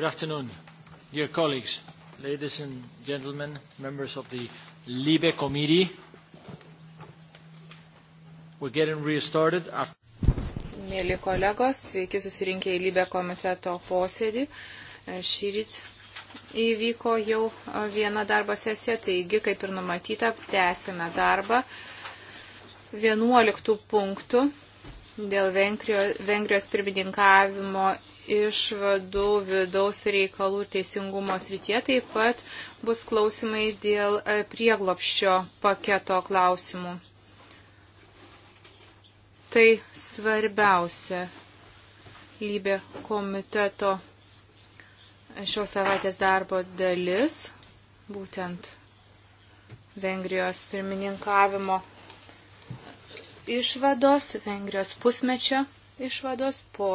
Good afternoon, dear colleagues, ladies and gentlemen, members of the Libe Committee. We're getting restarted after... Mėly kolegos, sveiki susirinkę į Libe komiteto posėdį. E, šįryt įvyko jau e, viena darbo sesija, taigi, kaip ir numatyta, tęsime darbą 11 punktų dėl Vengrijos, Vengrijos pirmininkavimo išvadų vidaus reikalų ir teisingumo srityje. Taip pat bus klausimai dėl e, prieglopščio paketo klausimų. Tai svarbiausia lybė komiteto šios savaitės darbo dalis, būtent Vengrijos pirmininkavimo išvados, Vengrijos pusmečio išvados po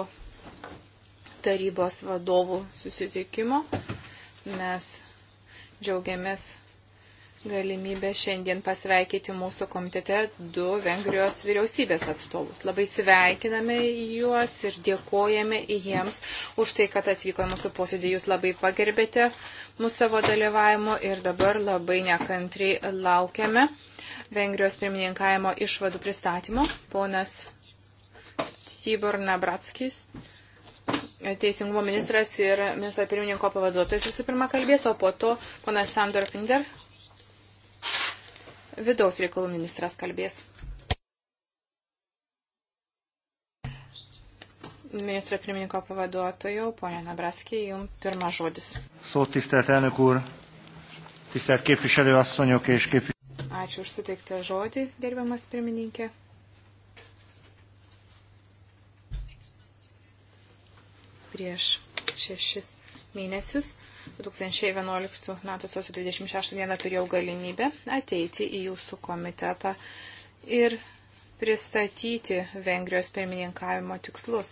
tarybos vadovų susitikimo. Mes džiaugiamės galimybę šiandien pasveikyti mūsų komitete du Vengrijos vyriausybės atstovus. Labai sveikiname juos ir dėkojame jiems už tai, kad atvyko į mūsų posėdį. Jūs labai pagerbėte mūsų savo dalyvavimu ir dabar labai nekantriai laukiame Vengrijos pirmininkavimo išvadų pristatymo. Ponas Tibor Nabratskis teisingumo ministras ir ministro pirmininko pavaduotojas visų pirma kalbės, o po to ponas Sandor Finder, vidaus reikalų ministras kalbės. Ministro pirmininko pavaduotojo, ponė Nabraskė, jums pirmas žodis. Ačiū už suteiktą žodį, gerbiamas pirmininkė. prieš šešis mėnesius. 2011 m. sausio 26 dieną turėjau galimybę ateiti į jūsų komitetą ir pristatyti Vengrijos pirmininkavimo tikslus.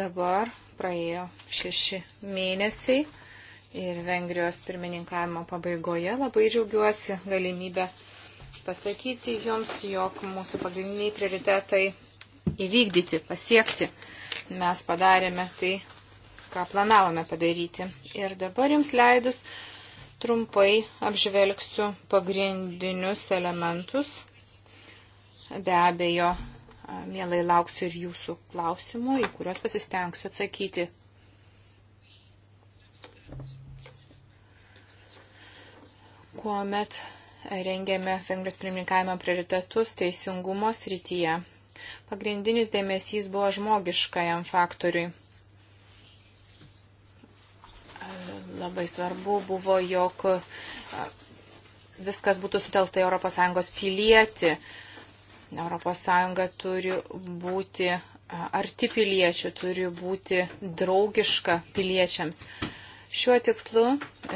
Dabar praėjo šeši mėnesiai ir Vengrijos pirmininkavimo pabaigoje labai džiaugiuosi galimybę pasakyti jums, jog mūsų pagrindiniai prioritetai įvykdyti, pasiekti. Mes padarėme tai, ką planavome padaryti. Ir dabar jums leidus trumpai apžvelgsiu pagrindinius elementus. Be abejo, mielai lauksiu ir jūsų klausimų, į kuriuos pasistengsiu atsakyti. Kuomet rengėme Vengrijos pirmininkavimo prioritetus teisingumo srityje, Pagrindinis dėmesys buvo žmogiškajam faktoriui. Labai svarbu buvo, jog viskas būtų sutelta į ES pilietį. ES turi būti arti piliečių, turi būti draugiška piliečiams. Šiuo tikslu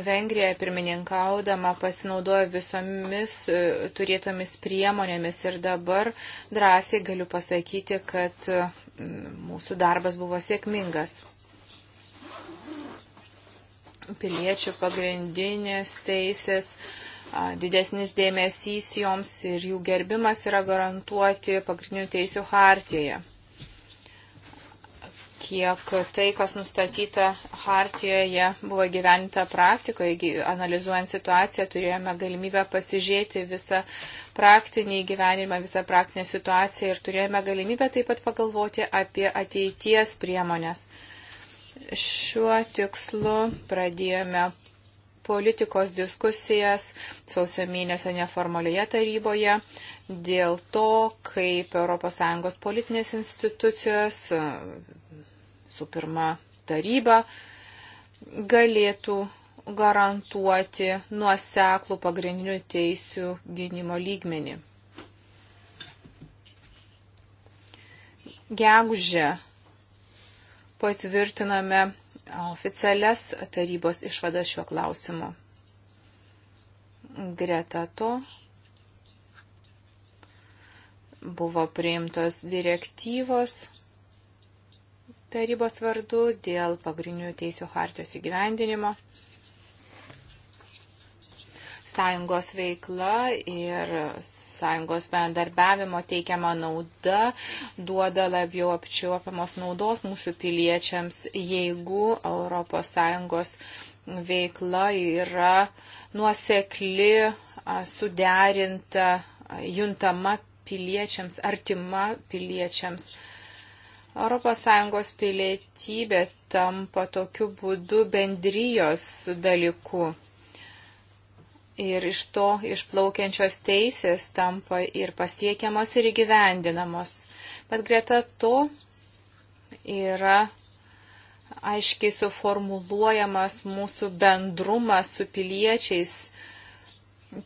Vengrija pirmininkaudama pasinaudojo visomis e, turėtomis priemonėmis ir dabar drąsiai galiu pasakyti, kad e, mūsų darbas buvo sėkmingas. Piliečių pagrindinės teisės, didesnis dėmesys joms ir jų gerbimas yra garantuoti pagrindinių teisių hartijoje kiek tai, kas nustatyta Hartijoje, buvo gyventa praktikoje, analizuojant situaciją, turėjome galimybę pasižiūrėti visą praktinį gyvenimą, visą praktinę situaciją ir turėjome galimybę taip pat pagalvoti apie ateities priemonės. Šiuo tikslu pradėjome politikos diskusijas sausio mėnesio neformalioje taryboje dėl to, kaip ES politinės institucijos, su pirma taryba galėtų garantuoti nuoseklų pagrindinių teisių gynimo lygmenį. Gegužę patvirtiname oficialias tarybos išvadas šiuo klausimu. Greta to buvo priimtos direktyvos tarybos vardu dėl pagrindinių teisų hartijos įgyvendinimo. Sąjungos veikla ir sąjungos bendarbiavimo teikiama nauda duoda labiau apčiuopiamos naudos mūsų piliečiams, jeigu ES veikla yra nuosekli, suderinta, juntama piliečiams, artima piliečiams. ES pilietybė tampa tokiu būdu bendrijos dalyku. Ir iš to išplaukiančios teisės tampa ir pasiekiamos ir įgyvendinamos. Bet greta to yra aiškiai suformuluojamas mūsų bendrumas su piliečiais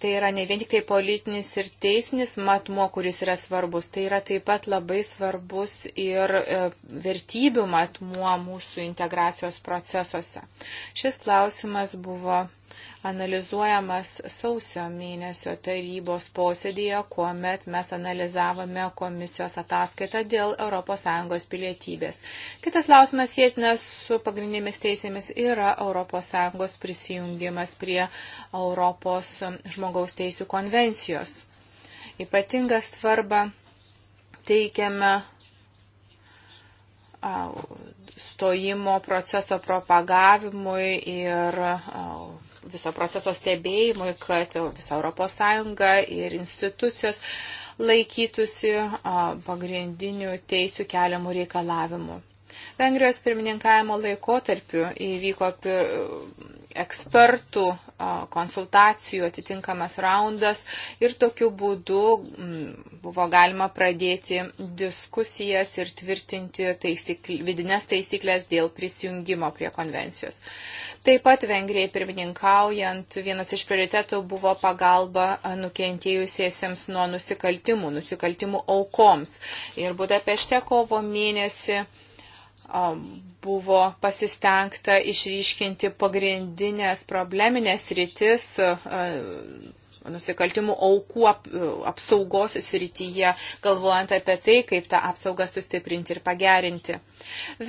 Tai yra ne vien tik tai politinis ir teisinis matmo, kuris yra svarbus, tai yra taip pat labai svarbus ir e, vertybių matmuo mūsų integracijos procesuose. Šis klausimas buvo analizuojamas sausio mėnesio tarybos posėdėje, kuomet mes analizavome komisijos ataskaitą dėl ES pilietybės. Kitas klausimas sėtinas su pagrindinėmis teisėmis yra ES prisijungimas prie Europos žmogaus teisų konvencijos. Ypatingą svarbą teikiame stojimo proceso propagavimui ir viso proceso stebėjimui, kad visa ES ir institucijos laikytųsi pagrindinių teisių keliamų reikalavimų. Vengrijos pirmininkavimo laikotarpiu įvyko pir ekspertų konsultacijų atitinkamas raundas ir tokiu būdu buvo galima pradėti diskusijas ir tvirtinti taisykl, vidinės taisyklės dėl prisijungimo prie konvencijos. Taip pat Vengrijai pirmininkaujant vienas iš prioritetų buvo pagalba nukentėjusiesiems nuo nusikaltimų, nusikaltimų aukoms. Ir Budapešte kovo mėnesį Um, buvo pasistengta išryškinti pagrindinės probleminės rytis uh, nusikaltimų aukų ap, apsaugos srityje, galvojant apie tai, kaip tą apsaugą sustiprinti ir pagerinti.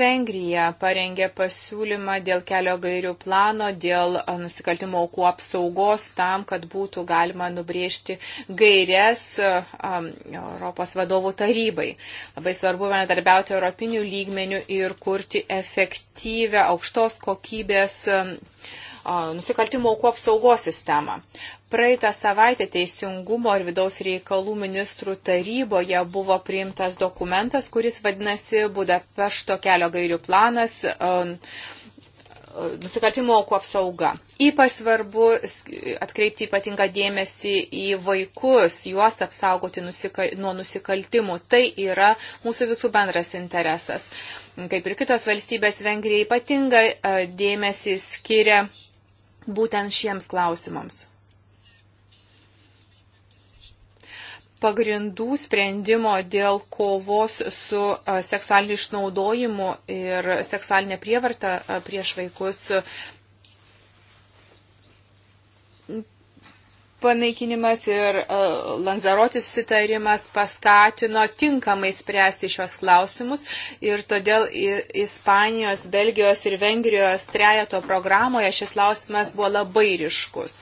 Vengrija parengė pasiūlymą dėl kelio gairių plano, dėl nusikaltimų aukų apsaugos tam, kad būtų galima nubriežti gairias um, Europos vadovų tarybai. Labai svarbu bendradarbiauti europinių lygmenių ir kurti efektyvę aukštos kokybės um, nusikaltimo aukų apsaugos sistemą. Praeitą savaitę Teisingumo ir vidaus reikalų ministrų taryboje buvo priimtas dokumentas, kuris vadinasi Budapešto kelio gairių planas nusikaltimo aukų apsauga. Ypač svarbu atkreipti ypatingą dėmesį į vaikus, juos apsaugoti nusikal... nuo nusikaltimų. Tai yra mūsų visų bendras interesas. Kaip ir kitos valstybės, Vengrija ypatingą dėmesį skiria būtent šiems klausimams. Pagrindų sprendimo dėl kovos su e, seksualiniu išnaudojimu ir seksualinė prievarta e, prieš vaikus panaikinimas ir e, Lanzarotis susitarimas paskatino tinkamai spręsti šios klausimus ir todėl Ispanijos, Belgijos ir Vengrijos trejato programoje šis klausimas buvo labai ryškus.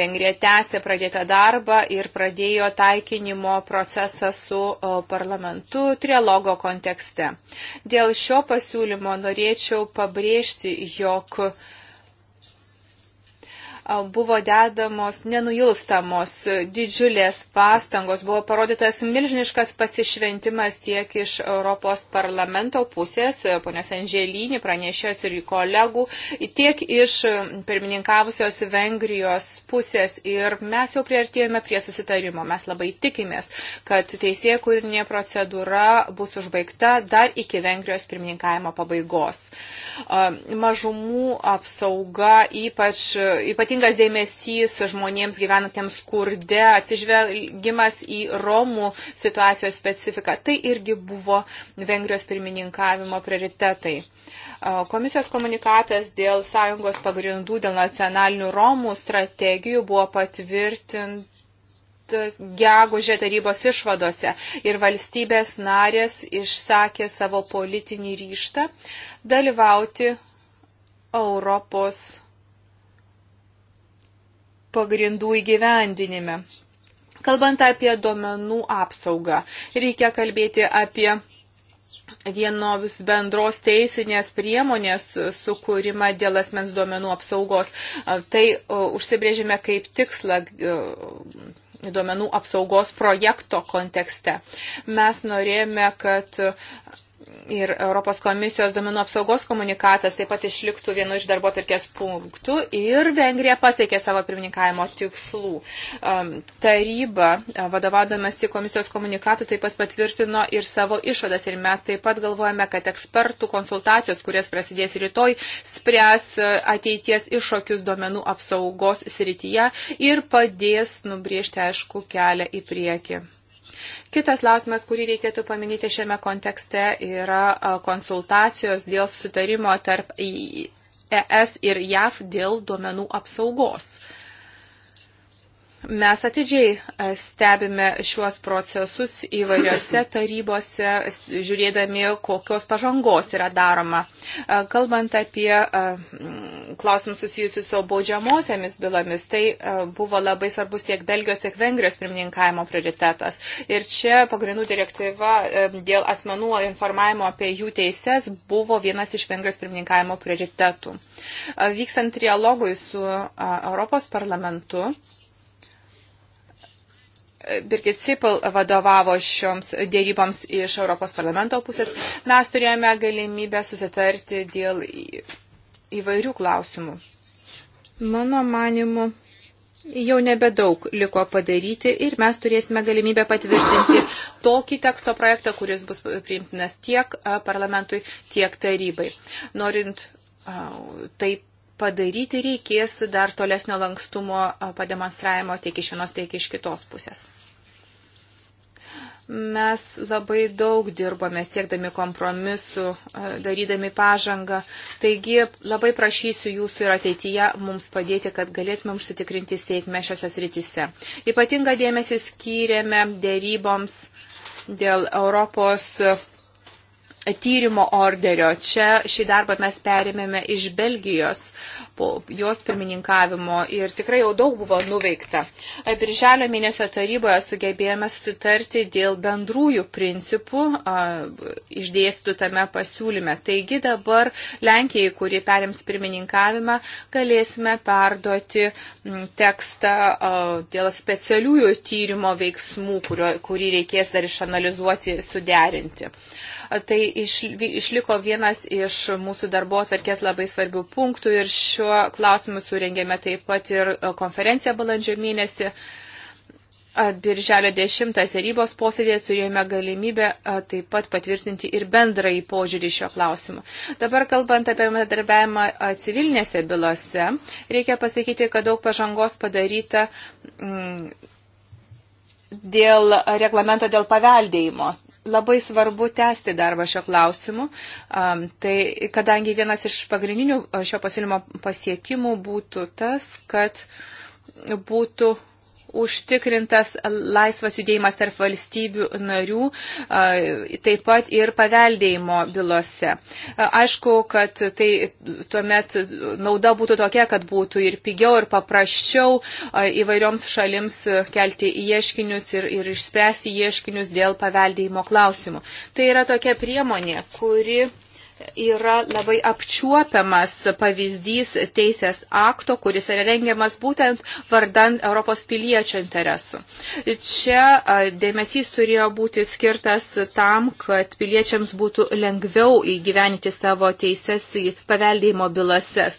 Vengrija tęsė pradėtą darbą ir pradėjo taikinimo procesą su e, parlamentu trialogo kontekste. Dėl šio pasiūlymo norėčiau pabrėžti, jog buvo dedamos nenujūstamos didžiulės pastangos, buvo parodytas milžiniškas pasišventimas tiek iš Europos parlamento pusės, ponios Angelinį pranešės ir kolegų, tiek iš pirmininkavusios Vengrijos pusės. Ir mes jau priartėjome prie susitarimo. Mes labai tikimės, kad teisėje kūrinė procedūra bus užbaigta dar iki Vengrijos pirmininkavimo pabaigos. Mažumų apsauga ypač, ypatingai ypatingas dėmesys žmonėms gyvenantiems skurde, atsižvelgimas į Romų situacijos specifiką. Tai irgi buvo Vengrijos pirmininkavimo prioritetai. Komisijos komunikatas dėl sąjungos pagrindų, dėl nacionalinių Romų strategijų buvo patvirtintas gegužė tarybos išvadose ir valstybės narės išsakė savo politinį ryštą dalyvauti Europos pagrindų įgyvendinime. Kalbant apie duomenų apsaugą, reikia kalbėti apie vienos bendros teisinės priemonės sukūrimą dėl asmens duomenų apsaugos. Tai užsibrėžime kaip tikslą duomenų apsaugos projekto kontekste. Mes norėjome, kad ir Europos komisijos domenų apsaugos komunikatas taip pat išliktų vienu iš darbo tarkės punktų ir Vengrija pasiekė savo pirmininkavimo tikslų. Um, taryba, uh, vadovaudamas į komisijos komunikatų, taip pat patvirtino ir savo išvadas ir mes taip pat galvojame, kad ekspertų konsultacijos, kurias prasidės rytoj, spręs uh, ateities iššokius domenų apsaugos srityje ir padės nubriežti aišku kelią į priekį. Kitas klausimas, kurį reikėtų paminyti šiame kontekste, yra konsultacijos dėl sutarimo tarp ES ir JAF dėl duomenų apsaugos. Mes atidžiai e, stebime šiuos procesus įvairiose tarybose, žiūrėdami, kokios pažangos yra daroma. E, kalbant apie e, klausimus susijusius su baudžiamosiamis bylomis, tai buvo labai svarbus tiek Belgijos, tiek Vengrijos pirmininkavimo prioritetas. Ir čia pagrindų direktyva dėl asmenų informavimo apie jų teises buvo vienas iš Vengrijos pirmininkavimo prioritetų. Vykstant trialogui su Europos parlamentu, Birgit Sipil vadovavo šioms dėryboms iš Europos parlamento pusės, mes turėjome galimybę susitarti dėl įvairių klausimų. Mano manimu, jau nebedaug liko padaryti ir mes turėsime galimybę patvirtinti tokį teksto projektą, kuris bus priimtinas tiek parlamentui, tiek tarybai. Norint taip padaryti reikės dar tolesnio lankstumo pademonstravimo tiek iš vienos, tiek iš kitos pusės. Mes labai daug dirbame siekdami kompromisų, darydami pažangą. Taigi labai prašysiu jūsų ir ateityje mums padėti, kad galėtume užsitikrinti sėkmę šiose srityse. Ypatingą dėmesį skyrėme dėryboms dėl Europos tyrimo orderio. Čia šį darbą mes perėmėme iš Belgijos po jos pirmininkavimo ir tikrai jau daug buvo nuveikta. Birželio mėnesio taryboje sugebėjome susitarti dėl bendrųjų principų išdėstų tame pasiūlyme. Taigi dabar Lenkijai, kuri perims pirmininkavimą, galėsime perduoti tekstą dėl specialiųjų tyrimo veiksmų, kurio, kurį reikės dar išanalizuoti, suderinti. Tai iš, išliko vienas iš mūsų darbo atverkės labai svarbių punktų ir šiuo klausimu surengėme taip pat ir e, konferenciją balandžio mėnesį. Birželio 10 tarybos posėdėje turėjome galimybę taip pat patvirtinti ir bendrąjį požiūrį šio klausimu. Dabar kalbant apie bendradarbiavimą civilinėse bylose, reikia pasakyti, kad daug pažangos padaryta mm, dėl reglamento dėl paveldėjimo labai svarbu tęsti darbą šio klausimu, um, tai kadangi vienas iš pagrindinių šio pasiūlymo pasiekimų būtų tas, kad būtų užtikrintas laisvas judėjimas tarp valstybių narių, taip pat ir paveldėjimo bylose. Aišku, kad tai tuomet nauda būtų tokia, kad būtų ir pigiau, ir paprasčiau įvairioms šalims kelti ieškinius ir, ir išspręsti ieškinius dėl paveldėjimo klausimų. Tai yra tokia priemonė, kuri yra labai apčiuopiamas pavyzdys teisės akto, kuris yra rengiamas būtent vardan Europos piliečio interesų. Čia dėmesys turėjo būti skirtas tam, kad piliečiams būtų lengviau įgyveninti savo teises į paveldėjimo bylases.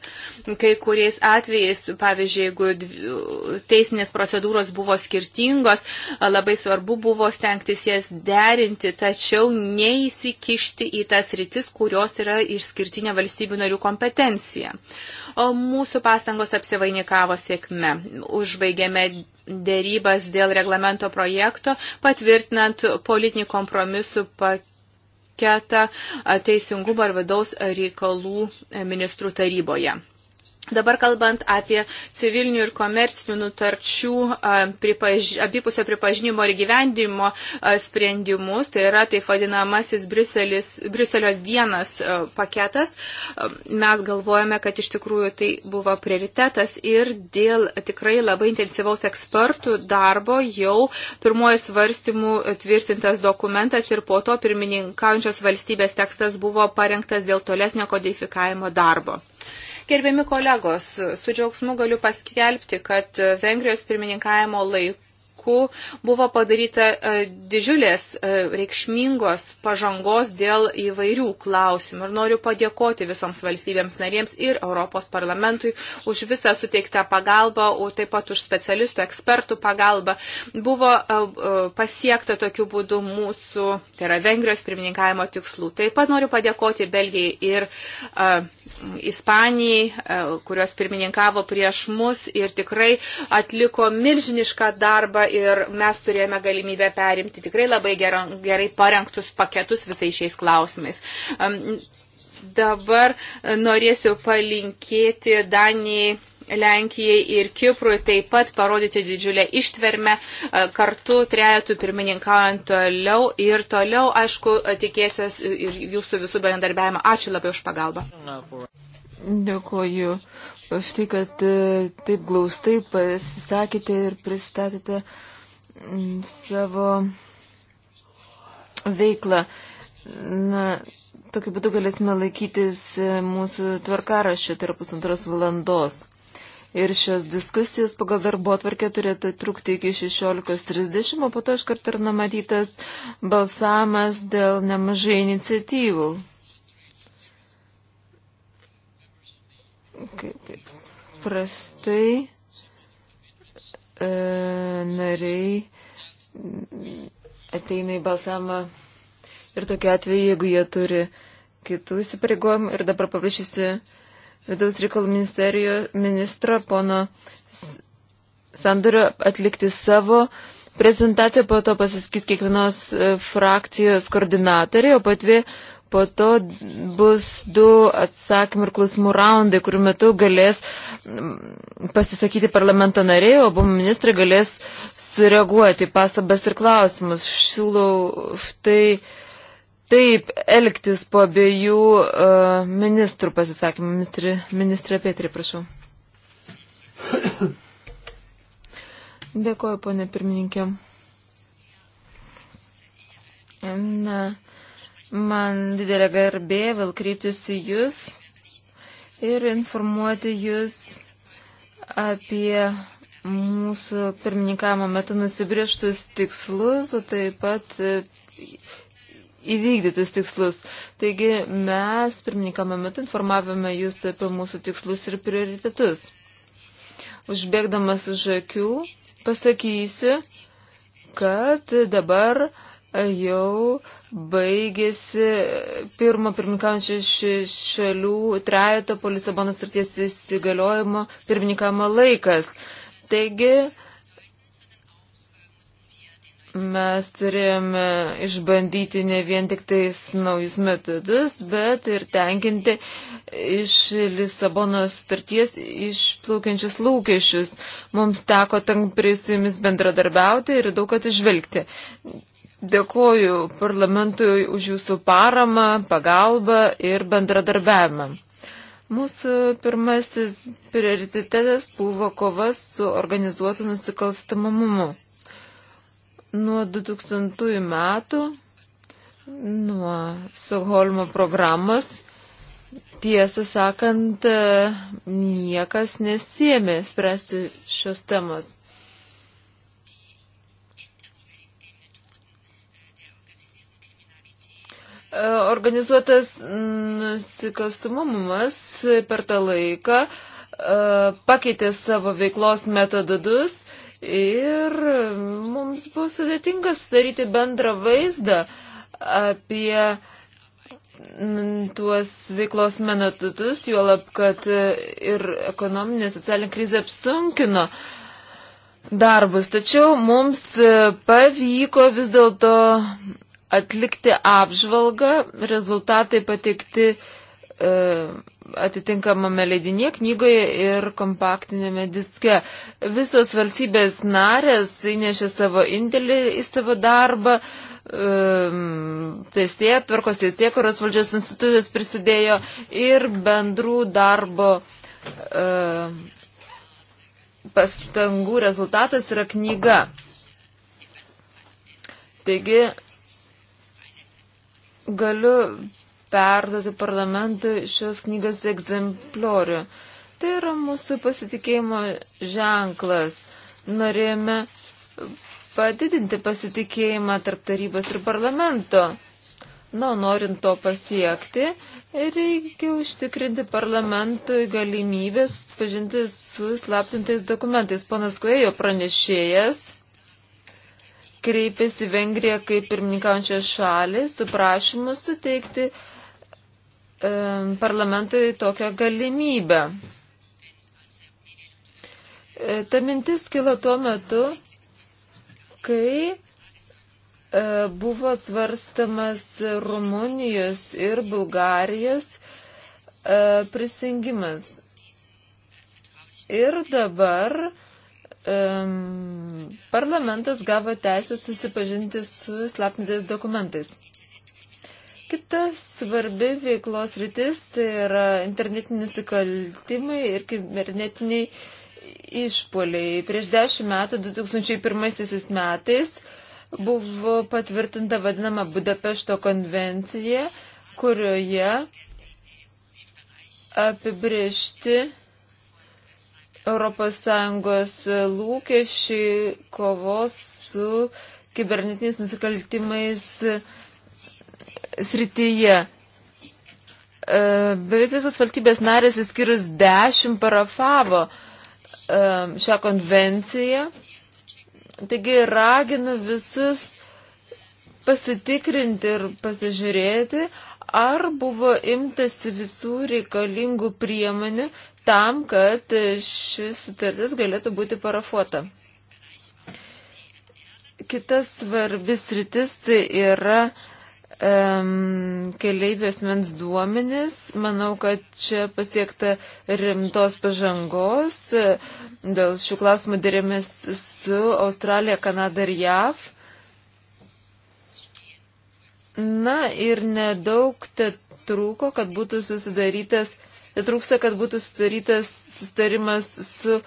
Kai kuriais atvejais, pavyzdžiui, jeigu teisinės procedūros buvo skirtingos, labai svarbu buvo stengtis jas derinti, tačiau neįsikišti į tas rytis, kurios apsaugos yra išskirtinė valstybių narių kompetencija. O mūsų pastangos apsivainikavo sėkme. Užbaigėme dėrybas dėl reglamento projekto, patvirtinant politinį kompromisų pakeitimą paketą teisingumo ir vidaus reikalų e, ministrų taryboje. Dabar kalbant apie civilinių ir komercinių nutarčių pripaž... abipusio pripažinimo ir gyvendimo sprendimus, tai yra taip vadinamasis Briuselis, Briuselio vienas paketas, mes galvojame, kad iš tikrųjų tai buvo prioritetas ir dėl tikrai labai intensyvaus ekspertų darbo jau pirmoji svarstymų tvirtintas dokumentas ir po to pirmininkaujančios valstybės tekstas buvo parengtas dėl tolesnio kodifikavimo darbo. Gerbiami kolegos, su džiaugsmu galiu paskelbti, kad Vengrijos pirmininkavimo laiku laiku buvo padaryta e, didžiulės e, reikšmingos pažangos dėl įvairių klausimų. Ir noriu padėkoti visoms valstybėms narėms ir Europos parlamentui už visą suteiktą pagalbą, o taip pat už specialistų, ekspertų pagalbą. Buvo e, pasiekta tokiu būdu mūsų, tai yra Vengrijos pirmininkavimo tikslų. Taip pat noriu padėkoti Belgijai ir uh, Ispanijai, e, kurios pirmininkavo prieš mus ir tikrai atliko milžinišką darbą ir mes turėjome galimybę perimti tikrai labai gerai parengtus paketus visais šiais klausimais dabar norėsiu palinkėti Danijai Lenkijai ir Kiprui taip pat parodyti didžiulę ištvermę e, kartu trejetų pirmininkaujant toliau ir toliau, aišku, tikėsiuosi ir jūsų visų bendarbiavimą. Ačiū labai už pagalbą. Dėkuoju už tai, kad e, taip glaustai pasisakėte ir pristatėte mm, savo veiklą. Na, tokiu būdu galėsime laikytis e, mūsų tvarkaraščio tarp pusantros valandos. Ir šios diskusijos pagal darbo atvarkę turėtų trukti iki 16.30, o po to iškart ir numatytas balsavimas dėl nemažai iniciatyvų. Kaip prastai e, nariai ateina į balsavimą ir tokia atveju, jeigu jie turi kitų įsipareigojimų ir dabar paprašysiu vidaus reikalų ministro pono Sandorio atlikti savo prezentaciją, po to pasiskys kiekvienos e, frakcijos koordinatoriai, o patvė po to bus du atsakymų ir klausimų raundai, kurių metu galės pasisakyti parlamento nariai, o abu ministrai galės sureaguoti pasabas ir klausimus. Šiūlau štai taip elgtis po abiejų uh, ministrų pasisakymų. Ministrė, ministrė Petri, prašau. Dėkuoju, ponė pirmininkė. Na, man didelė garbė vėl kryptis į Jūs ir informuoti Jūs apie mūsų pirmininkavimo metu nusibrieštus tikslus, o taip pat įvykdytus tikslus. Taigi mes pirmininkame metu informavome jūs apie mūsų tikslus ir prioritetus. Užbėgdamas už akių pasakysiu, kad dabar jau baigėsi pirmo pirmininkaujančių šalių trejato po Lisabonos srities įsigaliojimo pirmininkavimo laikas. Taigi, mes turėjome išbandyti ne vien tik tais naujus metodus, bet ir tenkinti iš Lisabonos starties išplaukiančius lūkesčius. Mums teko tankpriai su jumis bendradarbiauti ir daug atižvelgti. Dėkoju parlamentui už jūsų paramą, pagalbą ir bendradarbiavimą. Mūsų pirmasis prioritetas buvo kova su organizuotu nusikalstamumu. Nuo 2000 metų, nuo Stokholmo programos, tiesą sakant, e, niekas nesėmė spręsti šios temos. E, organizuotas nusikalstamumas per tą laiką e, pakeitė savo veiklos metodus ir mums bus sudėtinga sudaryti bendrą vaizdą apie tuos veiklos menotutus, juolab, kad ir ekonominė socialinė krizė apsunkino darbus. Tačiau mums pavyko vis dėlto atlikti apžvalgą, rezultatai pateikti E, atitinkamame leidinėje, knygoje ir kompaktinėme diske. Visos valstybės narės įnešė savo indėlį į savo darbą, e, teisėje, tvarkos teisėje, kurios valdžios institucijos prisidėjo ir bendrų darbo e, pastangų rezultatas yra knyga. Taigi, galiu perduoti parlamentui šios knygos egzempliorių. Tai yra mūsų pasitikėjimo ženklas. Norėjome padidinti pasitikėjimą tarp tarybos ir parlamento. Na, norint to pasiekti, reikia užtikrinti parlamentui galimybės pažinti su slaptintais dokumentais. Ponas Kuejo pranešėjas kreipėsi Vengrija kaip pirmininkaujančia šalį su prašymu suteikti E, parlamentui tokią galimybę. E, ta mintis kilo tuo metu, kai e, buvo svarstamas Rumunijos ir Bulgarijos prisingimas. Ir dabar um, parlamentas gavo teisę susipažinti su slaptintais dokumentais. Kita svarbi veiklos rytis tai yra internetiniai nusikaltimai ir kibernetiniai išpoliai. Prieš dešimt metų, 2001 metais, buvo patvirtinta vadinama Budapešto konvencija, kurioje apibriežti ES lūkesčiai kovos su kibernetiniais nusikaltimais srityje. E, beveik visos valstybės narės, įskyrus dešimt, parafavo e, šią konvenciją. Taigi raginu visus pasitikrinti ir pasižiūrėti, ar buvo imtasi visų reikalingų priemonių tam, kad šis sutartis galėtų būti parafuota. Kitas svarbis rytis tai yra uh, um, keliaivės mens duomenis. Manau, kad čia pasiekta rimtos pažangos. E, dėl šių klausimų dėrėmės su Australija, Kanada ir JAV. Na ir nedaug te trūko, kad būtų susidarytas, te trūksta, kad būtų sudarytas sustarimas su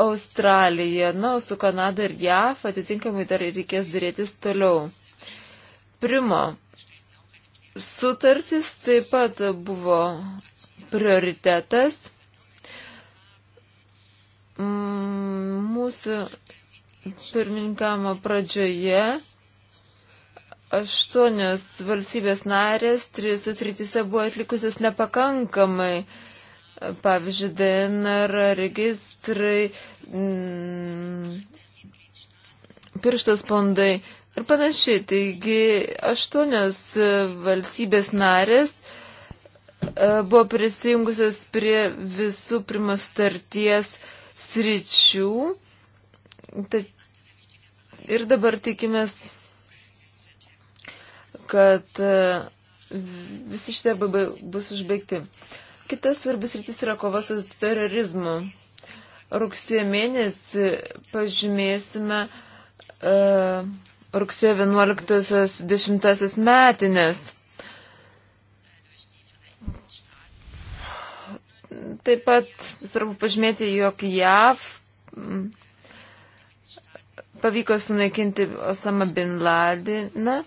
Australija, na, o su Kanada ir JAV atitinkamai dar reikės dėrėtis toliau. Primo, Sutartis taip pat buvo prioritetas. Mm, mūsų pirmininkamo pradžioje aštuonios valstybės narės trijose srityse buvo atlikusios nepakankamai. Pavyzdžiui, DNR registrai, mm, pirštas pondai ir panašiai. Taigi aštuonios e, valstybės narės e, buvo prisijungusios prie visų primos starties sričių. Ir dabar tikimės, kad e, visi šitie darbai bus užbaigti. Kitas svarbus rytis yra kova su terorizmu. Rugsėjo mėnesį pažymėsime uh, rugsėjo 11-osios 10 metinės. Taip pat svarbu pažymėti, jog JAV pavyko sunaikinti Osama Bin Ladiną.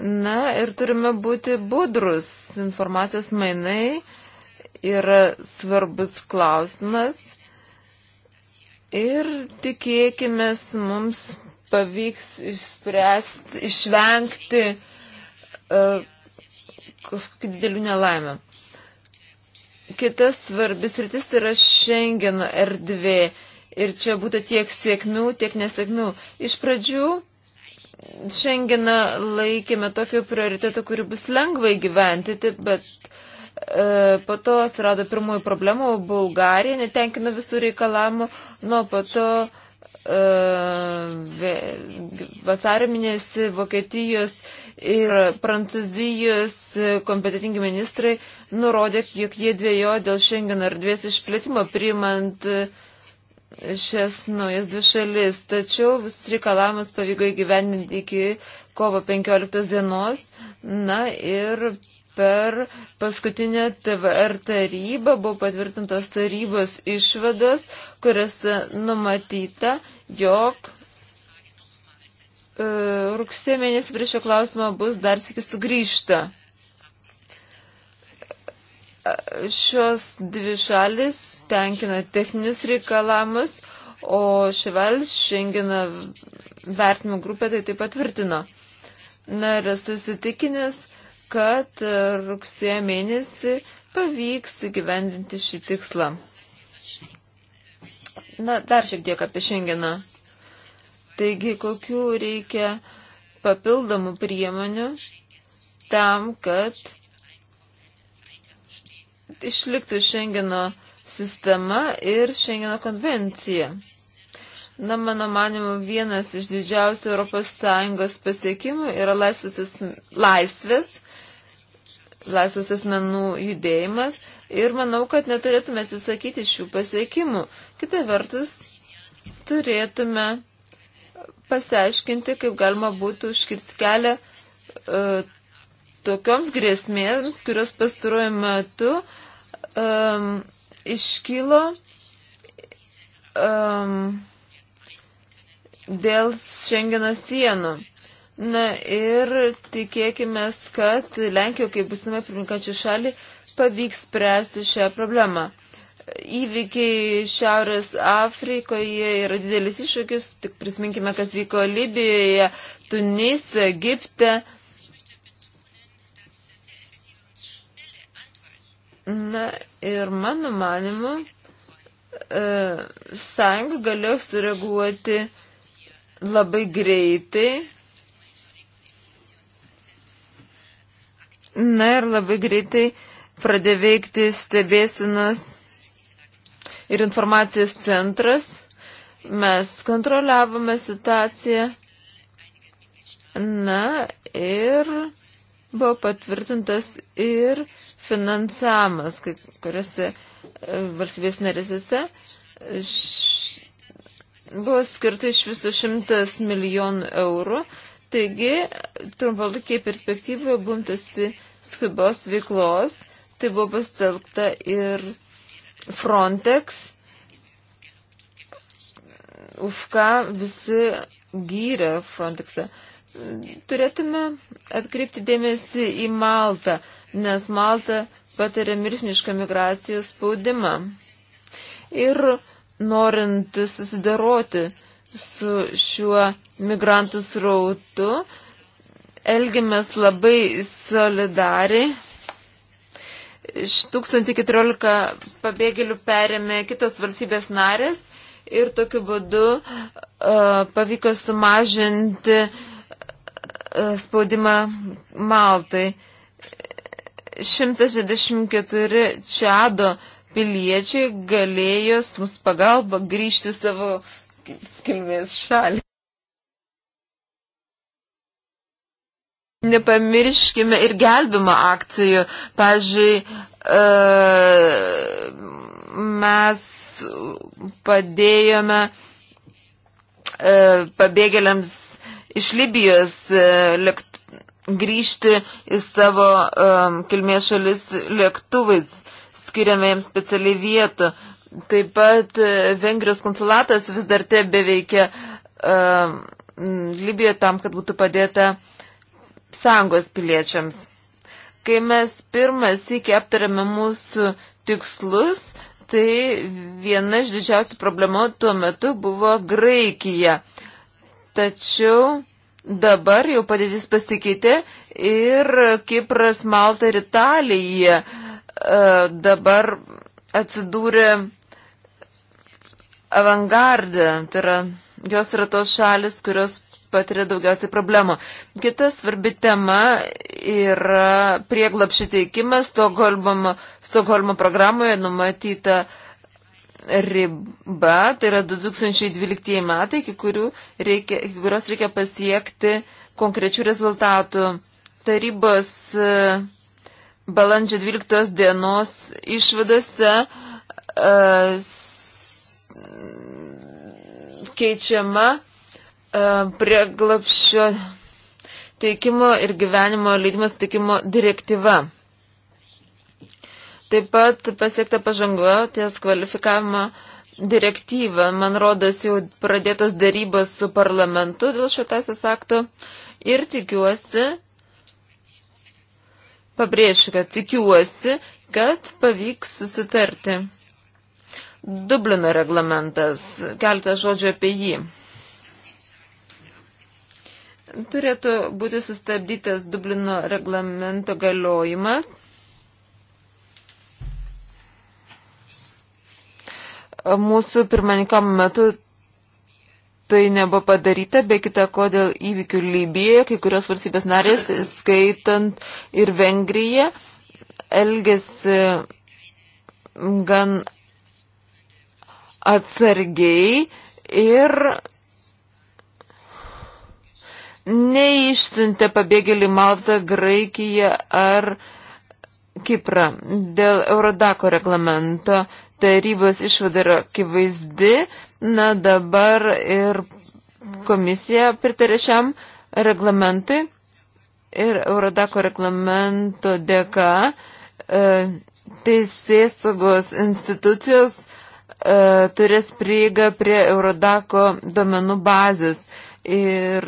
Na ir turime būti budrus. Informacijos mainai yra svarbus klausimas. Ir tikėkime mums pavyks išspręsti, išvengti uh, kažkokių didelių nelaimę. Kitas svarbis rytis yra Schengeno erdvė. Ir čia būtų tiek sėkmių, tiek nesėkmių. Iš pradžių Šengeną laikėme tokiu prioritetu, kuri bus lengvai gyventi, bet e, po to atsirado pirmųjų problemų, Bulgarija netenkino visų reikalavimų, nuo po to e, E, vasario mėnesį Vokietijos ir Prancūzijos kompetitingi ministrai nurodė, jog jie dviejo dėl Schengeno erdvės išplėtimo priimant šias naujas dvi šalis. Tačiau visus reikalavimus pavyko įgyveninti iki kovo 15 dienos. Na ir per paskutinę TVR tarybą buvo patvirtintos tarybos išvados, kuriuose numatyta, jog e, rugsėjo mėnesį prie šio klausimo bus dar sėki sugrįžta. E, šios dvi šalis tenkina techninius reikalavimus, o Ševelis Šengino vertinimo grupė tai taip patvirtino. Na ir esu įsitikinęs, kad rugsėjo mėnesį pavyks įgyvendinti šį tikslą. Na, dar šiek tiek apie šiandieną. Taigi, kokių reikia papildomų priemonių tam, kad išliktų šiandieno sistema ir šiandieno konvencija. Na, mano manimu, vienas iš didžiausių ES pasiekimų yra laisvės, laisvės laisvas asmenų judėjimas ir manau, kad neturėtume atsisakyti šių pasiekimų. Kita vertus, turėtume pasiaiškinti, kaip galima būtų užkirsti kelią e, tokioms grėsmėms, kurios pastaruoju metu um, e, iškylo um, e, dėl Šengeno sienų. Na ir tikėkime, kad Lenkijo, kaip būsime pirminkančių šalį, pavyks spręsti šią problemą. Įvykiai Šiaurės Afrikoje yra didelis iššūkis, tik prisiminkime, kas vyko Libijoje, Tunise, Egipte. Na ir mano manimu, e, sąjunga galėjo sureaguoti labai greitai Na ir labai greitai pradėjo veikti stebėsinos ir informacijos centras. Mes kontroliavome situaciją. Na ir buvo patvirtintas ir finansavimas, kai kuriuose e, valstybės narėse buvo skirta iš viso 100 milijonų eurų Taigi, trumpalaikiai perspektyvoje bumtasi skubios veiklos, tai buvo pastelgta ir Frontex, už ką visi gyrė Frontexą. Turėtume atkreipti dėmesį į Maltą, nes Malta patiria miršnišką migracijos spaudimą. Ir norint susidaroti su šiuo migrantų srautu, elgiamės labai solidariai. Iš 1014 pabėgėlių perėmė kitos valstybės narės ir tokiu būdu uh, pavyko sumažinti uh, spaudimą Maltai. 124 čiado piliečiai galėjo mums pagalba grįžti savo kilmės šalį. Nepamirškime ir gelbimo akcijų. Pavyzdžiui, e, mes padėjome e, pabėgėliams iš Libijos e, grįžti į savo kilmės šalis lėktuvais, skiriame jiems specialiai vietų. Taip pat e, Vengrijos konsulatas vis dar tebe veikia uh, e, Libijoje tam, kad būtų padėta sąjungos piliečiams. Kai mes pirmas iki aptarėme mūsų tikslus, tai viena iš didžiausių problemų tuo metu buvo Graikija. Tačiau dabar jau padėtis pasikeitė ir Kipras, Malta ir Italija uh, dabar atsidūrė avangardą, tai yra jos yra tos šalis, kurios patiria daugiausiai problemų. Kita svarbi tema yra prieglapšių teikimas Stokholmo, Stokholmo programoje numatyta riba, tai yra 2012 metai, iki, reikia, iki kurios reikia pasiekti konkrečių rezultatų. Tarybos e, balandžio 12 dienos išvadose uh, keičiama e, prieglapščio teikimo ir gyvenimo leidimas teikimo direktyva. Taip pat pasiekta pažanga ties kvalifikavimo direktyva. Man rodas jau pradėtas darybas su parlamentu dėl šio teisės akto ir tikiuosi, pabrėšiu, kad tikiuosi, kad pavyks susitarti. Dublino reglamentas, keltas žodžio apie jį. Turėtų būti sustabdytas Dublino reglamento galiojimas. Mūsų pirmaninkam metu tai nebuvo padaryta, be kita ko dėl įvykių Libijoje, kai kurios valstybės narės, skaitant ir Vengrija, elgėsi gan atsargiai ir neišsiuntė pabėgėlį Maltą, Graikiją ar Kiprą. Dėl Eurodako reglamento tarybos išvada yra akivaizdi, na dabar ir komisija pritarė šiam reglamentui ir Eurodako reglamento dėka e, teisės saugos institucijos e, turės prieigą prie Eurodako domenų bazės. Ir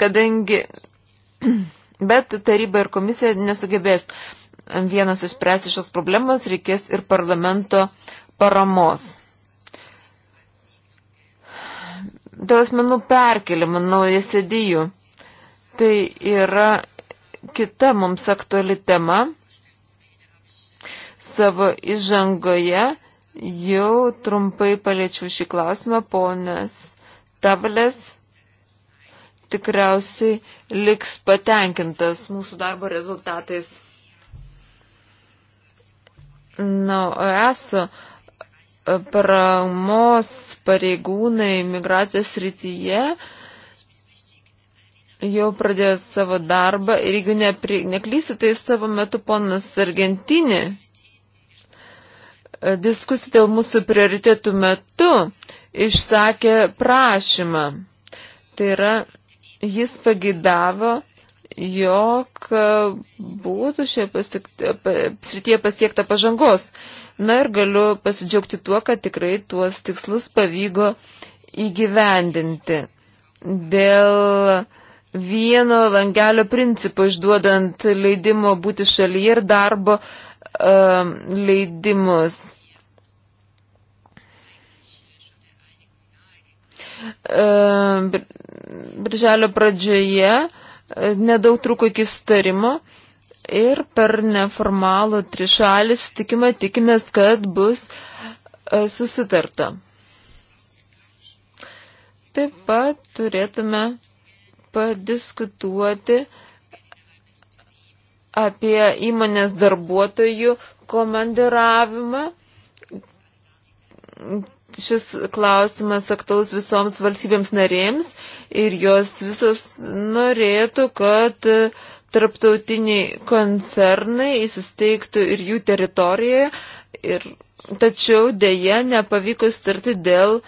kadangi. Bet taryba ir komisija nesugebės vienas išspręsti šios problemos, reikės ir parlamento paramos. Dėl asmenų perkelimo naujas idėjų. Tai yra kita mums aktuali tema. Savo įžangoje Jau trumpai paliečiau šį klausimą, ponas Tavlės tikriausiai liks patenkintas mūsų darbo rezultatais. Na, o esu paramos pareigūnai migracijos rytyje jau pradėjo savo darbą ir jeigu nepri, neklysiu, tai savo metu ponas Argentinį E, diskusijų dėl mūsų prioritėtų metu išsakė prašymą. Tai yra, jis pagidavo, jog būtų šioje srityje pasiekta pažangos. Na ir galiu pasidžiaugti tuo, kad tikrai tuos tikslus pavyko įgyvendinti. Dėl vieno langelio principo išduodant leidimo būti šalyje ir darbo uh, Um, leidimus. Um, birželio pradžioje uh, nedaug truko iki starimo ir per neformalų trišalį sutikimą tikimės, kad bus uh, susitarta. Taip pat turėtume padiskutuoti uh, apie įmonės darbuotojų komandiravimą. Šis klausimas aktualus visoms valstybėms narėms ir jos visos norėtų, kad tarptautiniai koncernai įsisteigtų ir jų teritorijoje, ir, tačiau dėje nepavyko sutarti dėl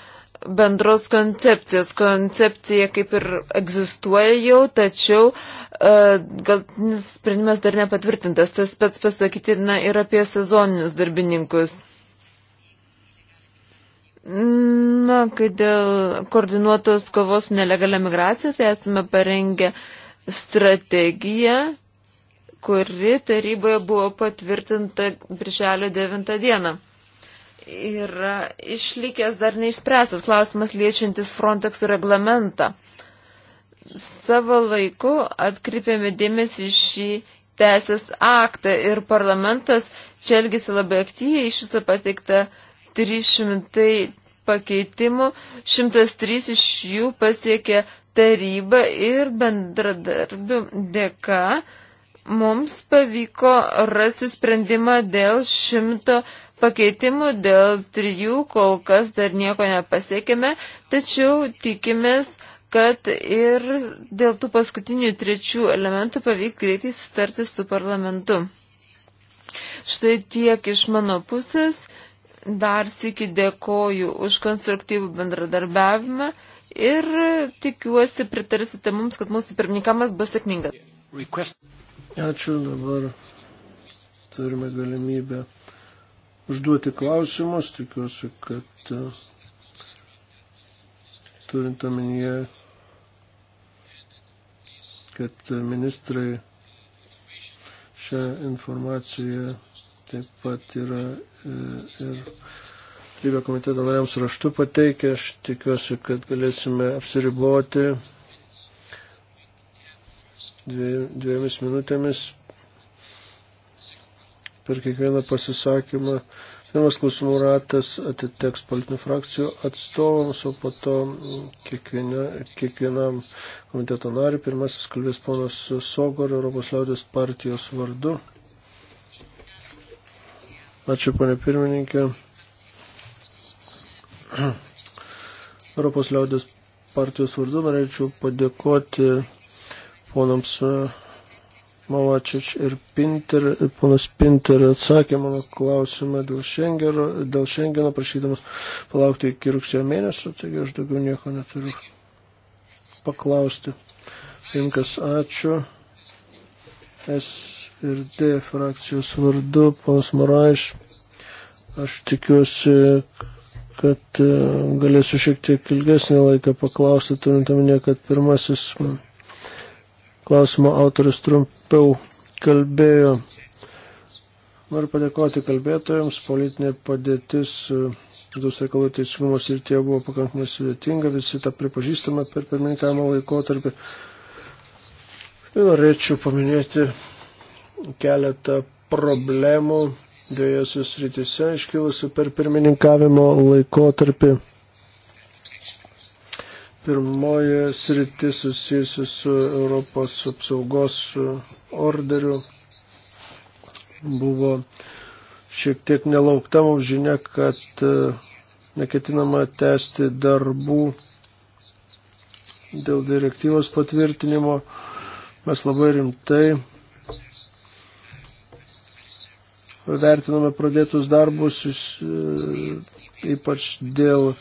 bendros koncepcijos. Koncepcija kaip ir egzistuoja jau, tačiau uh, E, galtinis sprendimas dar nepatvirtintas. Tas pats pasakytina ir apie sezoninius darbininkus. Na, kai dėl koordinuotos kovos su nelegalia migracija, tai esame parengę strategiją, kuri taryboje buvo patvirtinta birželio 9 dieną. Yra išlikęs dar neišspręstas klausimas liečiantis Frontex reglamentą savo laiku atkreipėme dėmesį šį teisės aktą ir parlamentas čia elgėsi labai aktyviai, iš viso pateikta 300 pakeitimų, 103 iš jų pasiekė tarybą ir bendradarbių dėka mums pavyko rasti sprendimą dėl šimto pakeitimų, dėl trijų kol kas dar nieko nepasiekėme, tačiau tikimės, kad ir dėl tų paskutinių trečių elementų pavyks greitai sustarti su parlamentu. Štai tiek iš mano pusės. Dar sėki dėkoju už konstruktyvų bendradarbiavimą ir tikiuosi pritarsite mums, kad mūsų pirmininkamas bus sėkmingas. Ačiū dabar. Turime galimybę užduoti klausimus. Tikiuosi, kad e, turint omenyje kad ministrai šią informaciją taip pat yra e, ir lygio komiteto nariams raštu pateikę. Aš tikiuosi, kad galėsime apsiriboti dviejomis minutėmis per kiekvieną pasisakymą. Pirmas klausimų ratas atiteks politinių frakcijų atstovams, o po to kiekviena, kiekvienam komiteto nariui pirmasis kalbės ponas Sogor, Europos liaudės partijos vardu. Ačiū, ponė pirmininkė. Europos liaudės partijos vardu norėčiau padėkoti ponams Malačič ir Pinter, ir ponas Pinter atsakė mano klausimą dėl, šengero, dėl Šengeno, prašydamas palaukti iki rugsėjo mėnesio, taigi aš daugiau nieko neturiu paklausti. Pinkas, ačiū. S ir D frakcijos vardu, ponas Moraiš. Aš tikiuosi, kad e, galėsiu šiek tiek ilgesnį laiką paklausti, turint omenyje, kad pirmasis. Man, klausimo autoris trumpiau kalbėjo. Noriu padėkoti kalbėtojams, politinė padėtis e, vidaus reikalų teisingumo srityje buvo pakankamai sudėtinga, visi tą pripažįstame per pirmininkavimo laikotarpį. Ir norėčiau paminėti keletą problemų dviejose srityse iškilusių per pirmininkavimo laikotarpį. Pirmoji sritis susijusi su Europos apsaugos orderiu buvo šiek tiek nelaukta mums žinia, kad e, neketinama tęsti darbų dėl direktyvos patvirtinimo. Mes labai rimtai vertiname pradėtus darbus, e, ypač dėl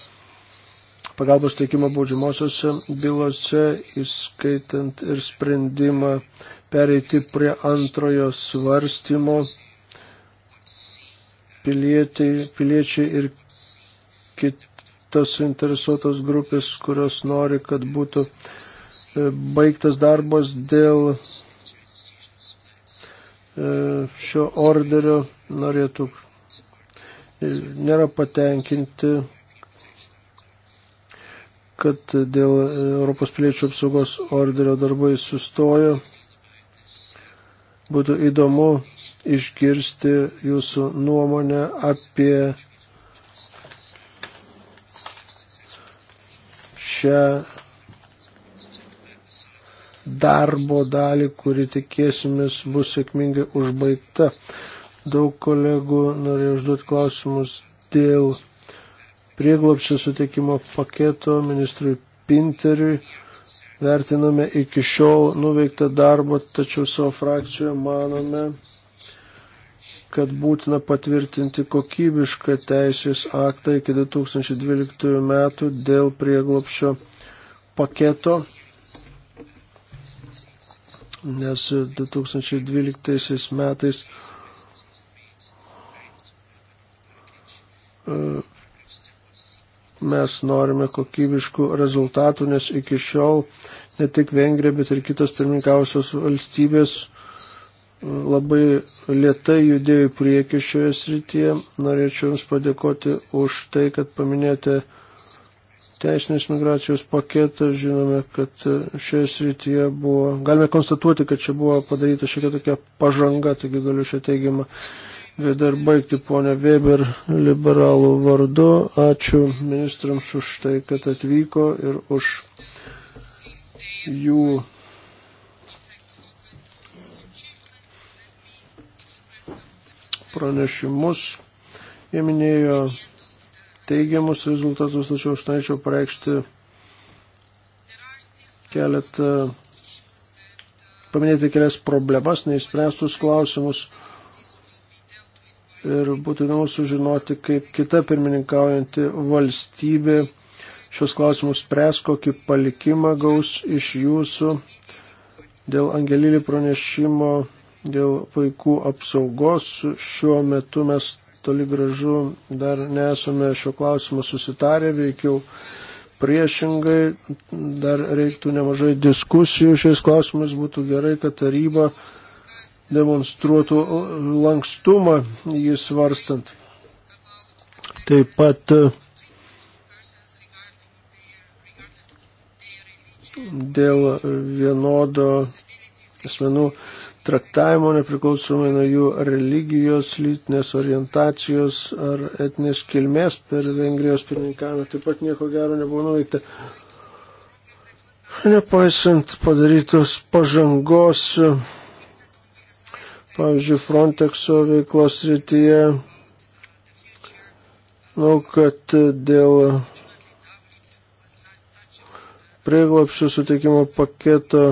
pagalbos teikimo baudžiamosiose bylose, įskaitant ir sprendimą pereiti prie antrojo svarstymo pilietį, piliečiai ir kitos suinteresuotos grupės, kurios nori, kad būtų e, baigtas darbas dėl e, šio orderio norėtų nėra patenkinti kad dėl Europos piliečių apsaugos orderio darbai sustojo. Būtų įdomu išgirsti jūsų nuomonę apie šią darbo dalį, kuri tikėsimės bus sėkmingai užbaigta. Daug kolegų norėjo užduoti klausimus dėl prieglopščio suteikimo paketo ministrui Pinteriui. Vertiname iki šiol nuveiktą darbą, tačiau savo frakcijoje manome, kad būtina patvirtinti kokybišką teisės aktą iki 2012 metų dėl prieglopščio paketo, nes 2012 metais e, mes norime kokybiškų rezultatų, nes iki šiol ne tik Vengrija, bet ir kitos pirmininkausios valstybės e, labai lietai judėjo į priekį šioje srityje. Norėčiau Jums padėkoti už tai, kad paminėjote teisinės migracijos paketą. Žinome, kad e, šioje srityje buvo, galime konstatuoti, kad čia buvo padaryta šiokia tokia pažanga, taigi galiu šią teigiamą dar baigti ponę Weber liberalų vardu. Ačiū ministrams už tai, kad atvyko ir už jų pranešimus. Jie minėjo teigiamus rezultatus, tačiau aš norėčiau pareikšti keletą, paminėti kelias problemas, neįspręstus klausimus ir būtų įdomu sužinoti, kaip kita pirmininkaujanti valstybė šios klausimus spręs, kokį palikimą gaus iš jūsų dėl Angelilį pranešimo, dėl vaikų apsaugos. Šiuo metu mes toli gražu dar nesame šio klausimo susitarę, veikiau priešingai, dar reiktų nemažai diskusijų šiais klausimais, būtų gerai, kad taryba demonstruotų lankstumą jį svarstant. Taip pat dėl vienodo asmenų traktavimo nepriklausomai nuo jų religijos, lytinės orientacijos ar etinės kilmės per Vengrijos pirmininkavimą taip pat nieko gero nebuvo nuveikta. Nepaisant padarytos pažangos, pavyzdžiui, Frontexo veiklos rytyje. Manau, kad dėl prieglopščių suteikimo paketo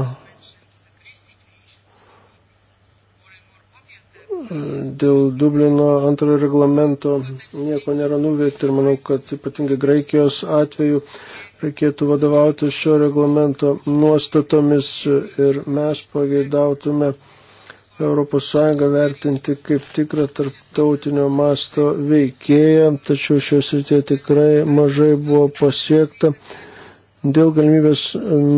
dėl Dublino antrojo reglamento nieko nėra nuveikti ir manau, kad ypatingai Graikijos atveju reikėtų vadovauti šio reglamento nuostatomis ir mes pageidautume ES vertinti kaip tikrą tarptautinio masto veikėją, tačiau šios rytie tikrai mažai buvo pasiekta. Dėl galimybės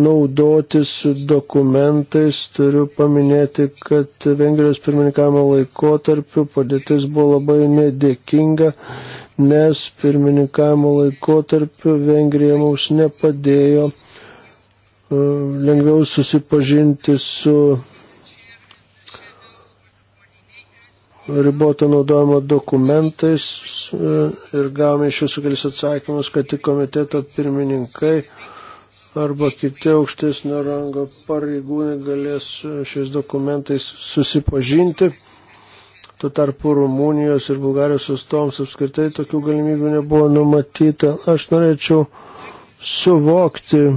naudotis dokumentais turiu paminėti, kad Vengrijos pirmininkavimo laikotarpiu padėtis buvo labai nedėkinga, nes pirmininkavimo laikotarpiu Vengrija mums nepadėjo uh, lengviau susipažinti su riboto naudojimo dokumentais e, ir gavome iš jūsų kelis atsakymus, kad tik komiteto pirmininkai arba kiti aukštesnio rango pareigūnai galės e, šiais dokumentais susipažinti. Tuo tarpu Rumunijos ir Bulgarijos atstovams apskritai tokių galimybių nebuvo numatyta. Aš norėčiau suvokti, e,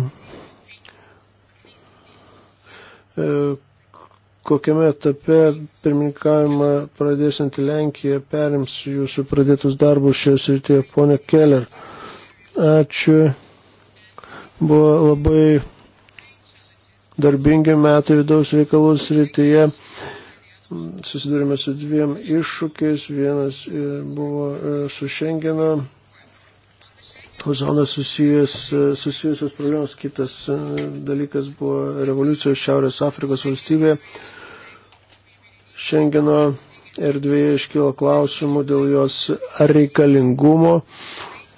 kokiame etape pirmininkavimą pradėsinti Lenkija perims jūsų pradėtus darbus šioje srityje. Pone Keller, ačiū. Buvo labai darbingi metai vidaus reikalų srityje. Susidurime su dviem iššūkiais. Vienas e, buvo e, su Šengeno ozoną susijusios, e, susijusios problemos. Kitas e, dalykas buvo revoliucijos Šiaurės Afrikos valstybėje. Šengeno erdvėje iškilo klausimų dėl jos reikalingumo.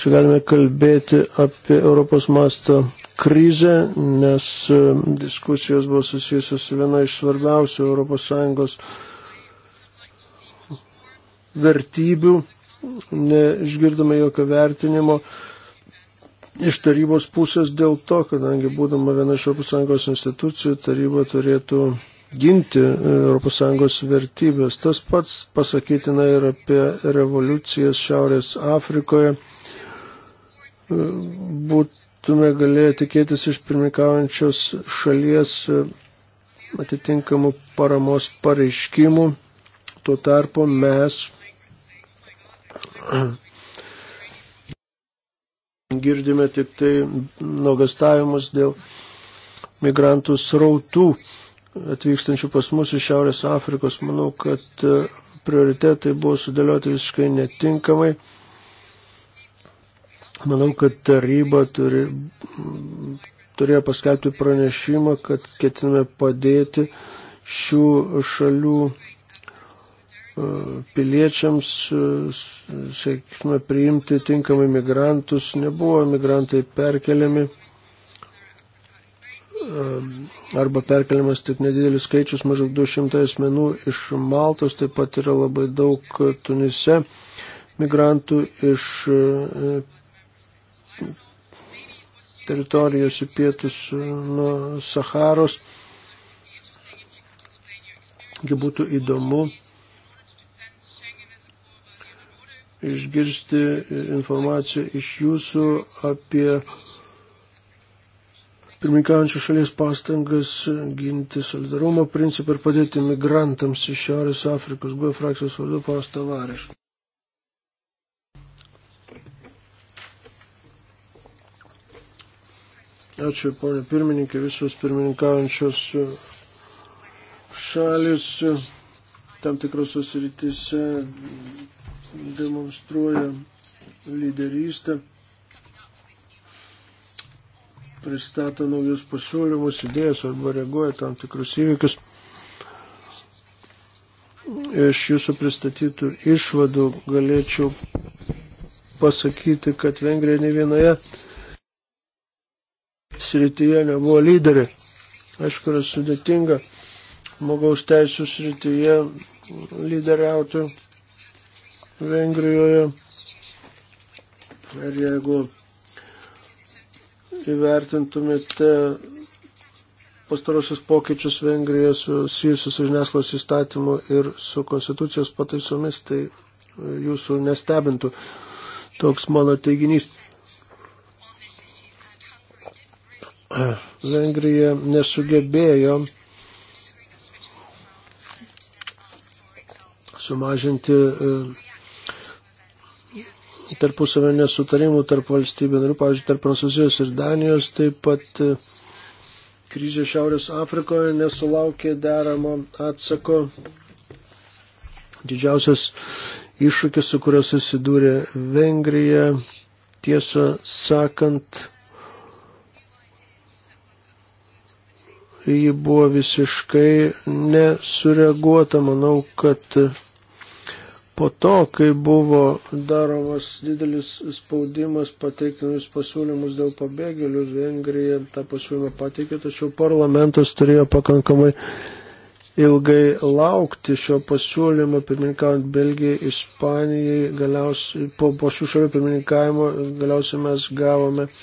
Čia galime kalbėti apie Europos masto krizę, nes e, diskusijos buvo susijusios su viena iš svarbiausių ES vertybių. Neišgirdome jokio vertinimo iš tarybos pusės dėl to, kadangi būdama viena iš ES institucijų, taryba turėtų ginti e, ES vertybės. Tas pats pasakytina ir apie revoliucijas Šiaurės Afrikoje. E, būtume galėję tikėtis iš pirmikaujančios šalies e, atitinkamų paramos pareiškimų. Tuo tarpu mes girdime tik tai nuogastavimus dėl migrantų srautų atvykstančių pas mus iš Šiaurės Afrikos. Manau, kad e, prioritetai buvo sudėlioti visiškai netinkamai. Manau, kad taryba turi, turėjo paskelbti pranešimą, kad ketiname padėti šių šalių piliečiams, e, sakykime, priimti tinkamai migrantus, nebuvo migrantai perkeliami e, arba perkeliamas tik nedidelis skaičius, maždaug 200 asmenų iš Maltos, taip pat yra labai daug Tunise migrantų iš e, teritorijos į pietus nuo Saharos. Būtų įdomu išgirsti informaciją iš jūsų apie pirmininkaujančių šalies pastangas ginti solidarumo principą ir padėti migrantams iš Šiaurės Afrikos. Buvo frakcijos vardu Paus Tavariš. Ačiū, ponė pirmininkė, visos pirmininkaujančios šalis tam tikrose sritise demonstruoja lyderystę, pristato naujus pasiūlymus, idėjas arba reaguoja tam tikrus įvykius. Iš jūsų pristatytų išvadų galėčiau pasakyti, kad Vengrija ne vienoje srityje nebuvo lyderė. Aišku, yra sudėtinga žmogaus teisų srityje lyderiauti. Vengrijoje. Ir jeigu įvertintumėte pastarosius pokyčius Vengrijoje susijusius su žiniasklaidos įstatymu ir su konstitucijos pataisomis, tai e, jūsų nestebintų toks mano teiginys. Vengrija nesugebėjo sumažinti e, išvengti tarpusavio nesutarimų tarp valstybių narių, pavyzdžiui, tarp Prancūzijos ir Danijos, taip pat e, kryžė Šiaurės Afrikoje nesulaukė deramo atsako. Didžiausias iššūkis, su kuriuo susidūrė Vengrija, tiesą sakant, ji buvo visiškai nesureaguota. Manau, kad Po to, kai buvo daromas didelis spaudimas pateikti naujus pasiūlymus dėl pabėgėlių, Vengrija tą pasiūlymą pateikė, tačiau parlamentas turėjo pakankamai ilgai laukti šio pasiūlymo, pirmininkavant Belgijai, Ispanijai, galiausiai po, po šių šalių pirmininkavimo galiausiai mes gavome uh,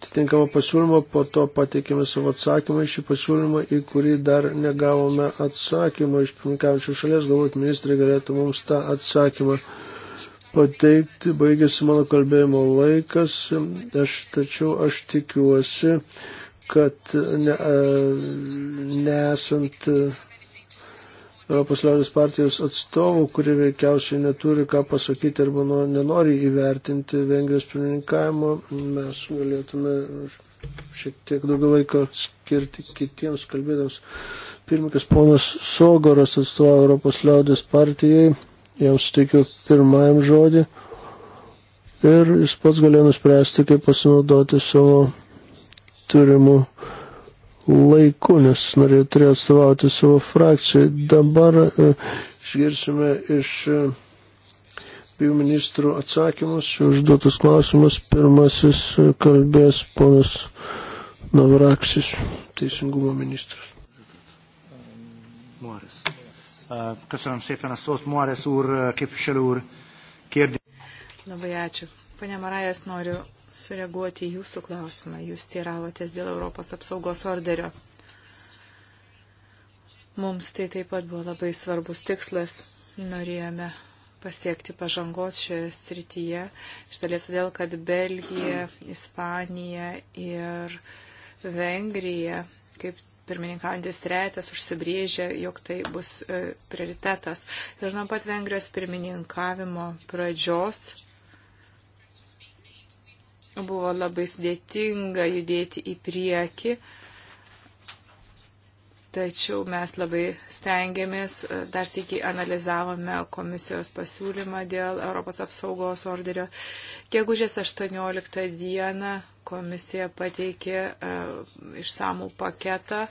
atitinkamą pasiūlymą, po to pateikėme savo atsakymą į šį pasiūlymą, į kurį dar negavome atsakymą iš pirmininkaujančių šalies, galbūt ministrai galėtų mums tą atsakymą pateikti. Baigėsi mano kalbėjimo laikas, aš, tačiau aš tikiuosi, kad ne, e, nesant Europos liaudės partijos atstovų, kurie veikiausiai neturi ką pasakyti arba nu, nenori įvertinti Vengrijos pirmininkavimo, mes galėtume šiek tiek daugiau laiko skirti kitiems kalbėdams. Pirmininkas ponas Sogoras atstovauja Europos liaudės partijai, jam suteikiu pirmajam žodį ir jis pats galėjo nuspręsti, kaip pasinaudoti savo turimų laiku, nes norėjo turėjo atstovauti savo frakcijai. Dabar e, išgirsime iš e, abiejų ministrų atsakymus, užduotus klausimus. Pirmasis e, kalbės ponas Navraksis, teisingumo ministras. Köszönöm szépen a szót, Moares úr, képviselő úr. Kérdés. Labai ačiū. Pane Marajas, noriu sureaguoti jūsų klausimą. Jūs teiravotės dėl Europos apsaugos orderio. Mums tai taip pat buvo labai svarbus tikslas. Norėjome pasiekti pažangos šioje srityje. Štalės todėl, kad Belgija, Ispanija ir Vengrija, kaip pirmininkantis trejetas užsibrėžė, jog tai bus e, prioritetas. Ir nuo pat Vengrijos pirmininkavimo pradžios Buvo labai sudėtinga judėti į priekį, tačiau mes labai stengiamės, e, dar sėkiai analizavome komisijos pasiūlymą dėl Europos apsaugos orderio. Gegužės 18 dieną komisija pateikė e, išsamų paketą e,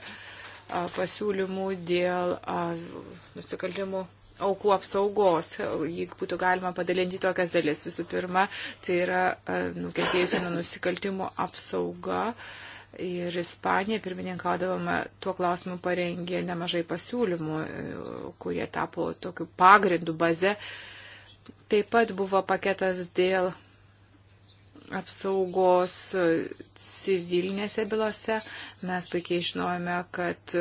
pasiūlymų dėl nusikaltimų aukų apsaugos, jeigu būtų galima padalinti tokias dalis. Visų pirma, tai yra e, nukentėjusių nuo nusikaltimų apsauga. Ir Ispanija, pirmininkaudavama, tuo klausimu parengė nemažai pasiūlymų, e, kurie tapo tokiu pagrindu baze. Taip pat buvo paketas dėl apsaugos e, civilinėse bylose. Mes puikiai žinojame, kad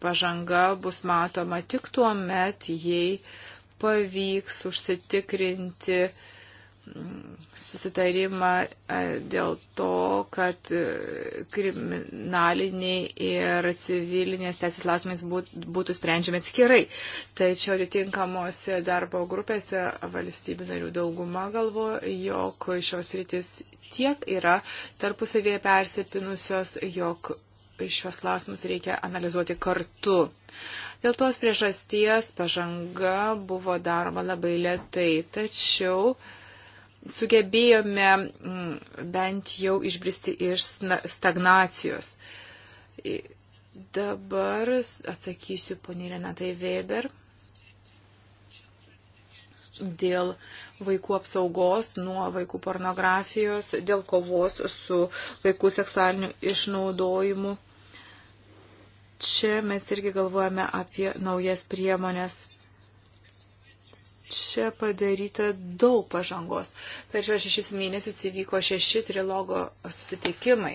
pažanga bus matoma tik tuo met, jei pavyks užsitikrinti mm, susitarimą e, dėl to, kad e, kriminaliniai ir civilinės teisės klausimais būtų sprendžiami atskirai. Tačiau atitinkamosi darbo grupėse valstybių narių dauguma galvo, jog šios rytis tiek yra tarpusavėje persipinusios, jog šios klausimus reikia analizuoti kartu. Dėl tos priežasties pažanga buvo daroma labai lietai, tačiau sugebėjome mm, bent jau išbristi iš stagnacijos. Dabar atsakysiu poniai Renatai Weber dėl vaikų apsaugos nuo vaikų pornografijos, dėl kovos su vaikų seksualiniu išnaudojimu Čia mes irgi galvojame apie naujas priemonės. Čia padaryta daug pažangos. Per šios šešis mėnesius įvyko šeši trilogo susitikimai.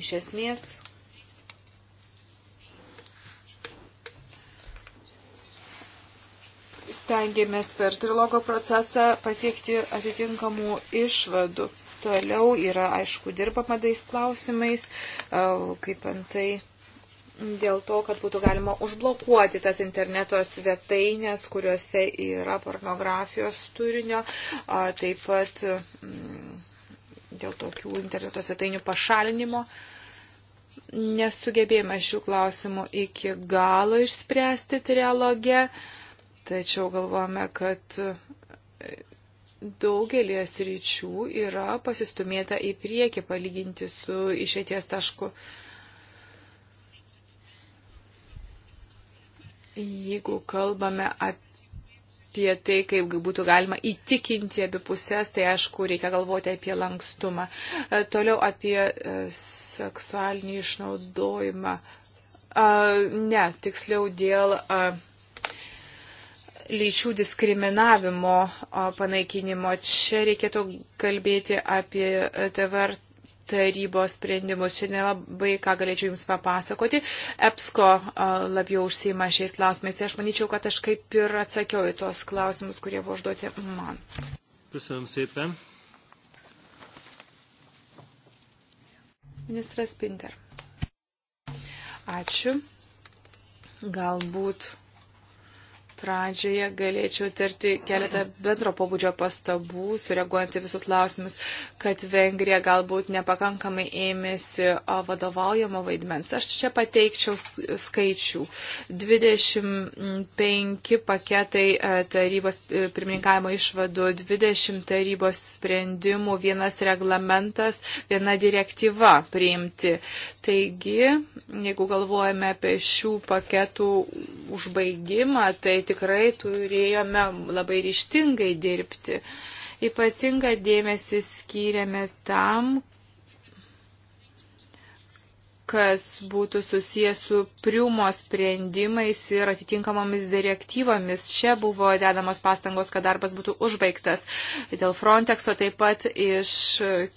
Iš esmės, stengiamės per trilogo procesą pasiekti atitinkamų išvadų. Toliau yra, aišku, dirbama tais klausimais, kaip antai dėl to, kad būtų galima užblokuoti tas interneto svetainės, kuriuose yra pornografijos turinio, taip pat mm, dėl tokių interneto svetainių pašalinimo. Nesugebėjome šių klausimų iki galo išspręsti trialoge, tačiau galvojame, kad daugelį sričių yra pasistumėta į priekį palyginti su išėties tašku. Uh, Jeigu kalbame apie tai, kaip būtų galima įtikinti abi pusės, tai aišku, reikia galvoti apie lankstumą. E, toliau apie e, seksualinį išnaudojimą. E, ne, tiksliau dėl lyčių diskriminavimo panaikinimo. Čia reikėtų kalbėti apie TVR tarybos sprendimus. Šiandien labai ką galėčiau Jums papasakoti. EPSCO labiau užsima šiais klausimais. Tai aš manyčiau, kad aš kaip ir atsakiau į tos klausimus, kurie buvo užduoti man. Köszönöm szépen. Ministras Pinter. Ačiū. Galbūt Pradžioje galėčiau tarti keletą bendro pobūdžio pastabų, sureaguojant į visus klausimus, kad Vengrija galbūt nepakankamai ėmėsi vadovaujamo vaidmens. Aš čia pateikčiau skaičių. 25 paketai e, tarybos e, pirmininkavimo išvadų, 20 tarybos sprendimų, vienas reglamentas, viena direktyva priimti. Taigi, jeigu galvojame apie šių paketų užbaigimą, tai tikrai turėjome labai ryštingai dirbti. Ypatinga dėmesį skiriame tam, kas būtų susijęs su priumo sprendimais ir atitinkamomis direktyvomis. Čia buvo dedamos pastangos, kad darbas būtų užbaigtas. Dėl Frontexo taip pat iš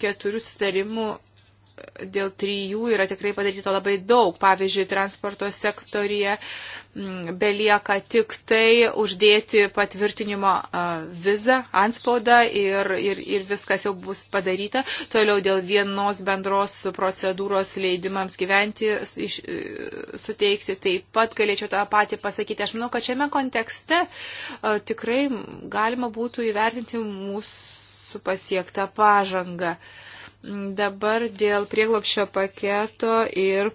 keturių sudarimų dėl trijų yra tikrai padaryta labai daug. Pavyzdžiui, transporto sektorija mm, belieka tik tai uždėti patvirtinimo vizą, anspaudą ir, ir, ir viskas jau bus padaryta. Toliau dėl vienos bendros procedūros leidimams gyventi iš, e, suteikti taip pat galėčiau tą patį pasakyti. Aš manau, kad šiame kontekste tikrai galima būtų įvertinti mūsų pasiektą pažangą. Uh, Dabar dėl prieglopšio paketo ir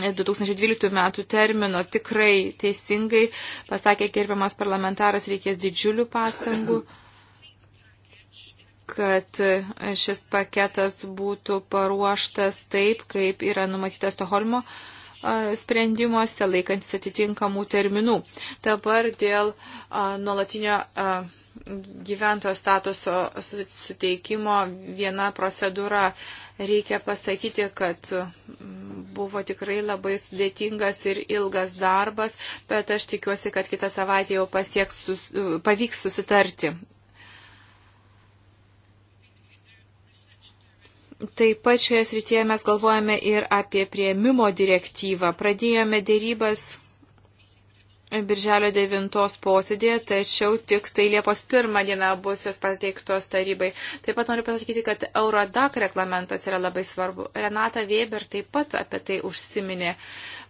2012 metų termino tikrai teisingai pasakė gerbiamas parlamentaras, reikės didžiulių pastangų kad šis paketas būtų paruoštas taip, kaip yra numatytas Stoholmo sprendimuose, laikantis atitinkamų terminų. Dabar dėl nuolatinio gyventojo statuso suteikimo viena procedūra. Reikia pasakyti, kad mm, buvo tikrai labai sudėtingas ir ilgas darbas, bet aš tikiuosi, kad kitą savaitę jau pasieks, sus, pavyks susitarti. Taip pat šioje srityje mes galvojame ir apie prieimimo direktyvą. Pradėjome dėrybas Birželio 9 posėdėje, tačiau tik tai Liepos 1 diena bus jos pateiktos tarybai. Taip pat noriu pasakyti, kad Eurodak reglamentas yra labai svarbu. Renata Weber taip pat apie tai užsiminė.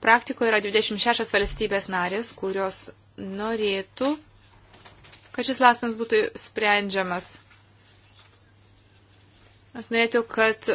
Praktikoje yra 26 valstybės narės, kurios norėtų, kad šis lasmens būtų sprendžiamas Aš norėčiau, kad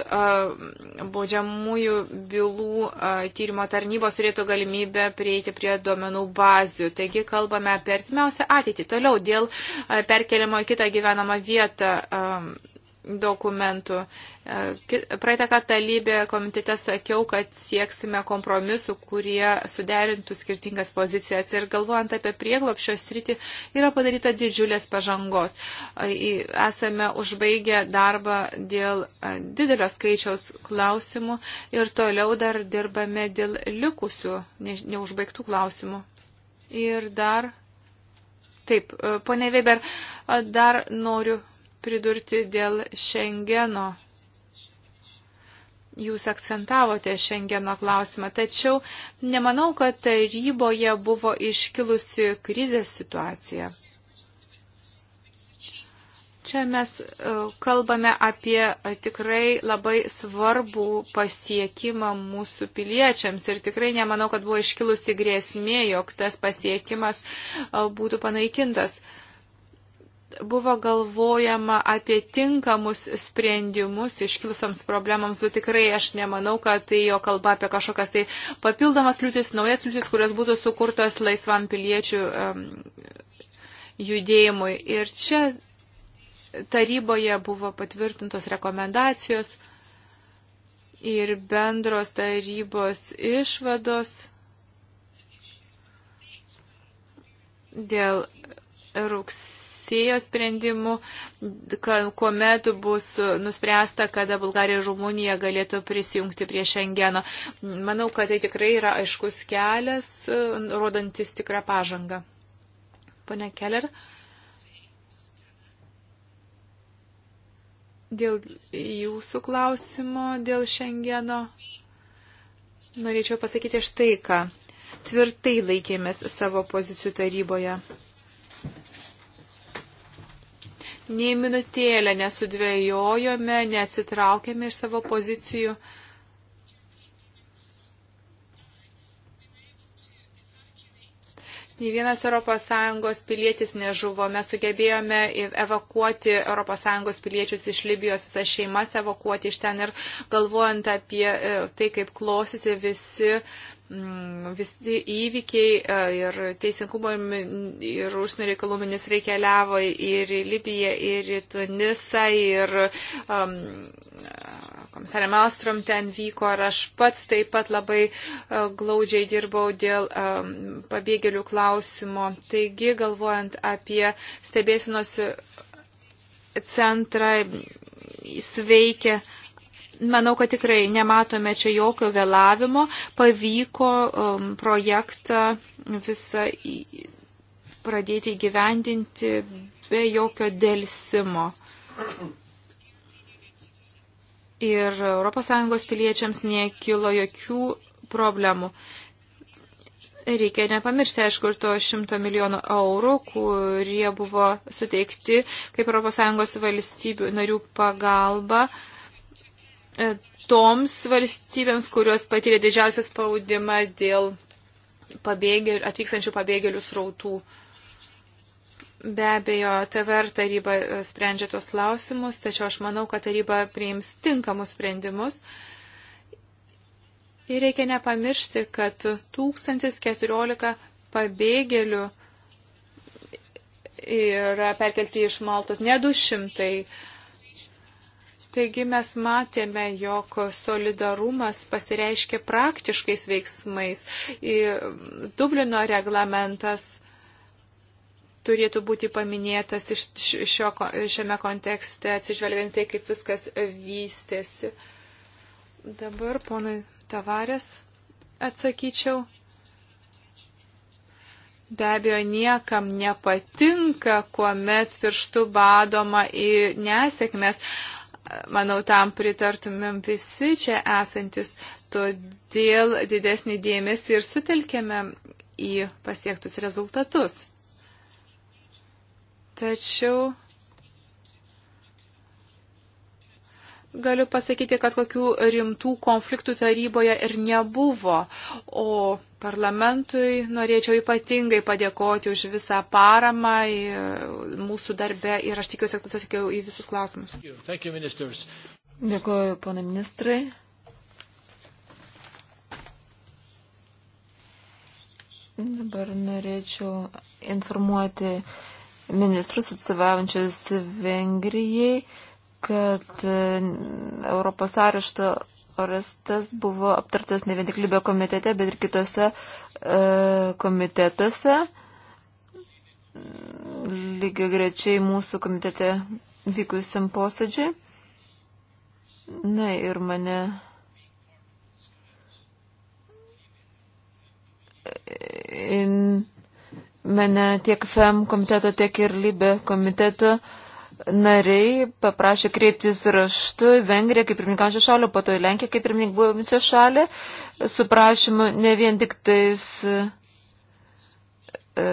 baudžiamųjų bylų a, tyrimo tarnybos turėtų galimybę prieiti prie duomenų bazių. Taigi kalbame apie artimiausią ateitį. Toliau dėl a, perkeliamo į kitą gyvenamą vietą. A, dokumentų. E, praeitą kartą lybė komitete sakiau, kad sieksime kompromisų, kurie suderintų skirtingas pozicijas. Ir galvojant apie prieglopšio sritį, yra padaryta didžiulės pažangos. E, esame užbaigę darbą dėl e, didelio skaičiaus klausimų ir toliau dar dirbame dėl likusių neužbaigtų klausimų. Ir dar Taip, ponė Weber, dar noriu pridurti dėl Šengeno. Jūs akcentavote Šengeno klausimą, tačiau nemanau, kad taryboje buvo iškilusi krizės situacija. Čia mes e, kalbame apie tikrai labai svarbų pasiekimą mūsų piliečiams ir tikrai nemanau, kad buvo iškilusi grėsmė, jog tas pasiekimas e, būtų panaikintas buvo galvojama apie tinkamus sprendimus iškilusiams problemams, bet tikrai aš nemanau, kad tai jo kalba apie kažkokias tai papildomas liūtis, naujas liūtis, kurios būtų sukurtos laisvam piliečių um, judėjimui. Ir čia taryboje buvo patvirtintos rekomendacijos ir bendros tarybos išvados dėl rugsėjo teisėjo sprendimu, kuomet bus nuspręsta, kada Bulgarija ir Rumunija galėtų prisijungti prie Šengeno. Manau, kad tai tikrai yra aiškus kelias, rodantis tikrą pažangą. Pane Keller. Dėl jūsų klausimo, dėl Šengeno, norėčiau pasakyti štai ką. Tvirtai laikėmės savo pozicijų taryboje. Nei minutėlę nesudvėjojome, neatsitraukėme iš savo pozicijų. Nė vienas ES pilietis nežuvo. Mes sugebėjome evakuoti ES piliečius iš Libijos, visas šeimas evakuoti iš ten ir galvojant apie e, tai, kaip klostėsi visi uh, Mm, visi įvykiai e, ir teisingumo ir užsienio reikalų ministrai keliavo ir į Libiją, ir į Tunisą, ir um, komisarė Malstrom ten vyko, ir aš pats taip pat labai uh, glaudžiai dirbau dėl um, pabėgėlių klausimo. Taigi, galvojant apie stebėsinos centrą, jis veikia uh, Manau, kad tikrai nematome čia jokio vėlavimo. Pavyko um, projektą visą į, pradėti įgyvendinti be jokio dėlsimo. Ir ES piliečiams nekilo jokių problemų. Reikia nepamiršti, aišku, ir to 100 milijonų eurų, kurie buvo suteikti kaip ES valstybių narių pagalba uh, E, toms valstybėms, kurios patyrė didžiausią spaudimą dėl pabėgėlių, atvykstančių pabėgėlių srautų. Be abejo, TVR taryba e, sprendžia tos klausimus, tačiau aš manau, kad taryba priims tinkamus sprendimus. Ir reikia nepamiršti, kad 1014 pabėgėlių yra perkelti iš Maltos, ne 200. Taigi mes matėme, jog solidarumas pasireiškia praktiškais veiksmais. Dublino reglamentas turėtų būti paminėtas šio, šiame kontekste, atsižvelgiant tai, kaip viskas vystėsi. Dabar ponui Tavarės atsakyčiau. Be abejo, niekam nepatinka, kuomet pirštų badoma į nesėkmės manau, tam pritartumėm visi čia esantis, todėl didesnį dėmesį ir sutelkėme į pasiektus rezultatus. Tačiau galiu pasakyti, kad kokių rimtų konfliktų taryboje ir nebuvo, o Parlamentui norėčiau ypatingai padėkoti už visą paramą mūsų darbę ir aš tikiuosi, kad atsakiau į visus klausimus. Thank you, Dėkuoju, pana ministrai. Dabar norėčiau informuoti ministrus atsivaujančius Vengrijai, kad Europos arešto Orestas buvo aptartas ne vien tik Libio komitete, bet ir kitose e, komitetuose. Lygiai grečiai mūsų komitete vykusiam posėdžiui. Na ir mane. E, in, mane tiek FEM komiteto, tiek ir Libė komiteto uh, nariai paprašė kreiptis raštu į Vengriją kaip pirmininkančią šalį, po to į Lenkiją kaip pirmininkančią šalį, su prašymu ne vien tik tais. E,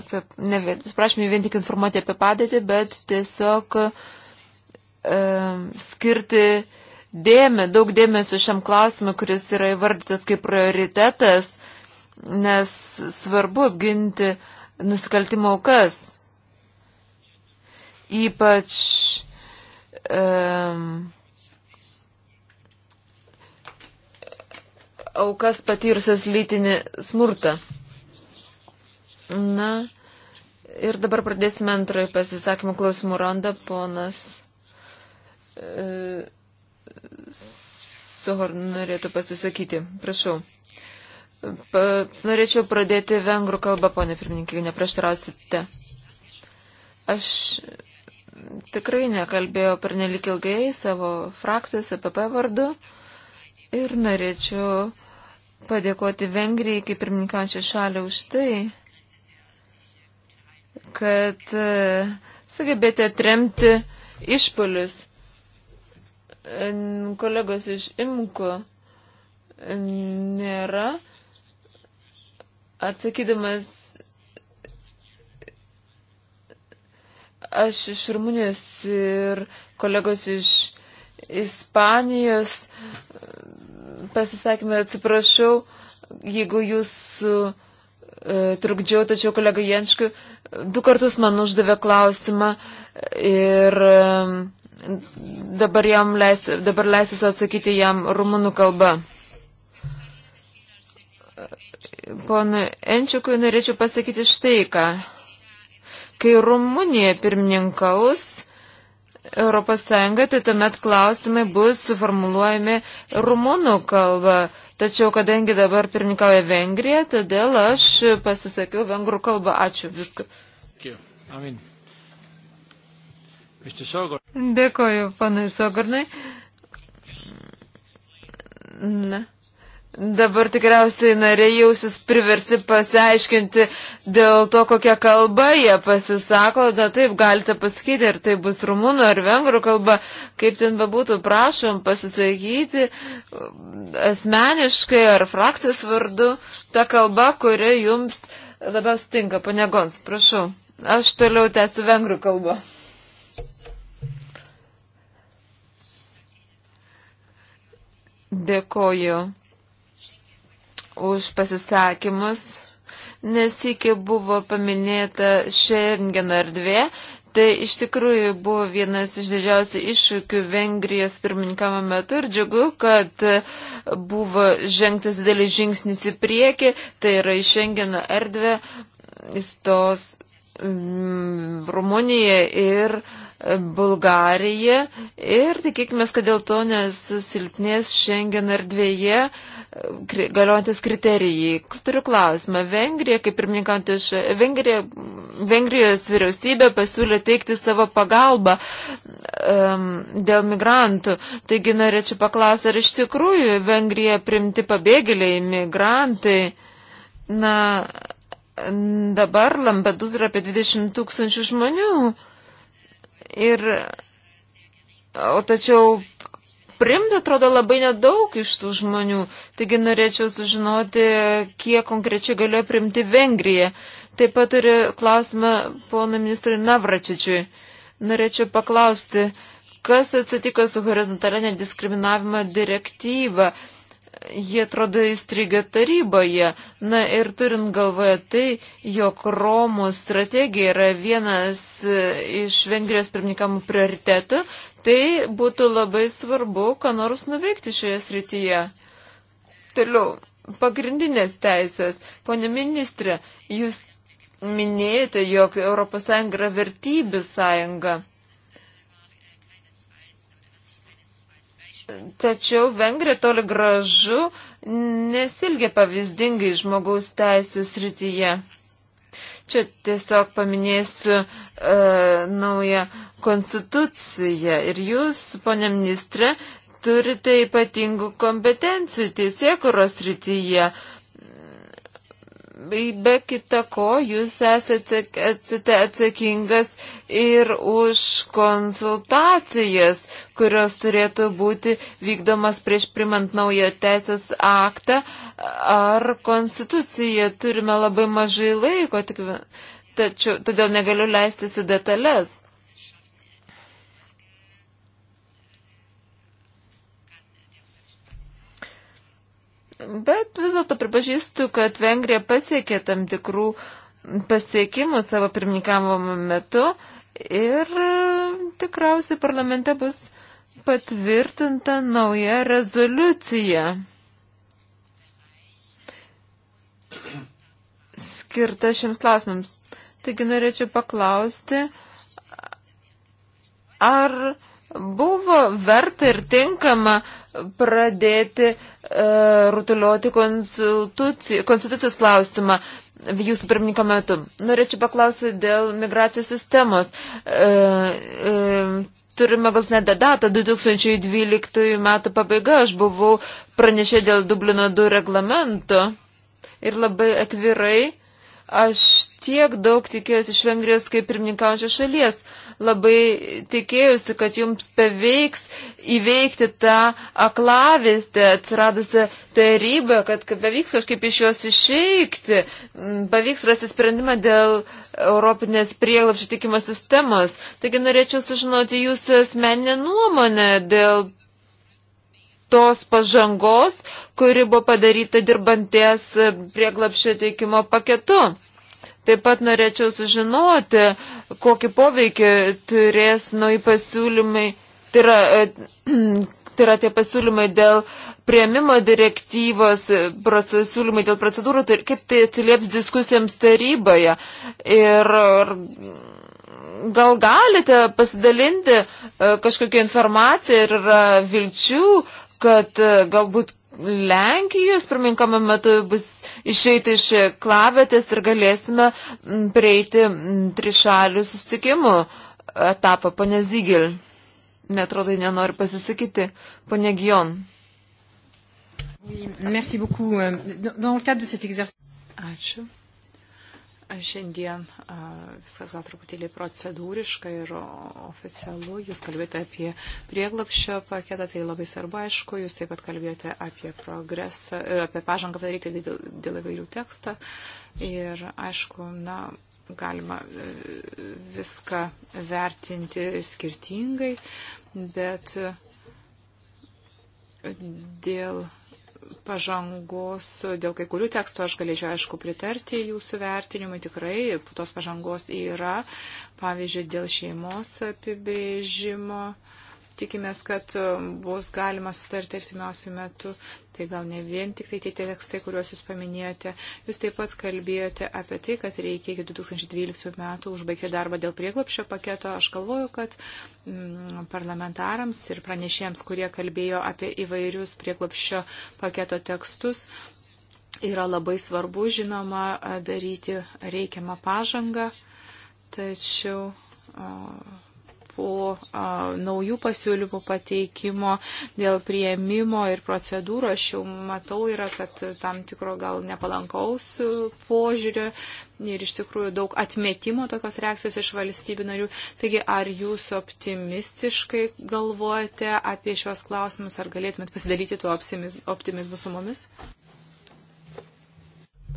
apie, ne, prašymai vien tik informuoti apie padėtį, bet tiesiog e, skirti dėmė, daug dėmesio šiam klausimui, kuris yra įvardytas kaip prioritetas, nes svarbu apginti nusikaltimo aukas ypač um, aukas patyrusias lytinį smurtą. Na, ir dabar pradėsime antrąjį pasisakymų klausimų rondą, ponas. E, Suhor norėtų pasisakyti. Prašau. Pa, norėčiau pradėti vengrų kalbą, ponė pirmininkai, neprieštarausite. Aš tikrai nekalbėjo per nelik ilgai savo frakcijos APP e vardu ir norėčiau padėkoti Vengrijai kaip pirmininkančiai šaliai už tai, kad e, sugebėte atremti išpolius e, kolegos iš Imko nėra. Atsakydamas Aš iš Rumunijos ir kolegos iš Ispanijos e, pasisakymą atsiprašau, jeigu jūs e, trukdžiau, tačiau kolega Jenškiu du kartus man uždavė klausimą ir e, dabar, leis, dabar leisis atsakyti jam rumunų kalba. Pone Enčiukui norėčiau pasakyti štai ką. Kai Rumunija pirmininkaus ES, tai tuomet klausimai bus suformuluojami rumunų kalba. Tačiau, kadangi dabar pirmininkauja Vengrija, todėl aš pasisakiau vengrų kalbą. Ačiū viską. Dėkoju, panai Sogornai. Na. Dabar tikriausiai nariai jausis priversi pasiaiškinti dėl to, kokią kalbą jie pasisako. Na taip, galite pasakyti, ar tai bus rumunų ar vengrų kalba, kaip ten bebūtų, prašom pasisakyti asmeniškai ar frakcijos vardu tą kalbą, kuri jums labiausiai tinka. Panegons, prašau. Aš toliau tęsiu vengrų kalbą. Dėkoju už pasisakymus. Nesikė buvo paminėta Šengeno erdvė. Tai iš tikrųjų buvo vienas iš didžiausių iššūkių Vengrijos pirmininkamo metu ir džiugu, kad buvo žengtas didelis žingsnis į priekį, tai yra iš Šengeno erdvę įstos mm, Rumunija ir Bulgarija ir tikėkime, kad dėl to nesusilpnės šiandien erdvėje galiojantis kriterijai. Turiu klausimą. Vengrija, kaip ir minkant iš Vengrija, Vengrijos vyriausybė pasiūlė teikti savo pagalbą um, dėl migrantų. Taigi norėčiau paklausti, ar iš tikrųjų Vengrija primti pabėgėliai, migrantai. Na, dabar Lampedus yra apie 20 tūkstančių žmonių. Ir, o tačiau primti, atrodo, labai nedaug iš tų žmonių. Taigi norėčiau sužinoti, kiek konkrečiai galėjo primti Vengrija. Taip pat turiu klausimą pono ministrui Navračičiui. Norėčiau paklausti, kas atsitiko su horizontalinė diskriminavimo direktyva. Jie atrodo įstrigę taryboje. Na ir turint galvoje tai, jog Romų strategija yra vienas iš Vengrijos pirmininkamų prioritetų, Tai būtų labai svarbu, ką nors nuveikti šioje srityje. Toliau, pagrindinės teisės. Pone ministrė, jūs minėjote, jog ES yra vertybių sąjunga. Tačiau Vengrija toli gražu nesilgia pavyzdingai žmogaus teisų srityje. Čia tiesiog paminėsiu e, naują konstituciją ir jūs, ponė ministrė, turite ypatingų kompetencijų teisėkuros rytyje. Be kita ko, jūs esate atsakingas ir už konsultacijas, kurios turėtų būti vykdomas prieš primant naują teisės aktą ar konstituciją. Turime labai mažai laiko, tik, tačiau, todėl negaliu leistis į detalės. Bet vis dėlto pripažįstu, kad Vengrija pasiekė tam tikrų pasiekimų savo pirmininkavimo metu ir e, tikriausiai parlamente bus patvirtinta nauja rezoliucija skirta šiems klausimams. Taigi norėčiau paklausti, ar buvo verta ir tinkama uh, pradėti e, rutulioti konstitucijos klausimą jūsų pirmininko metu. Norėčiau paklausyti dėl migracijos sistemos. E, e, turime galtinę datą 2012 metų pabaiga. Aš buvau pranešė dėl Dublino 2 reglamento ir labai atvirai. Aš tiek daug tikėjęs iš Vengrijos kaip pirmininkaujančios šalies labai tikėjusi, kad jums pavyks įveikti tą aklavistę atsiradusią tarybą, kad pavyks kažkaip iš jos išeikti, mm, pavyks rasti sprendimą dėl Europinės prieglapšio tikimo sistemos. Taigi norėčiau sužinoti jūsų asmeninę nuomonę dėl tos pažangos, kuri buvo padaryta dirbanties prieglapšio teikimo paketu. Taip pat norėčiau sužinoti, kokį poveikį turės nauji pasiūlymai, tai yra, e, tai yra tie pasiūlymai dėl prieimimo direktyvos, e, pasiūlymai dėl procedūrų, tai kaip tai atsilieps diskusijoms taryboje. Ir gal galite pasidalinti e, kažkokią informaciją ir vilčių, kad galbūt Lenkijos pirminkamo metu bus išeiti iš klavėtės ir galėsime prieiti trišalių sustikimų etapą. Pane Zygil, netrodai nenori pasisakyti. Pane Gion. Ačiū. Šiandien viskas gal truputėlį procedūriška ir oficialu. Jūs kalbėjote apie prieglapščio paketą, tai labai svarbu, aišku. Jūs taip pat kalbėjote apie progresą, e, apie pažangą padaryti dėl, dėl įvairių tekstą. Ir, aišku, na, galima e, viską vertinti skirtingai, bet e, dėl pažangos, dėl kai kurių tekstų aš galėčiau, aišku, pritarti jūsų vertinimui, tikrai tos pažangos yra, pavyzdžiui, dėl šeimos apibrėžimo. Uh, tikimės, kad um, bus galima sutarti artimiausių metų. Tai gal ne vien tik tai tie tekstai, kuriuos jūs paminėjote. Jūs taip pat kalbėjote apie tai, kad reikia iki 2012 metų užbaigti darbą dėl prieglopšio paketo. Aš galvoju, kad mm, parlamentarams ir pranešėjams, kurie kalbėjo apie įvairius prieglopšio paketo tekstus, yra labai svarbu, žinoma, daryti reikiamą pažangą. Tačiau. O, po a, naujų pasiūlymų pateikimo dėl prieimimo ir procedūros. Aš jau matau yra, kad tam tikro gal nepalankaus požiūrio ir iš tikrųjų daug atmetimo tokios reakcijos iš valstybių narių. Taigi, ar jūs optimistiškai galvojate apie šios klausimus, ar galėtumėt pasidalyti tuo optimizmu su mumis?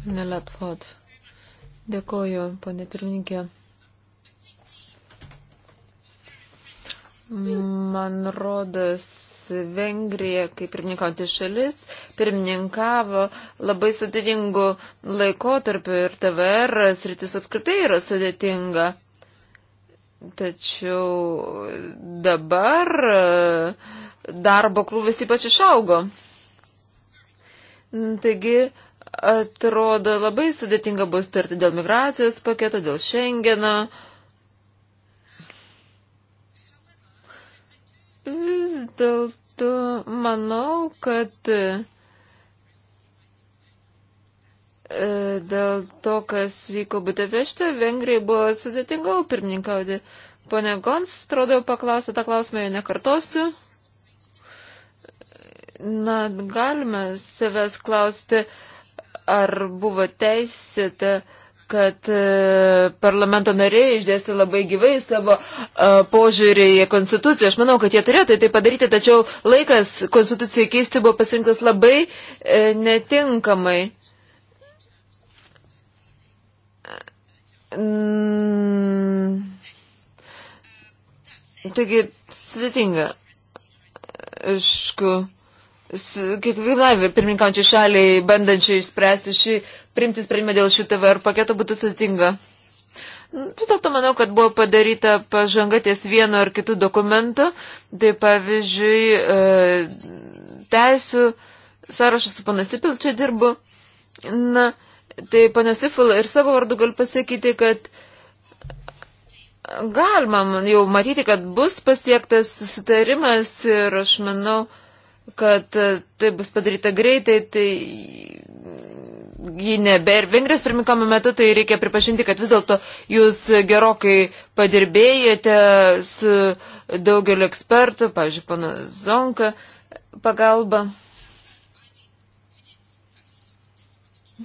Pane Latvot, dėkoju, pane pirmininkė. Man rodas, Vengrija, kaip pirmininkauti šalis, pirmininkavo labai sudėtingu laikotarpiu ir TVR sritis apskritai yra sudėtinga. Tačiau dabar e, darbo krūvis ypač išaugo. Taigi, atrodo, labai sudėtinga bus tarti dėl migracijos paketo, dėl Šengeno. Uh, Dėl to manau, kad e, dėl to, kas vyko Budapešte, Vengrijai buvo sudėtingiau pirmininkauti. Pone Gons, atrodo, paklausė tą klausimą, jo nekartosiu. Na, galime savęs klausti, ar buvo teisėta. Ta kad e, parlamento nariai išdėsi labai gyvai savo e, požiūrį į konstituciją. Aš manau, kad jie turėtų tai padaryti, tačiau laikas konstitucijai keisti buvo pasirinktas labai e, netinkamai. Mm. Taigi, sudėtinga. Aišku, kiekvienai pirmininkančiai šaliai bandančiai išspręsti šį priimti sprendimą dėl šito VR paketo būtų sudėtinga. Vis dėlto manau, kad buvo padaryta pažanga ties vieno ar kitų dokumentų, tai pavyzdžiui, e, teisų sąrašas su panasipil čia dirbu. Na, tai panasipil ir savo vardu galiu pasakyti, kad galima jau matyti, kad bus pasiektas susitarimas ir aš manau, kad e, tai bus padaryta greitai, tai jį nebe. Ir Vengrijos pirmininkamo metu tai reikia pripažinti, kad vis dėlto jūs gerokai padirbėjate su daugeliu ekspertų, pavyzdžiui, pana Zonka pagalba.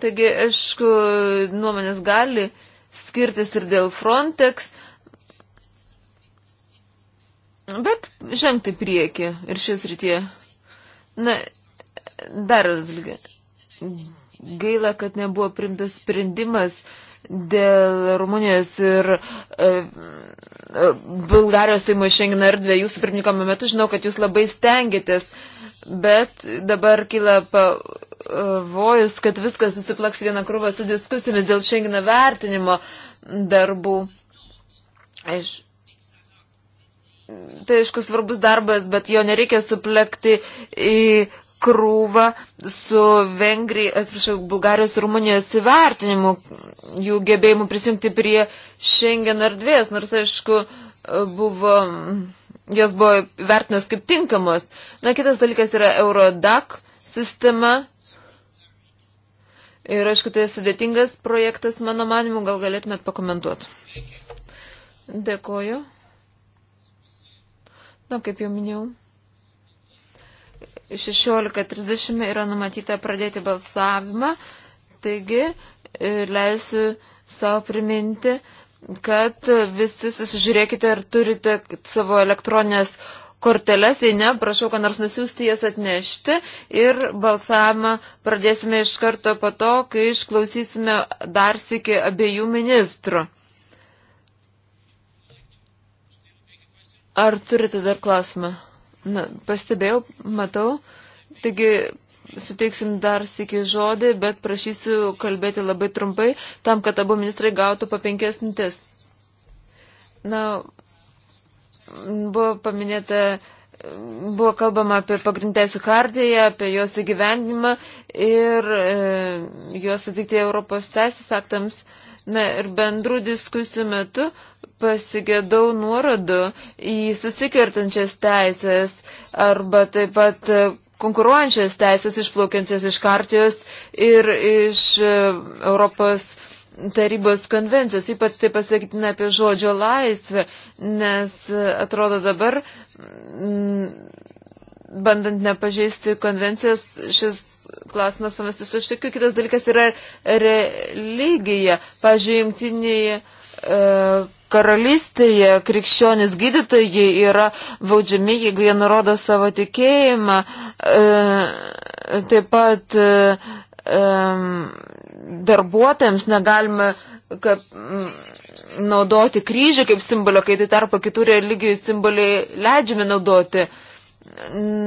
Taigi, aišku, nuomonės gali skirtis ir dėl Frontex, bet žengti prieki ir šis rytie. Na, dar gaila, kad nebuvo primtas sprendimas dėl Rumunijos ir e, e, Bulgarijos stojimo į Šengeną erdvę. Jūsų pirmininkamo metu žinau, kad jūs labai stengiatės, bet dabar kyla pavojus, kad viskas susiplaks vieną krūvą su diskusijomis dėl Šengeno vertinimo darbų. Aš tai aišku svarbus darbas, bet jo nereikia suplekti į krūvą su Vengrija, atsiprašau, Bulgarijos ir Rumunijos įvertinimu jų gebėjimų prisijungti prie Schengen erdvės, nors aišku, buvo, jos buvo vertinos kaip tinkamos. Na, kitas dalykas yra Eurodac sistema. Ir aišku, tai sudėtingas projektas, mano manimu, gal galėtumėt pakomentuoti. Dėkoju. Na, kaip jau minėjau. 16.30 yra numatyta pradėti balsavimą, taigi e, leisiu savo priminti, kad visi susižiūrėkite, ar turite savo elektroninės korteles, jei ne, prašau, ką nors nusiųsti jas atnešti ir balsavimą pradėsime iš karto po to, kai išklausysime dar sėki abiejų ministrų. Ar turite dar klausimą? Na, pastebėjau, matau. Taigi, suteiksim dar sėki žodį, bet prašysiu kalbėti labai trumpai, tam, kad abu ministrai gautų po penkias mintis. Na, buvo paminėta, buvo kalbama apie pagrindęs kardiją, apie jos įgyvendimą ir e, jos sutikti Europos teisės aktams. E, Me ir bendrų diskusijų metu pasigėdau nuorodų į susikertančias teisės arba taip pat konkuruojančias teisės išplaukiančias iš Kartijos ir iš e, Europos tarybos konvencijos, ypač tai pasakytina apie žodžio laisvę, nes e, atrodo dabar bandant nepažeisti konvencijos, šis klausimas pamestas iš akių. Kitas dalykas yra religija. Pavyzdžiui, jungtinėje karalystėje krikščionis gydytojai yra vaudžiami, jeigu jie nurodo savo tikėjimą. E, taip pat e, e, darbuotojams negalima kaip, naudoti kryžių kaip simbolio, kai tai tarpo kitų religijų simboliai leidžiami naudoti. Uh,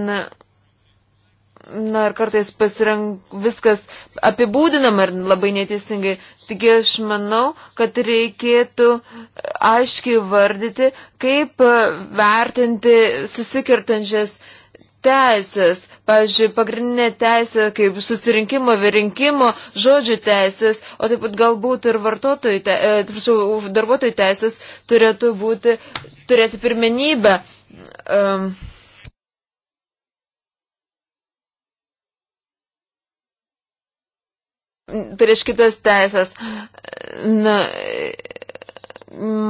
Na, na ir kartais pasirank, viskas apibūdinama ir labai neteisingai. Taigi aš manau, kad reikėtų aiškiai vardyti, kaip vertinti susikirtančias teisės. Pavyzdžiui, pagrindinė teisė kaip susirinkimo, virinkimo, žodžių teisės, o taip pat galbūt ir vartotojų, te, e, darbuotojų teisės turėtų būti, turėti pirmenybę. Um, e, prieš kitas teisės. Na,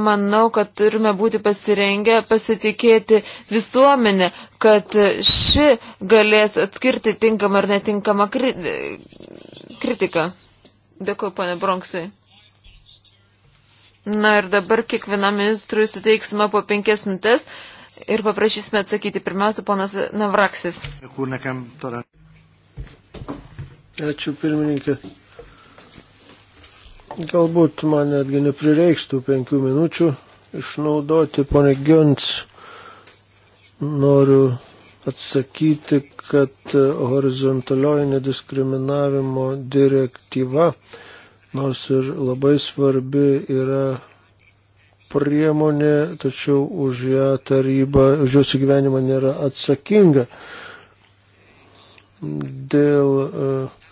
manau, kad turime būti pasirengę pasitikėti visuomenę, kad ši galės atskirti tinkamą ar netinkamą kri kritiką. Dėkuoju, pane Bronksui. Na ir dabar kiekvienam ministrui suteiksime po penkias mintes ir paprašysime atsakyti. Pirmiausia, ponas Navraksis. Ačiū, pirmininkė. Galbūt man netgi neprireikstų penkių minučių išnaudoti, ponė Gions. Noriu atsakyti, kad horizontalioji nediskriminavimo direktyva, nors ir labai svarbi, yra priemonė, tačiau už ją taryba, už jos įgyvenimą nėra atsakinga. Dėl uh,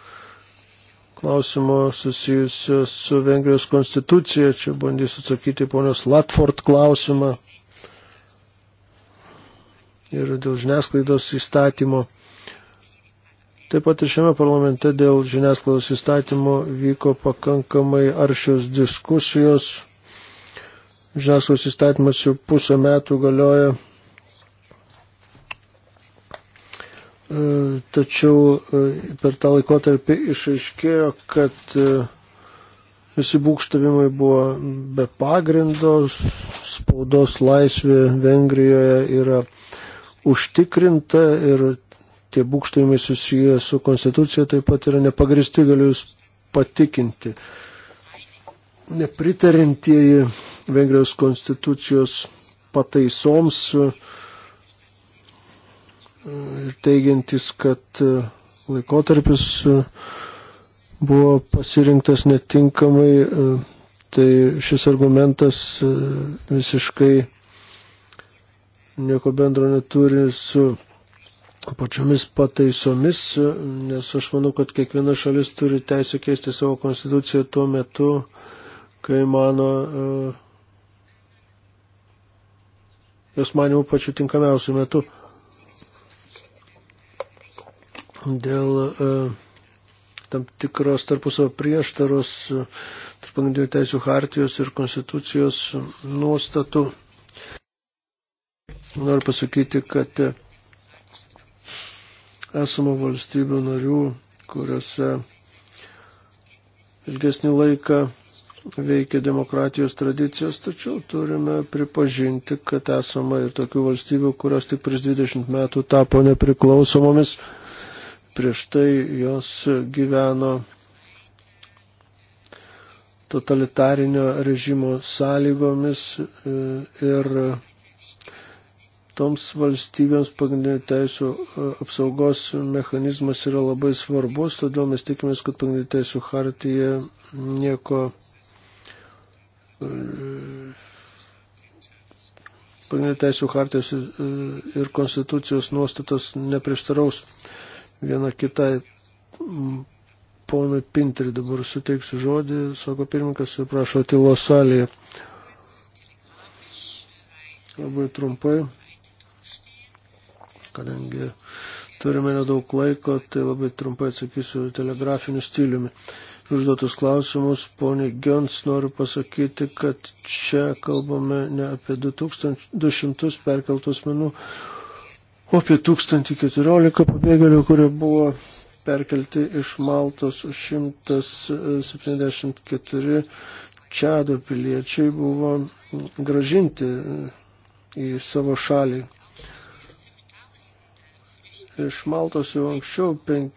klausimo susijusio su Vengrijos konstitucija. Čia bandysiu atsakyti ponios Latford klausimą ir dėl žiniasklaidos įstatymo. Taip pat ir šiame parlamente dėl žiniasklaidos įstatymo vyko pakankamai aršios diskusijos. Žiniasklaidos įstatymas jau pusę metų galioja E, tačiau e, per tą laikotarpį išaiškėjo, kad e, visi būkštavimai buvo be pagrindo, spaudos laisvė Vengrijoje yra užtikrinta ir tie būkštavimai susiję su konstitucija taip pat yra nepagristi, galiu jūs patikinti. Nepritarintieji Vengrijos konstitucijos pataisoms uh, ir teigiantis, kad e, laikotarpis e, buvo pasirinktas netinkamai, e, tai šis argumentas visiškai nieko bendro neturi su pačiomis pataisomis, nes aš manau, kad kiekviena šalis turi teisę keisti savo konstituciją tuo metu, kai mano jos manimų pačiu tinkamiausiu metu dėl e, tam tikros tarpusavo prieštaros e, tarp pagrindinių teisų hartijos ir konstitucijos nuostatų. Noriu pasakyti, kad e, esama valstybių narių, kuriuose ilgesnį laiką veikia demokratijos tradicijos, tačiau turime pripažinti, kad esama ir tokių valstybių, kurios tik prieš 20 metų tapo nepriklausomomis prieš tai jos gyveno totalitarinio režimo sąlygomis e, ir toms valstybėms pagrindinių teisų e, apsaugos mechanizmas yra labai svarbus, todėl mes tikimės, kad pagrindinių teisų hartija nieko e, pagrindinių teisų hartijos ir konstitucijos nuostatos neprieštaraus viena kitai. Ponui Pintri dabar suteiksiu žodį, sako pirmininkas ir prašo tylos salėje. Labai trumpai, kadangi turime nedaug laiko, tai labai trumpai atsakysiu telegrafiniu stiliumi užduotus klausimus. Pone Gions noriu pasakyti, kad čia kalbame ne apie 2200 perkeltų asmenų, apie 1014 pabėgėlių, kurie buvo perkelti iš Maltos 174 Čado piliečiai buvo gražinti į savo šalį. Iš Maltos jau anksčiau, penk,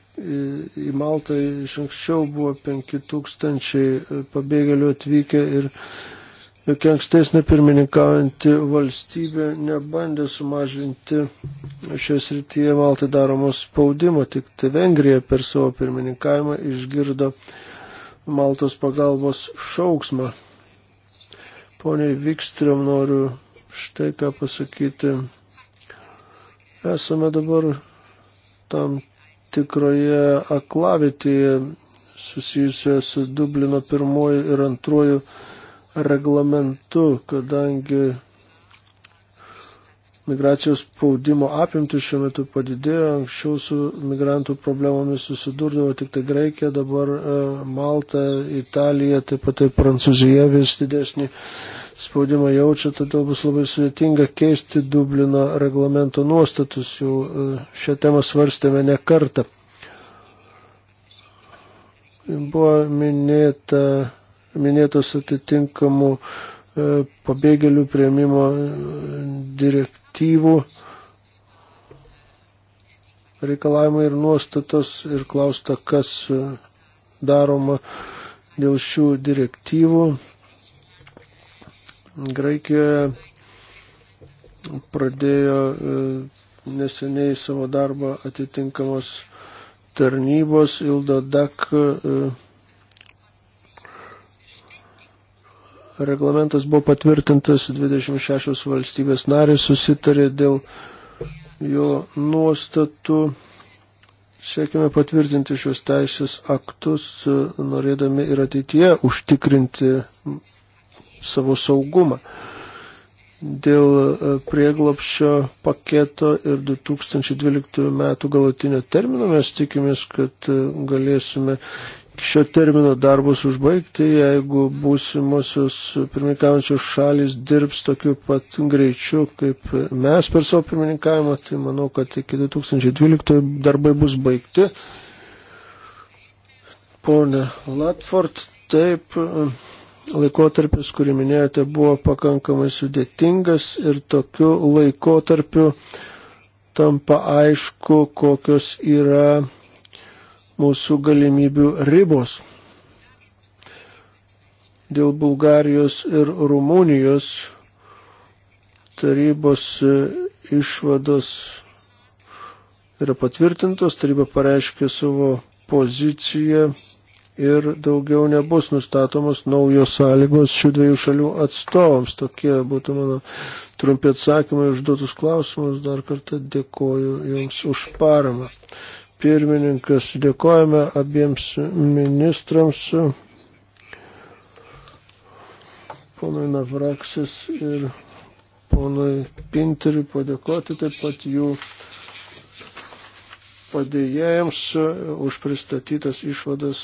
į Maltą iš anksčiau buvo 5000 pabėgėlių atvykę ir jokia ankstesnė pirmininkaujanti valstybė nebandė sumažinti šios rytyje Maltai daromos spaudimo, tik tai Vengrija per savo pirmininkavimą išgirdo Maltos pagalbos šauksmą. Poniai Vikstriam noriu štai ką pasakyti. Esame dabar tam tikroje aklavitėje susijusioje su Dublino pirmoju ir antruoju reglamentu, kadangi migracijos spaudimo apimtis šiuo metu padidėjo, anksčiau su migrantų problemomis susidurdavo tik tai Graikija, dabar e, Malta, Italija, taip pat ir tai Prancūzija vis didesnį spaudimą jaučia, todėl bus labai sudėtinga keisti Dublino reglamento nuostatus, jau e, šią temą svarstėme ne kartą. Buvo minėta minėtos atitinkamų e, pabėgėlių prieimimo e, direktyvų reikalavimai ir nuostatos ir klausta, kas e, daroma dėl šių direktyvų. Graikijoje pradėjo neseniai savo darbą atitinkamos tarnybos Ildo Dak reglamentas buvo patvirtintas, 26 valstybės narės susitarė dėl jo nuostatų. Siekime patvirtinti šios teisės aktus, norėdami ir ateityje užtikrinti savo saugumą. Dėl e, prieglopščio paketo ir 2012 metų galutinio termino mes tikimės, kad e, galėsime šio termino darbus užbaigti, jeigu būsimosios pirmininkaujančios šalis dirbs tokiu pat greičiu, kaip mes per savo pirmininkavimą, tai manau, kad iki 2012 darbai bus baigti. Pone Latford, taip, laikotarpis, kurį minėjote, buvo pakankamai sudėtingas ir tokiu laikotarpiu tampa aišku, kokios yra mūsų galimybių ribos. Dėl Bulgarijos ir Rumunijos tarybos e, išvados yra patvirtintos, taryba pareiškė savo poziciją ir daugiau nebus nustatomos naujos sąlygos šių dviejų šalių atstovams. Tokie būtų mano trumpi atsakymai užduotus klausimus. Dar kartą dėkoju Jums už paramą pirmininkas. Dėkojame abiems ministrams, ponui Navraksis ir ponui Pinteriui, padėkoti taip pat jų padėjėjams už pristatytas išvadas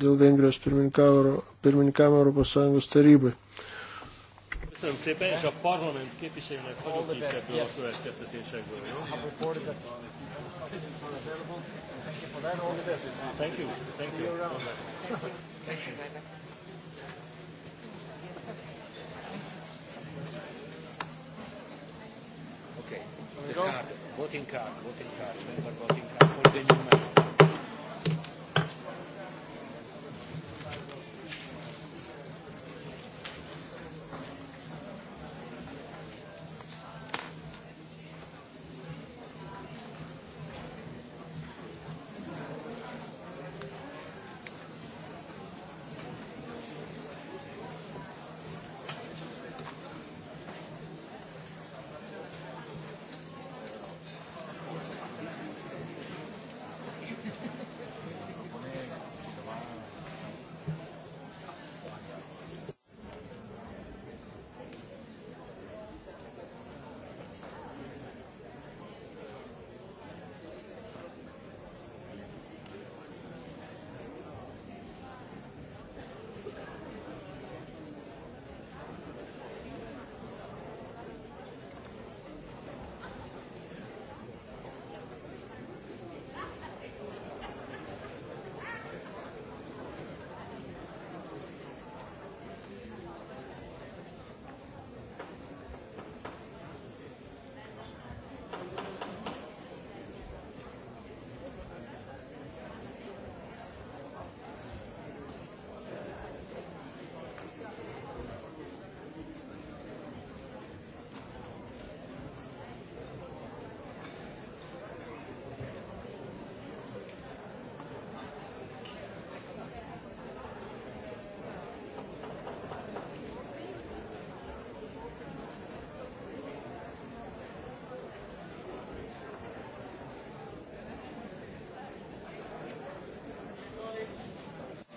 dėl Vengrijos pirmininkavimo Europos Sąjungos tarybai. Köszönöm szépen, és a parlament képviselőnek hagyok itt ebből a következtetésekből. And then all the best. Thank you. Thank you. See you around. Thank you. Thank you. Bye-bye. Okay. The card, voting card, voting card, member voting card for the new member.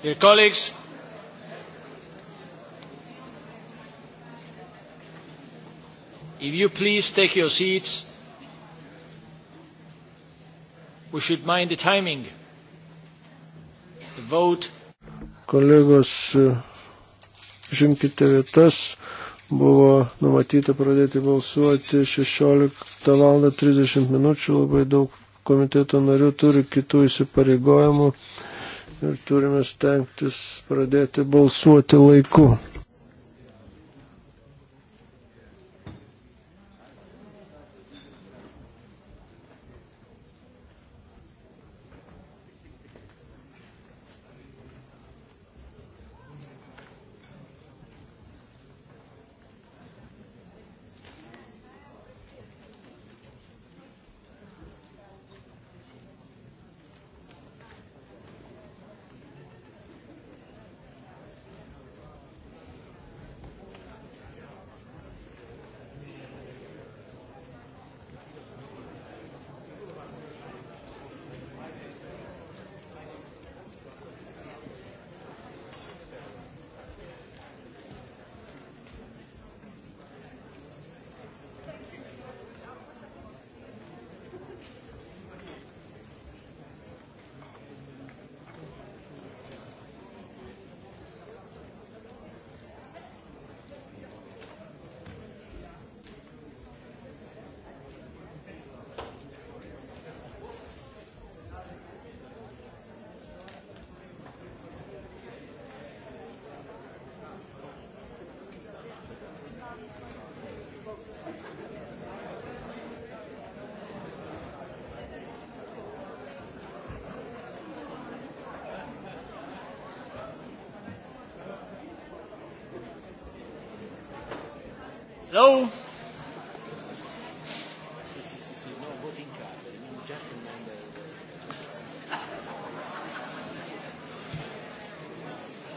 Dear colleagues, if you please take your seats, we should mind the timing. The vote. Kolegos, žimkite vietas. Buvo numatyta pradėti balsuoti 16 val. 30 minučių. Labai daug komiteto narių turi kitų įsipareigojimų ir turime stengtis pradėti balsuoti laiku.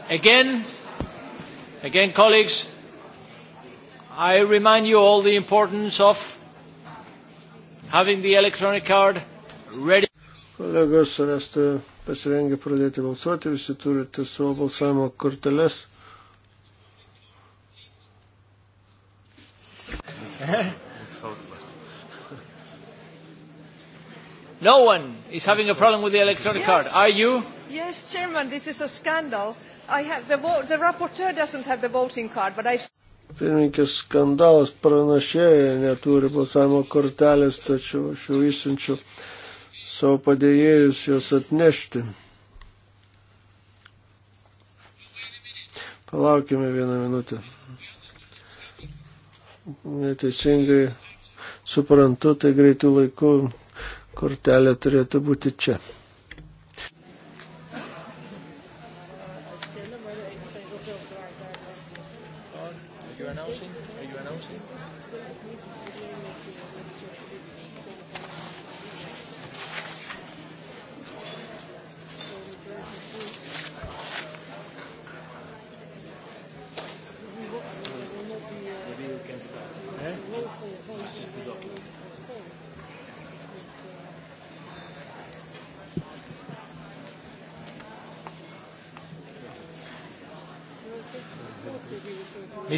Again, again, colleagues, I remind you all the importance of having the electronic card ready. Kolegos, ar esate pasirengę pradėti balsuoti, visi turite savo balsavimo korteles. no one is having a problem with the electronic yes. card. Are you? Yes, Chairman, this is a scandal The, the rapporteur doesn't have the voting card, but I've pirmininkės skandalas pranašėja neturi balsavimo kortelės, tačiau aš jau įsinčiu savo padėjėjus jos atnešti. Palaukime vieną minutę. Neteisingai suprantu, tai greitų laikų kortelė turėtų būti čia.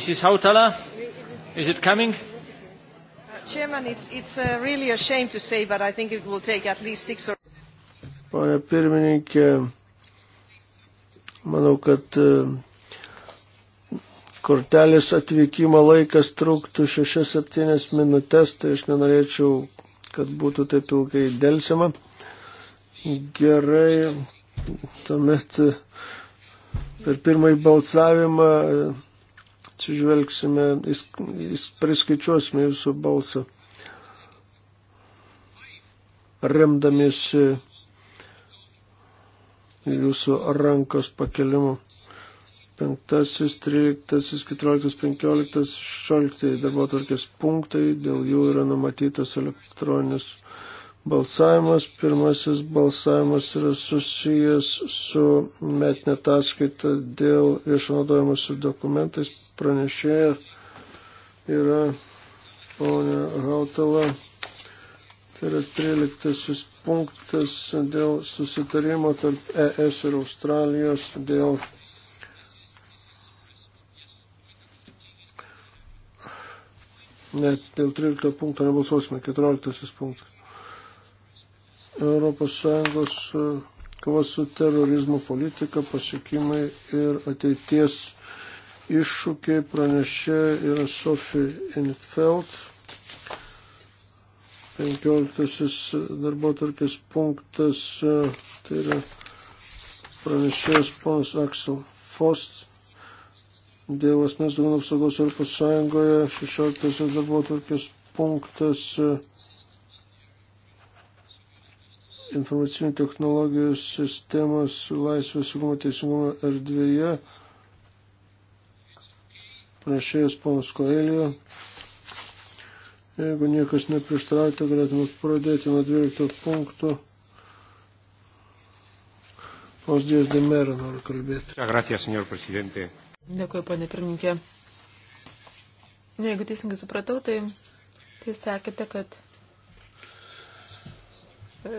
Mrs. Hautala? Is it coming? Uh, Chairman, it's, it's uh, really a shame to say, but I think it will take at least six or... Pane pirmininkė, manau, kad e, kortelės atvykimo laikas truktų 6-7 minutės, tai aš nenorėčiau, kad būtų taip ilgai dėlsiama. Gerai, tuomet e, per pirmąjį balsavimą atsižvelgsime, priskaičiuosime jūsų balsą, remdamiesi jūsų rankos pakelimu. 5, 13, 14, 15, 16 darbo tvarkės punktai, dėl jų yra numatytas elektroninis balsavimas. Pirmasis balsavimas yra susijęs su metinė ataskaita dėl viešanaudojimo su dokumentais. Pranešėja yra ponė Hautala. Tai yra 13 punktas dėl susitarimo tarp ES ir Australijos dėl Net dėl 13 punkto nebalsuosime, 14 punktas. ES e, kovos su terorizmu politika, pasiekimai ir ateities iššūkiai pranešė yra Sofie Intfeld. 15 darbo tarkės punktas, e, tai yra pranešėjas ponas Aksel Fost dėl asmens duomenų apsaugos Europos Sąjungoje, 16 darbo tarkės punktas e, informacinių technologijų sistemos laisvės saugumo teisingumo erdvėje. Pranešėjas ponas Koelio. Jeigu niekas neprieštarauja, galėtume pradėti nuo 12 punktų. Ponas Dievas Demera nori kalbėti. Gracias, senor prezidente. Dėkuoju, ponė pirmininkė. Jeigu teisingai supratau, tai, tai sakėte, kad E,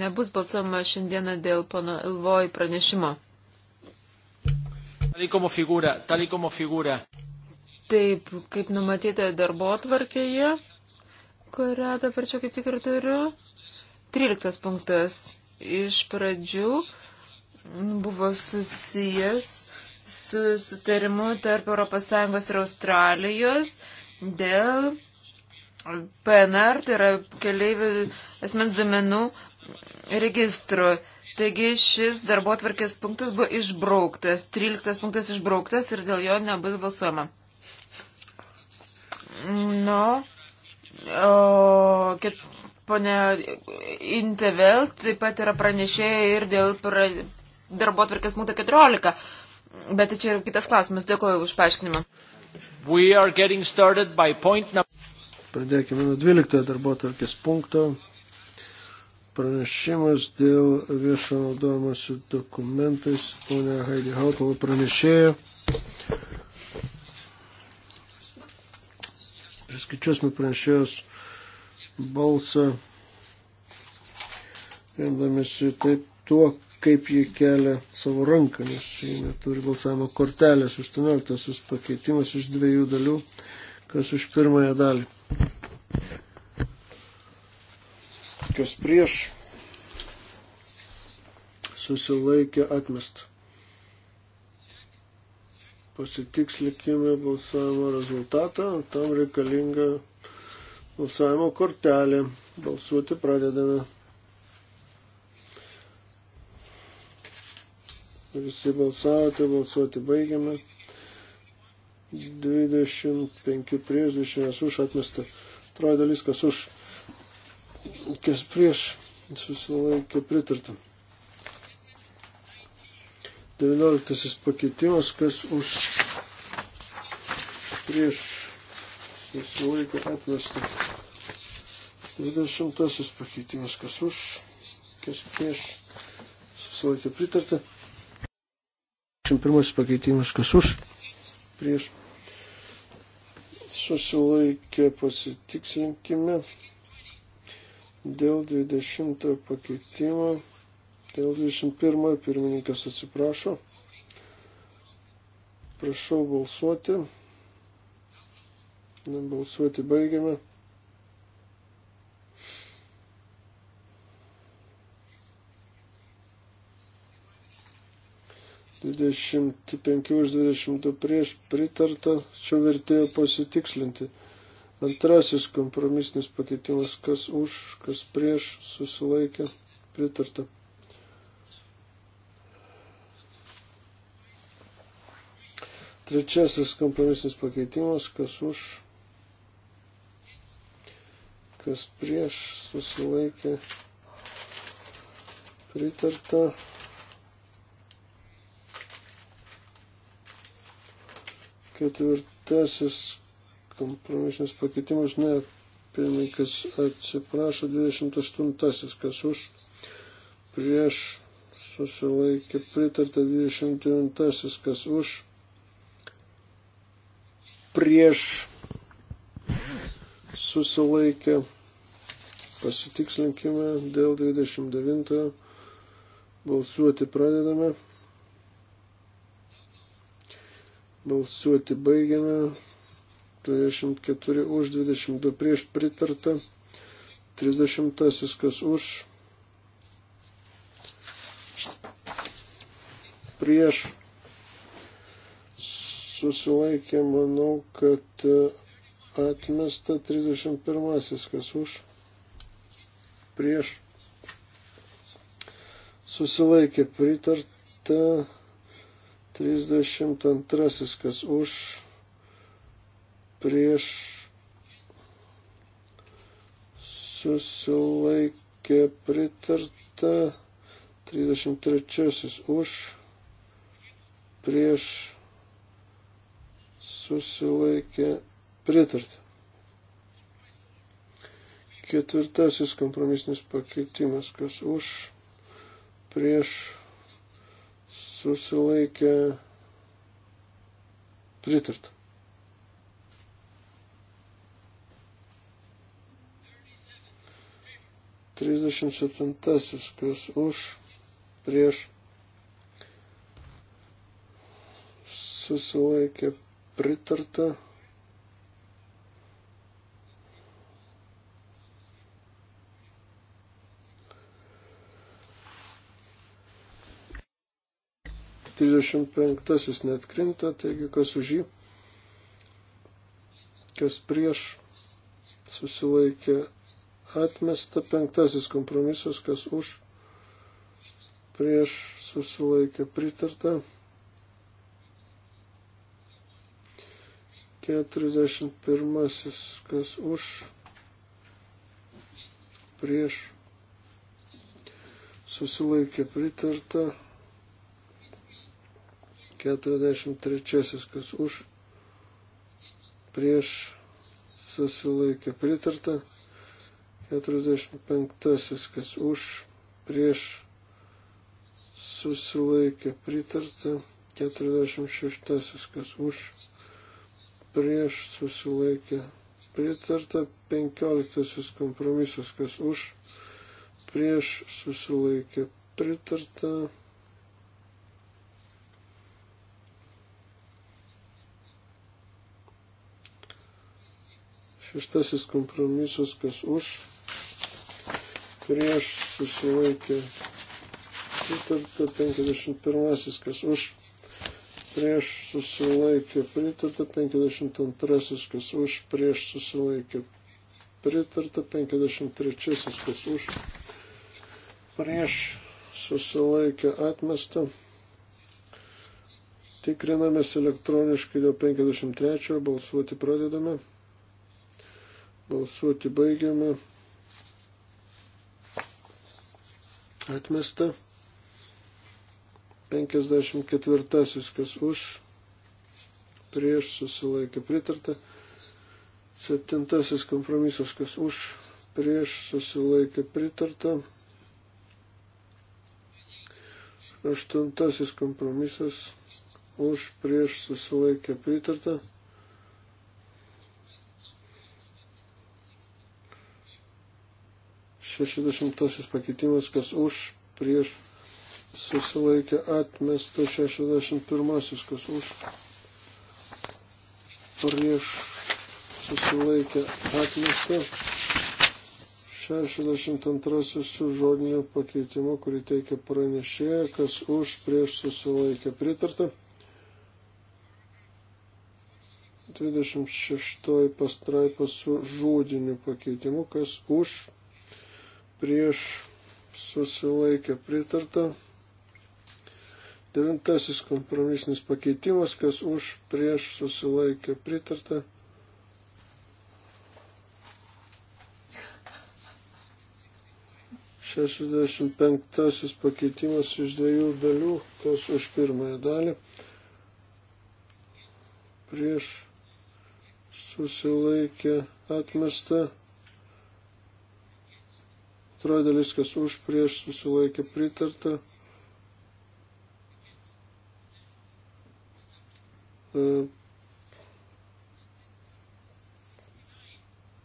nebus balsuojama šiandieną dėl pono Ilvoj pranešimo. Figura, Taip, kaip numatyta darbo atvarkėje, kurią dabar čia kaip tik ir turiu. 13 punktas iš pradžių buvo susijęs su sutarimu tarp ES ir Australijos dėl PNR, tai yra keliaivių asmens duomenų registru. Taigi šis darbo atvarkės punktas buvo išbrauktas, 13 punktas išbrauktas ir dėl jo nebus balsuojama. Nu, o, kit, ponia Intevelt taip pat yra pranešėja ir dėl pra, darbo atvarkės punkto 14, bet tai čia yra kitas klausimas. Dėkuoju už paaiškinimą. Pradėkime nuo 12 darbo tarkės punkto. Pranešimas dėl viešo naudojimo su dokumentais. Pone Heidi Hautala pranešėjo. Priskaičiuosime pranešėjos balsą, remdamėsi taip tuo, kaip jie kelia savo ranką, nes jie neturi balsavimo kortelės. 18 pakeitimas iš dviejų dalių. Kas už pirmąją dalį? Kas prieš? Susilaikė atmest. Pasitikslikime balsavimo rezultatą. Tam reikalinga balsavimo kortelė. Balsuoti pradedame. Visi balsavote, balsuoti baigiame. 25 prieš 20 už atmestą. Troja dalis, kas už, kas prieš, susilaikė pritartą. 19 pakeitimas, kas už, prieš, susilaikė atmestą. 20 pakeitimas, kas už, kas prieš, susilaikė pritartą. 21 pakeitimas, kas už, prieš susilaikė pasitikslinkime dėl 20 pakeitimo, dėl 21 pirmininkas atsiprašo. Prašau balsuoti. Balsuoti baigiame. 25 iš 22 prieš pritarta, čia vertėjo pasitikslinti. Antrasis kompromisinis pakeitimas, kas už, kas prieš, susilaikė, pritarta. Trečiasis kompromisinis pakeitimas, kas už, kas prieš, susilaikė, pritarta. Ketvirtasis kompromisinis pakeitimas, ne, pirmininkas atsiprašo, 28-asis, kas už, prieš, susilaikė, pritarta 29-asis, kas už, prieš, susilaikė, pasitikslinkime dėl 29-ojo, balsuoti pradedame. Balsuoti baigiame. 24 už, 22 prieš pritarta. 30 kas už. Prieš susilaikė, manau, kad e, atmesta 31 kas už. Prieš susilaikė pritarta 32. Kas už, prieš, susilaikė pritarta. 33. Už, prieš, susilaikė pritarta. Ketvirtasis kompromisinis pakeitimas, kas už, prieš, susilaikė pritarta. Trisdešimt septintasis, kas už, prieš, susilaikė pritarta. 35 net krinta, taigi kas už jį, kas prieš susilaikė atmesta, penktasis kompromisas, kas už, prieš susilaikė pritarta. 41. Kas už, prieš, susilaikė pritarta. 43, kas už, prieš susilaikė pritarta, 45, kas už, prieš susilaikė pritarta, 46, kas už, prieš susilaikė pritarta, 15 kompromisas, kas už, prieš susilaikė pritarta. Šeštasis kompromisas, kas už, prieš susilaikė. Pritarta 51, kas už, prieš susilaikė. Pritarta 52, kas už, prieš susilaikė. Pritarta 53, kas už, prieš susilaikė atmestą. Tikrinamės elektroniškai dėl 53, balsuoti pradedame. Balsuoti baigiame. Atmesta. 54. Kas už. Prieš susilaikė pritarta. 7. Kompromisas. Kas už. Prieš susilaikė pritarta. 8. Kompromisas. Už. Prieš susilaikė pritarta. 60 pakeitimas, kas už, prieš, susilaikė atmesta 61, kas už, prieš, susilaikė atmesta 62 su žodiniu pakeitimu, kurį teikia pranešėja, kas už, prieš, susilaikė pritarta. 26 pastraipas su žodiniu pakeitimu, kas už, prieš susilaikė pritarta. Devintasis kompromisinis pakeitimas, kas už prieš susilaikė pritarta. Šešiasdešimt penktasis pakeitimas iš dviejų dalių, kas už pirmąją dalį prieš susilaikė atmesta. Antroji dalis, kas už prieš susilaikė pritarta. E,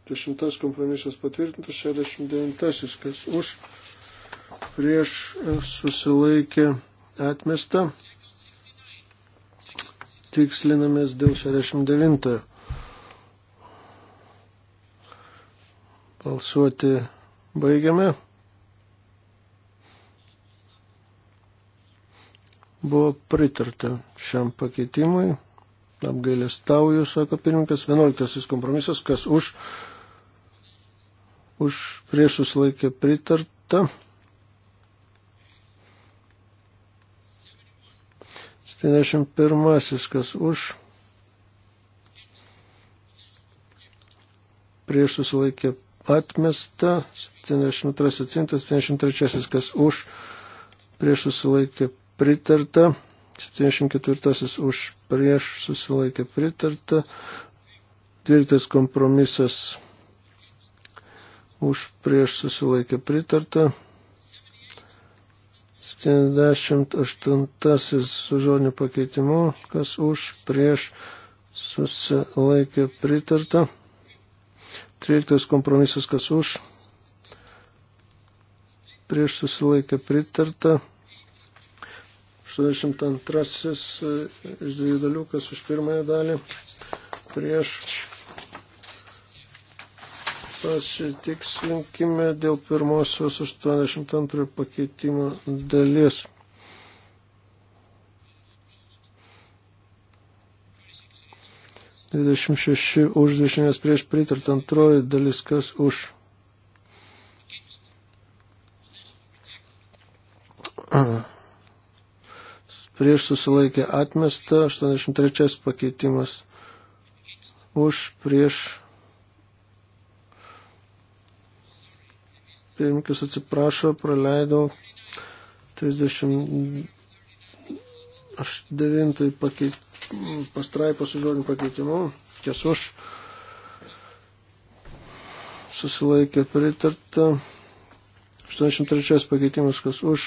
dešimtas kompromisas patvirtintas, 69-asis, kas už prieš e, susilaikė atmesta. Tikslinamės dėl 69-ojo. Balsuoti Baigiame. Buvo pritarta šiam pakeitimui. Apgailestauju, sako pirmininkas. 11 kompromisas, kas už, už priešus laikė pritarta. 71 kas už. prieš susilaikė atmesta, 72 atsimtas, 73 kas už, prieš susilaikė pritarta, 74 už, prieš susilaikė pritarta, 12 kompromisas už, prieš susilaikė pritarta. 78 su žodiniu pakeitimu, kas už, prieš susilaikė pritarta. 13 kompromisas kas už. Prieš susilaikė pritarta. 82 e, iš dviejų dalių kas už pirmąją dalį. Prieš pasitikslinkime dėl pirmosios 82 pakeitimo dalies. 26 už 21 prieš pritartą antroji dalis, kas už. Prieš susilaikė atmesta 83 pakeitimas. Už prieš. Pirmkis atsiprašo, praleidau 39 pakeitimą Mm, pastraipą su žodiniu pakeitimu, kas už susilaikė pritarta. 83 pakeitimas, kas už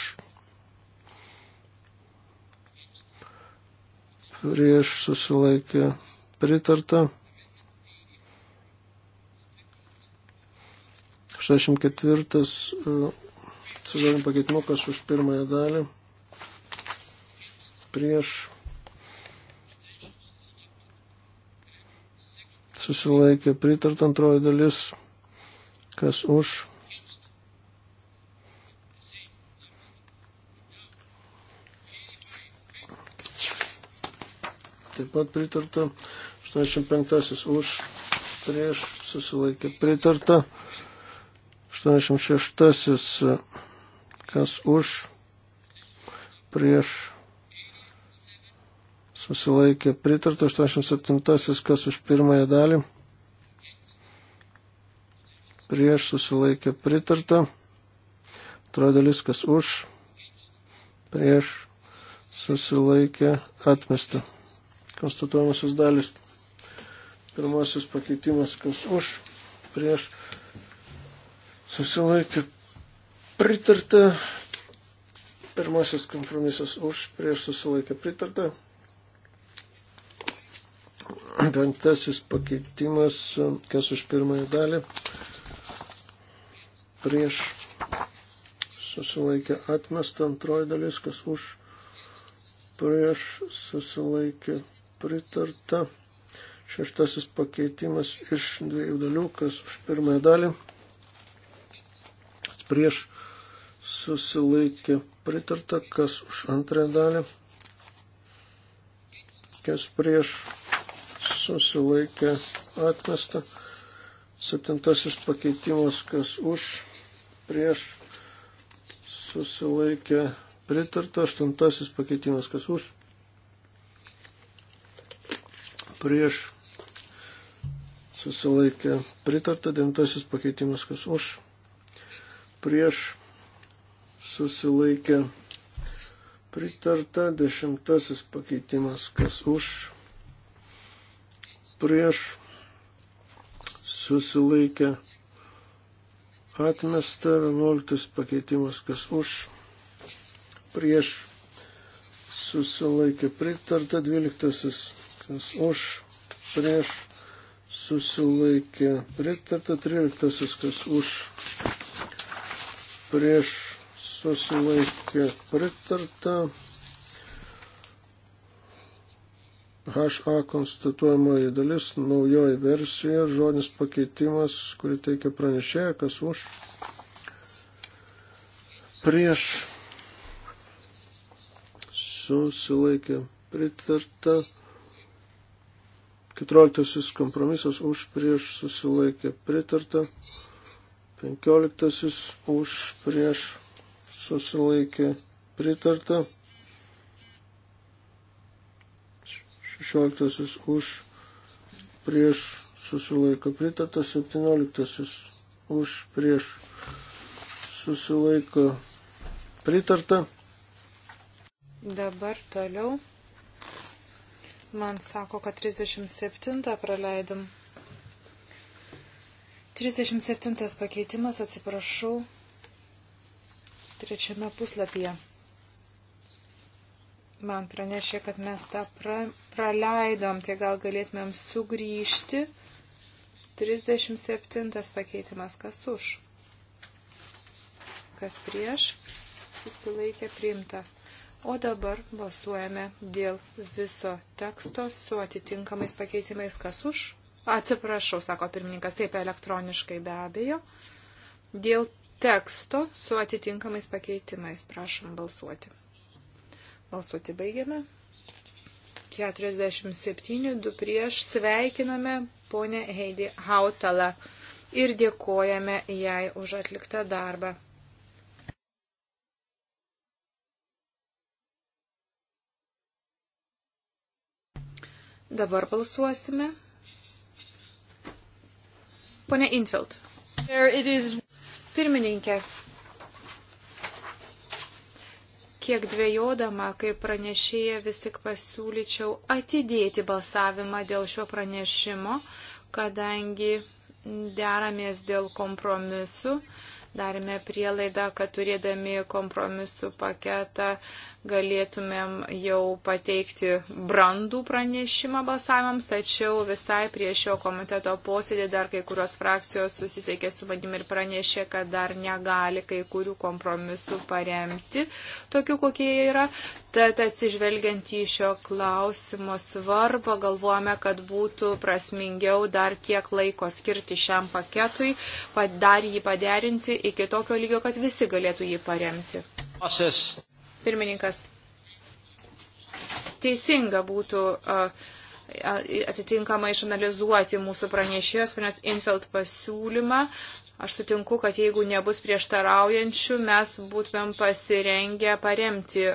prieš susilaikė pritarta. 64 e, su žodiniu pakeitimu, kas už pirmąją dalį prieš susilaikė pritart antroji dalis, kas už. Taip pat pritarta 85 už prieš susilaikė pritarta 86 kas už prieš susilaikė pritarta, 87 kas už pirmąją dalį, prieš susilaikė pritarta, antroji dalis kas už, prieš susilaikė atmesta. Konstatuojamasis dalis. Pirmasis pakeitimas kas už, prieš susilaikė pritarta, pirmasis kompromisas už, prieš susilaikė pritarta, Penktasis pakeitimas, kas už pirmąją dalį, prieš susilaikė atmestą antroji dalis, kas už prieš susilaikė pritarta. Šeštasis pakeitimas iš dviejų dalių, kas už pirmąją dalį, prieš susilaikė pritarta, kas už antrąją dalį, kas prieš susilaikė atmesta. Septintasis pakeitimas, kas už, prieš, susilaikė pritarta. Aštuntasis pakeitimas, kas už, prieš, susilaikė pritarta. Devintasis pakeitimas, kas už, prieš, susilaikė pritarta. Dešimtasis pakeitimas, kas už, prieš susilaikę atmesta, 11 pakeitimas kas už, prieš susilaikė pritarta, 12 kas už, prieš susilaikė pritarta, 13 kas už, prieš susilaikė pritarta. HA konstatuojamoji dalis, naujoji versija, žodis pakeitimas, kurį teikia pranešėja, kas už. Prieš susilaikė pritarta. 14 kompromisas už prieš susilaikė pritarta. 15 už prieš susilaikė pritarta. 16 už, prieš susilaiko pritarta, 17 už, prieš susilaiko pritarta. Dabar toliau. Man sako, kad 37 praleidom. 37 pakeitimas, atsiprašau, trečiame puslapyje man pranešė, kad mes tą pra, praleidom, tai gal galėtumėm sugrįžti. 37 pakeitimas, kas už, kas prieš, susilaikė priimta. O dabar balsuojame dėl viso teksto su atitinkamais pakeitimais, kas už. Atsiprašau, sako pirmininkas, taip elektroniškai be abejo. Dėl teksto su atitinkamais pakeitimais prašom balsuoti. Balsuoti baigiame. 47, 2 prieš. Sveikiname ponę Heidi Hautalą ir dėkojame jai už atliktą darbą. Dabar balsuosime. Pone Intvild. Pirmininkė, kiek dvėjodama, kaip pranešėja, vis tik pasiūlyčiau atidėti balsavimą dėl šio pranešimo, kadangi deramės dėl kompromisu. Darėme prielaidą, kad turėdami kompromisų paketą galėtumėm jau pateikti brandų pranešimą balsavimams, tačiau visai prie šio komiteto posėdė dar kai kurios frakcijos susisiekė su manim ir pranešė, kad dar negali kai kurių kompromisų paremti tokių, kokie jie yra. Tad atsižvelgiant į šio klausimo svarbą, galvojame, kad būtų prasmingiau dar kiek laiko skirti šiam paketui, dar jį paderinti iki tokio lygio, kad visi galėtų jį paremti. Process. Pirmininkas, teisinga būtų atitinkamai išanalizuoti mūsų pranešėjos, ponios Infeld pasiūlymą, aš sutinku, kad jeigu nebus prieštaraujančių, mes būtumėm pasirengę paremti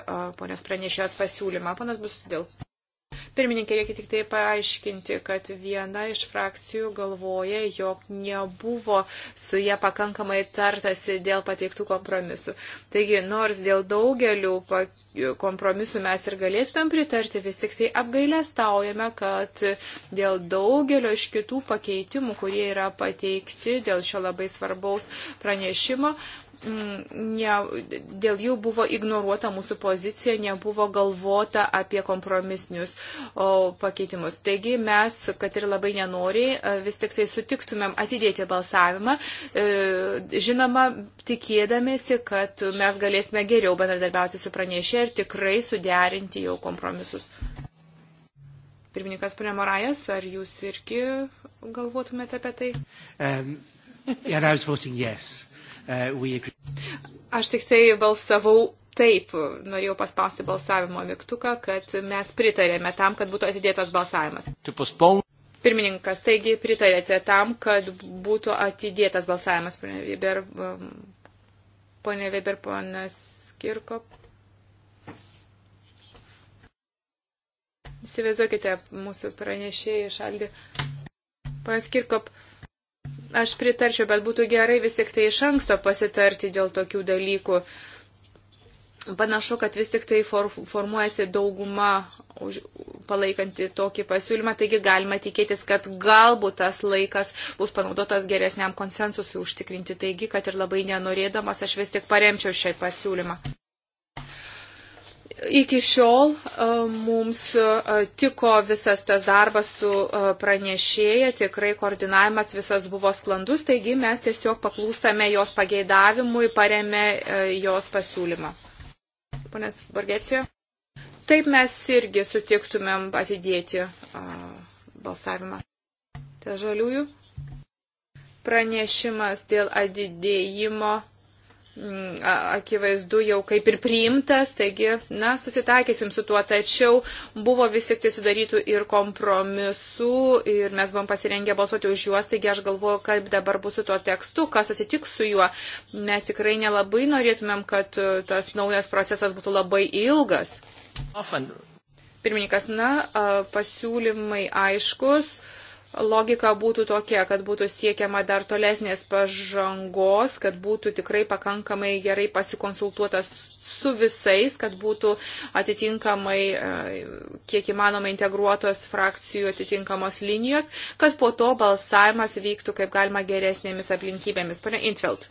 ponės pranešėjos pasiūlymą. Ponas bus dėl. Pirmininkė, reikia tik tai paaiškinti, kad viena iš frakcijų galvoja, jog nebuvo su jie pakankamai tartasi dėl pateiktų kompromisų. Taigi, nors dėl daugelių kompromisų mes ir galėtumėm pritarti, vis tik tai apgailę staujame, kad dėl daugelio iš kitų pakeitimų, kurie yra pateikti dėl šio labai svarbaus pranešimo, Mm, ne, dėl jų buvo ignoruota mūsų pozicija, nebuvo galvota apie kompromisnius o, pakeitimus. Taigi mes, kad ir labai nenoriai, e, vis tik tai sutiktumėm atidėti balsavimą, e, žinoma, tikėdamėsi, kad mes galėsime geriau bendradarbiauti su pranešė ir tikrai suderinti jau kompromisus. Pirmininkas Pone Morajas, ar jūs irgi galvotumėte apie tai? Um, yeah, I was voting yes. Uh, Aš tik tai balsavau taip, norėjau paspausti balsavimo mygtuką, kad mes pritarėme tam, kad būtų atidėtas balsavimas. Pirmininkas, taigi pritarėte tam, kad būtų atidėtas balsavimas, ponė Weber, um, ponė Weber, ponas Kirko. Įsivaizduokite mūsų pranešėjai šaldį. Ponas Kirkop, Aš pritarčiau, bet būtų gerai vis tik tai iš anksto pasitarti dėl tokių dalykų. Panašu, kad vis tik tai for, formuojasi dauguma palaikanti tokį pasiūlymą, taigi galima tikėtis, kad galbūt tas laikas bus panaudotas geresniam konsensusui užtikrinti. Taigi, kad ir labai nenorėdamas, aš vis tik paremčiau šią pasiūlymą. Iki šiol mums tiko visas tas darbas su pranešėja, tikrai koordinavimas visas buvo sklandus, taigi mes tiesiog paklūstame jos pageidavimui, paremė jos pasiūlymą. Ponės Borgecijo. Taip mes irgi sutiktumėm atidėti balsavimą. Tai žaliųjų pranešimas dėl atidėjimo Mm, akivaizdu jau kaip ir priimtas, taigi, na, susitaikysim su tuo, tačiau buvo vis tik tai sudarytų ir kompromisų ir mes buvom pasirengę balsuoti už juos, taigi aš galvoju, kaip dabar bus su tuo tekstu, kas atsitiks su juo. Mes tikrai nelabai norėtumėm, kad e, tas naujas procesas būtų labai ilgas. Often. Pirmininkas, na, pasiūlymai aiškus logika būtų tokia, kad būtų siekiama dar tolesnės pažangos, kad būtų tikrai pakankamai gerai pasikonsultuotas su visais, kad būtų atitinkamai, e, kiek įmanoma, integruotos frakcijų atitinkamos linijos, kad po to balsavimas vyktų kaip galima geresnėmis aplinkybėmis. Pane Intveld.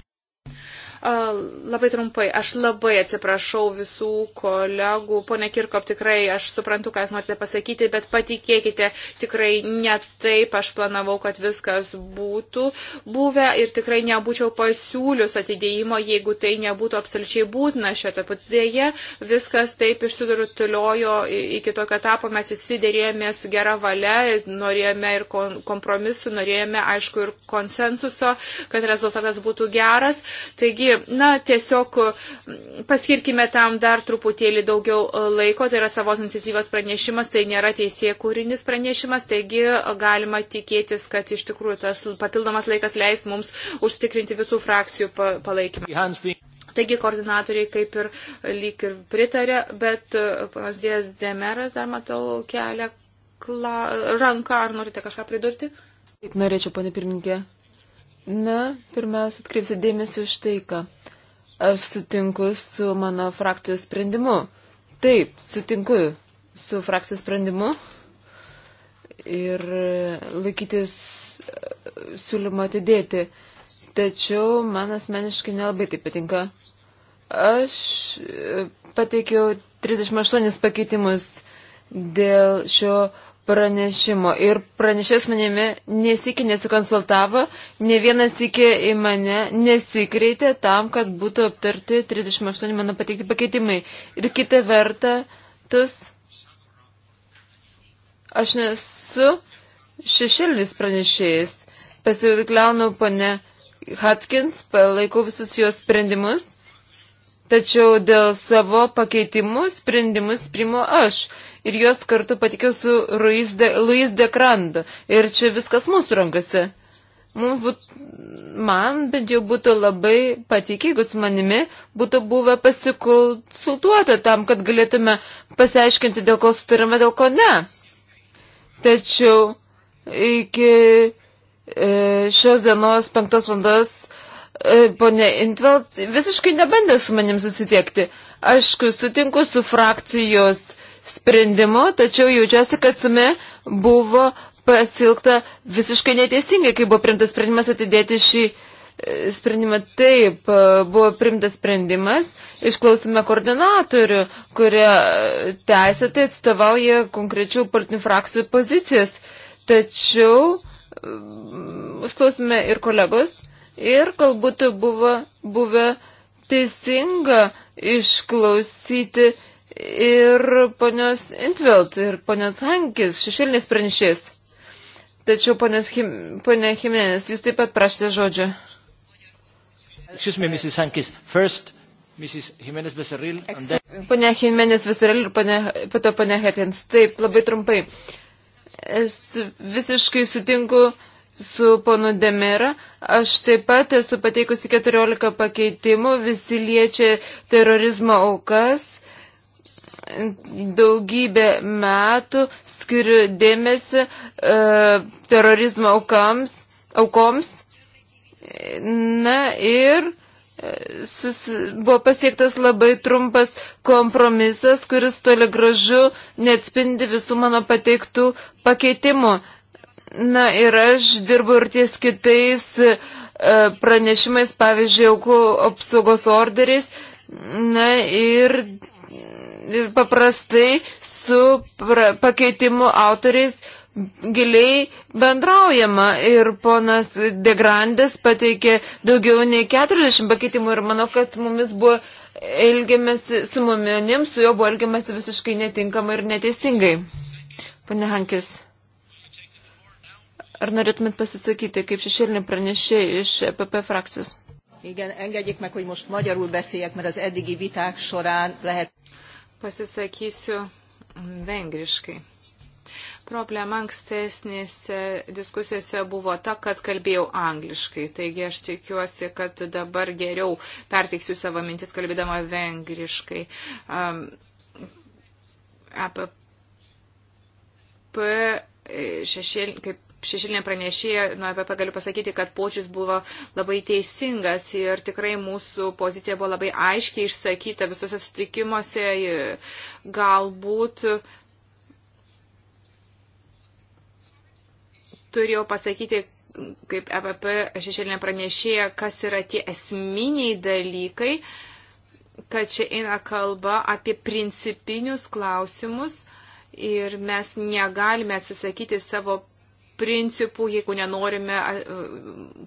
Labai trumpai, aš labai atsiprašau visų kolegų. Pone Kirkop, tikrai aš suprantu, ką jūs norite pasakyti, bet patikėkite, tikrai ne taip aš planavau, kad viskas būtų buvę ir tikrai nebūčiau pasiūlius atidėjimo, jeigu tai nebūtų absoliučiai būtina šio etapu. Dėje viskas taip išsidurutuliojo iki tokio etapo, mes įsidėrėjomės gerą valią, norėjome ir kompromisų, norėjome, aišku, ir konsensuso, kad rezultatas būtų geras. Taigi, Taigi, na, tiesiog mm, paskirkime tam dar truputėlį daugiau e, laiko, tai yra savos iniciatyvos pranešimas, tai nėra teisė kūrinis pranešimas, taigi galima tikėtis, kad iš tikrųjų tas papildomas laikas leis mums užtikrinti visų frakcijų palaikymą. Taigi koordinatoriai kaip ir e, lyg ir pritarė, bet e, panas Dėjas Demeras dar matau kelią kla... ranką. Ar norite kažką pridurti? Taip, norėčiau, pane pirmininkė. Na, pirmiausia, atkreipsiu dėmesį už tai, ką aš sutinku su mano frakcijos sprendimu. Taip, sutinku su frakcijos sprendimu ir laikytis e, siūlymo atidėti. Tačiau man asmeniškai nelabai tai patinka. Aš e, pateikiau 38 pakeitimus dėl šio pranešimo ir pranešės manimi nesikį nesikonsultavo, ne vienas iki į mane nesikreitė tam, kad būtų aptarti 38 mano pateikti pakeitimai. Ir kita verta, tus, aš nesu šešėlis pranešėjas, pasikliaunu pane Hatkins, palaikau visus jos sprendimus, tačiau dėl savo pakeitimų sprendimus primo aš ir juos kartu patikiu su Luis de Krandu. Ir čia viskas mūsų rankose. Mums būt, man bent jau būtų labai patikė, jeigu su manimi būtų buvę pasikonsultuota tam, kad galėtume pasiaiškinti, dėl ko sutarime, dėl ko ne. Tačiau iki e, šios dienos penktos valandos e, ponė Intveld visiškai nebandė su manim susitiekti. Aišku, sutinku su frakcijos sprendimu, tačiau jaučiuosi, kad sume buvo pasilgta visiškai neteisingai, kai buvo primtas sprendimas atidėti šį e, sprendimą. Taip, e, buvo primtas sprendimas, išklausime koordinatorių, kurie e, teisėtai atstovauja konkrečių politinių frakcijų pozicijas. Tačiau užklausime ir kolegos ir galbūt buvo buvę teisinga išklausyti ir ponios Intvelt, ir ponios Hankis, šešėlinės pranešės. Tačiau, ponios Him, ponė Jimenez, jūs taip pat prašėte žodžio. Excuse me, Mrs. Hankis. First, Mrs. Jimenez Becerril. Then... Pone Jimenez Becerril ir po to pone Hetins. Taip, labai trumpai. Es visiškai sutinku su ponu Demira. Aš taip pat esu pateikusi 14 pakeitimų, visi liečia terorizmo aukas daugybę metų skiriu dėmesį e, terorizmo aukams, aukoms. Na ir e, sus, buvo pasiektas labai trumpas kompromisas, kuris toli gražu neatspindi visų mano pateiktų pakeitimų. Na ir aš dirbu ir ties kitais e, pranešimais, pavyzdžiui, aukų apsaugos orderiais. Na ir paprastai su pakeitimu autoriais giliai bendraujama ir ponas Degrandės pateikė daugiau nei 40 pakeitimų ir manau, kad mumis buvo elgiamasi su muminim, su juo buvo elgiamasi visiškai netinkamai ir neteisingai. Pane Hankis. Ar norėtumėt pasisakyti, kaip šešėlinė pranešė iš PP e frakcijos? Igen, engedjék meg, hogy most magyarul beszéljek, mert az eddigi viták során lehet. Pasisakysiu vengriškai. Problema ankstesnėse diskusijose buvo ta, kad kalbėjau angliškai, taigi aš tikiuosi, kad dabar geriau perteiksiu savo mintis kalbėdama vengriškai. Um, APP šešėl, kaip šešėlinė pranešėja, nuo EPP galiu pasakyti, kad počius buvo labai teisingas ir tikrai mūsų pozicija buvo labai aiškiai išsakyta visose sutikimuose. Galbūt turėjau pasakyti, kaip EPP šešėlinė pranešėja, kas yra tie esminiai dalykai, kad čia eina kalba apie principinius klausimus ir mes negalime atsisakyti savo principų, jeigu nenorime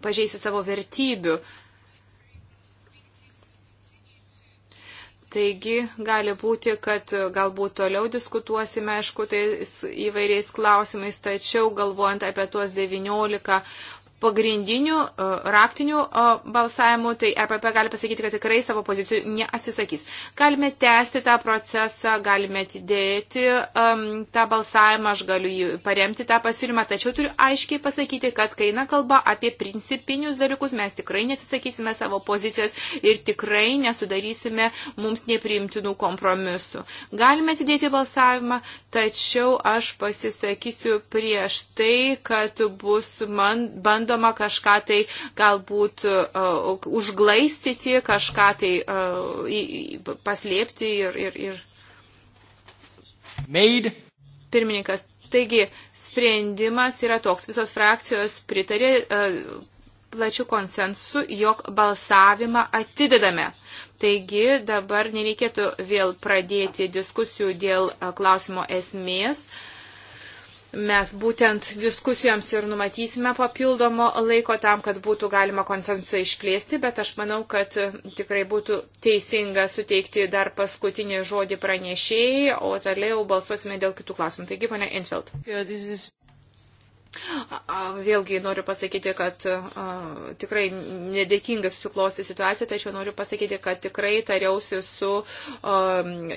pažeisti savo vertybių. Taigi gali būti, kad galbūt toliau diskutuosime, aišku, tais įvairiais klausimais, tačiau galvojant apie tuos 19 pagrindinių e, raktinių e, balsavimų, tai EPP gali pasakyti, kad tikrai savo pozicijų neatsisakys. Galime tęsti tą procesą, galime atidėti um, tą balsavimą, aš galiu jį paremti tą pasiūlymą, tačiau turiu aiškiai pasakyti, kad kai eina kalba apie principinius dalykus, mes tikrai nesisakysime savo pozicijos ir tikrai nesudarysime mums nepriimtinų kompromisų. Galime atidėti balsavimą, tačiau aš pasisakysiu prieš tai, kad bus man bandoma bandoma kažką tai galbūt uh, užglaistyti, kažką tai uh, į, į, paslėpti ir. ir, ir. Made. Pirmininkas. Taigi, sprendimas yra toks. Visos frakcijos pritarė uh, e, plačių konsensų, jog balsavimą atidedame. Taigi dabar nereikėtų vėl pradėti diskusijų dėl klausimo esmės. Uh, Mes būtent diskusijoms ir numatysime papildomo laiko tam, kad būtų galima konsensusą išplėsti, bet aš manau, kad e, tikrai būtų teisinga suteikti dar paskutinį žodį pranešėjai, o toliau balsuosime dėl kitų klausimų. Taigi, ponia Enfeld. Vėlgi noriu pasakyti, kad a, tikrai nedėkingai susiklosti situaciją, tačiau noriu pasakyti, kad tikrai tariausi su a,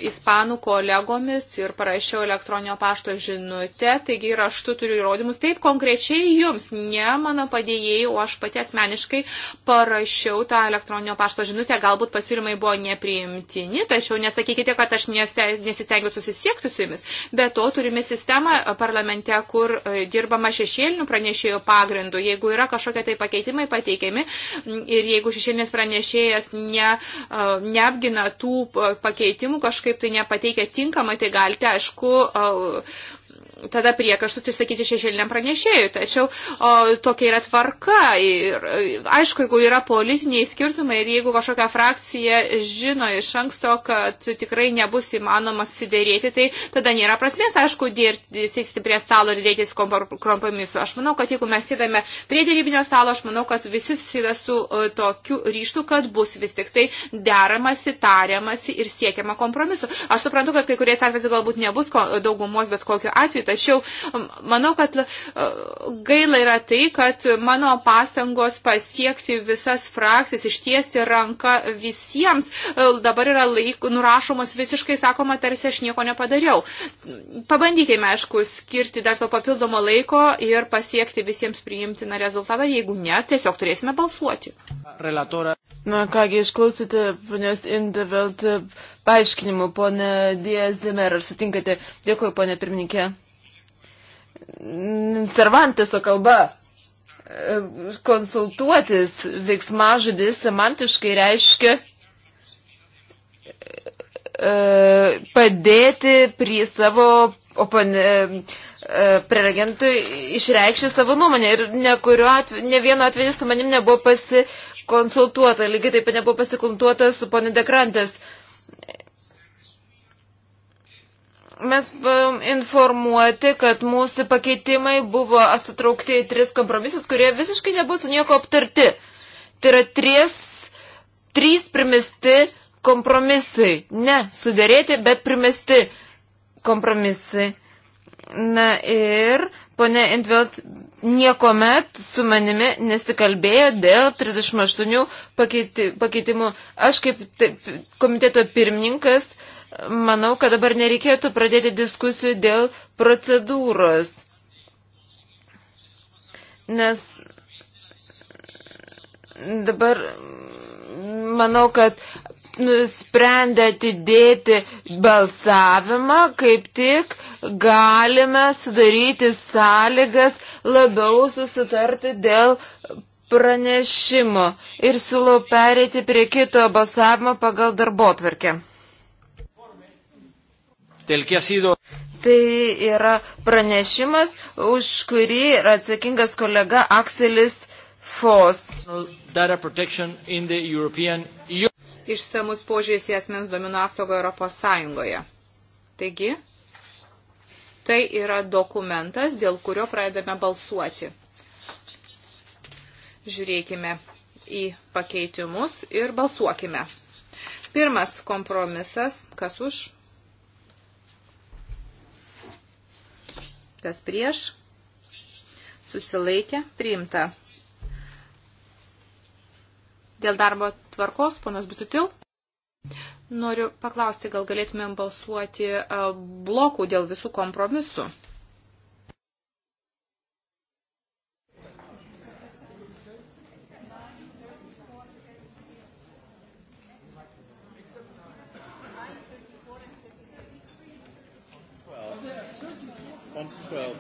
ispanų kolegomis ir parašiau elektroninio pašto žinutę, taigi raštu turiu įrodymus. Taip konkrečiai jums, ne mano padėjėjai, o aš pati asmeniškai parašiau tą elektroninio pašto žinutę, galbūt pasiūlymai buvo nepriimtini, tačiau nesakykite, kad aš nesistengiu susisiekti su jumis. Be to turime sistemą parlamente, kur e, dirbama šiandien šešėlinių pranešėjų pagrindų, jeigu yra kažkokie tai pakeitimai pateikiami ir jeigu šešėlinis pranešėjas ne, neapgina tų pakeitimų, kažkaip tai nepateikia tinkamai, tai galite, aišku, tada priekaštus išsakyti šešėliniam pranešėjui. Tačiau o, tokia yra tvarka. Ir, aišku, jeigu yra politiniai skirtumai ir jeigu kažkokia frakcija žino iš anksto, kad tikrai nebus įmanoma susidėrėti, tai tada nėra prasmės, aišku, dirbti, sėsti prie stalo ir dėtis kompromisu. Aš manau, kad jeigu mes sėdame prie dėrybinio stalo, aš manau, kad visi susida su e, tokiu ryštu, kad bus vis tik tai deramasi, tariamasi ir siekiama kompromisu. Aš suprantu, kad kai kuriais atvejais galbūt nebus daugumos, bet kokiu atveju atveju. Tačiau manau, kad e, gaila yra tai, kad mano pastangos pasiekti visas frakcijas, ištiesti ranką visiems, e, dabar yra laik, nurašomos visiškai, sakoma, tarsi aš nieko nepadariau. Pabandykime, aišku, skirti dar to papildomo laiko ir pasiekti visiems priimtiną rezultatą. Jeigu ne, tiesiog turėsime balsuoti. Relatora. Na kągi, išklausite, ponios Indevelt paaiškinimų, ponė Dijas Dimer, ar sutinkate? Dėkuoju, ponė pirmininkė. Servanteso kalba e, konsultuotis veiksmažodis semantiškai reiškia e, padėti prie savo opone, e, prelegentui išreikšti savo nuomonę. Ir ne, atveju, ne vieno atveju su manim nebuvo pasikonsultuota, lygiai taip pat nebuvo pasikonsultuota su poni Dekrantės. Uh, mes buvom informuoti, kad mūsų pakeitimai buvo sutraukti į tris kompromisus, kurie visiškai nebuvo su nieko aptarti. Tai yra tris, trys primesti kompromisai. Ne sudėrėti, bet primesti kompromisai. Na ir ponė Entvelt nieko met su manimi nesikalbėjo dėl 38 pakeiti, pakeitimų. Aš kaip taip, komiteto pirmininkas manau, kad dabar nereikėtų pradėti diskusijų dėl procedūros. Nes dabar manau, kad nusprendę atidėti balsavimą, kaip tik galime sudaryti sąlygas labiau susitarti dėl pranešimo ir siūlau pereiti prie kito balsavimo pagal darbo tvarkę. Tai yra pranešimas, už kurį yra atsakingas kolega Akselis Fos išsamus požiūris į asmens duomenų apsaugą Europos Sąjungoje. Taigi, tai yra dokumentas, dėl kurio pradedame balsuoti. Žiūrėkime į pakeitimus ir balsuokime. Pirmas kompromisas, kas už, kas prieš, susilaikė, priimta. Dėl darbo tvarkos, ponas Busutil. Noriu paklausti, gal galėtumėm balsuoti blokų dėl visų kompromisų.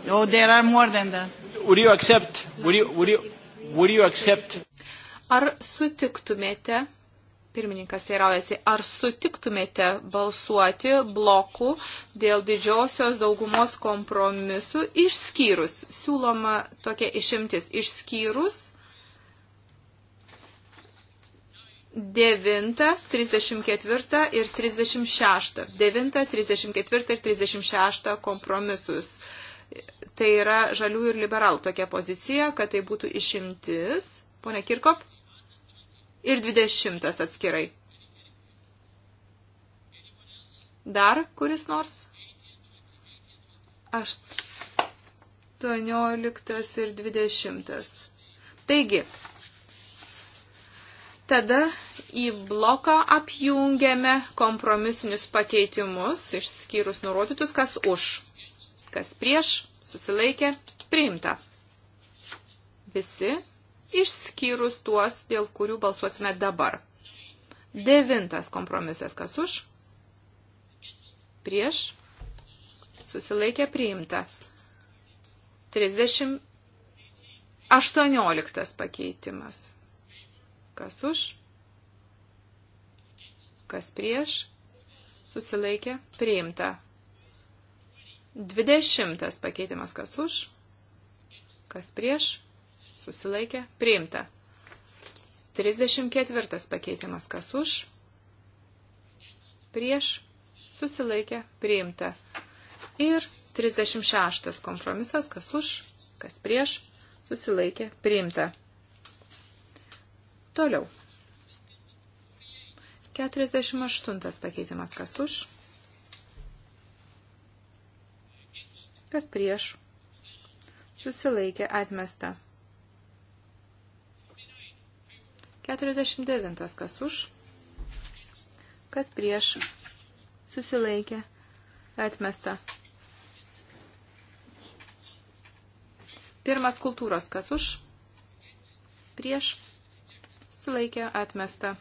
No, there are more than that. Would you accept? Would you? Would you? Would you accept? Ar sutiktumėte, pirmininkas teiraujasi, ar sutiktumėte balsuoti blokų dėl didžiosios daugumos kompromisų išskyrus, siūloma tokia išimtis, išskyrus 9, 34 ir 36. 9, 34 ir 36 kompromisus. Tai yra žalių ir liberalų tokia pozicija, kad tai būtų išimtis. Pone Kirkop? ir 20 atskirai. Dar kuris nors? 18 ir 20. Taigi, tada į bloką apjungiame kompromisinius pakeitimus, išskyrus nurodytus, kas už, kas prieš, susilaikė, priimta. Visi išskyrus tuos, dėl kurių balsuosime dabar. Devintas kompromisas, kas už, prieš, susilaikė priimta. 30, 18 pakeitimas. Kas už, kas prieš, susilaikė priimta. 20 pakeitimas, kas už, kas prieš, Susilaikė? Priimta. 34 pakeitimas kas už? Prieš? Susilaikė? Priimta. Ir 36 kompromisas kas už? Kas prieš? Susilaikė? Priimta. Toliau. 48 pakeitimas kas už? Kas prieš? Susilaikė atmesta. 49. Kas už? Kas prieš? Susilaikė. Atmesta. Pirmas kultūros. Kas už? Prieš. Susilaikė. Atmesta.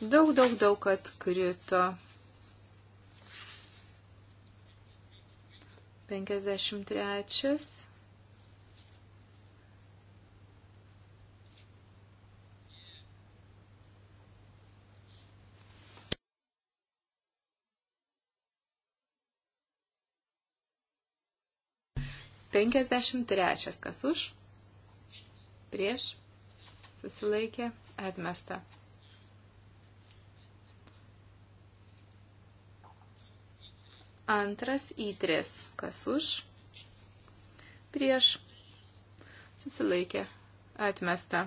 Daug, daug, daug atkrito. 53. 53. Kas už? Prieš. Susilaikė. Atmesta. Antras į tris. Kas už? Prieš. Susilaikė. Atmesta.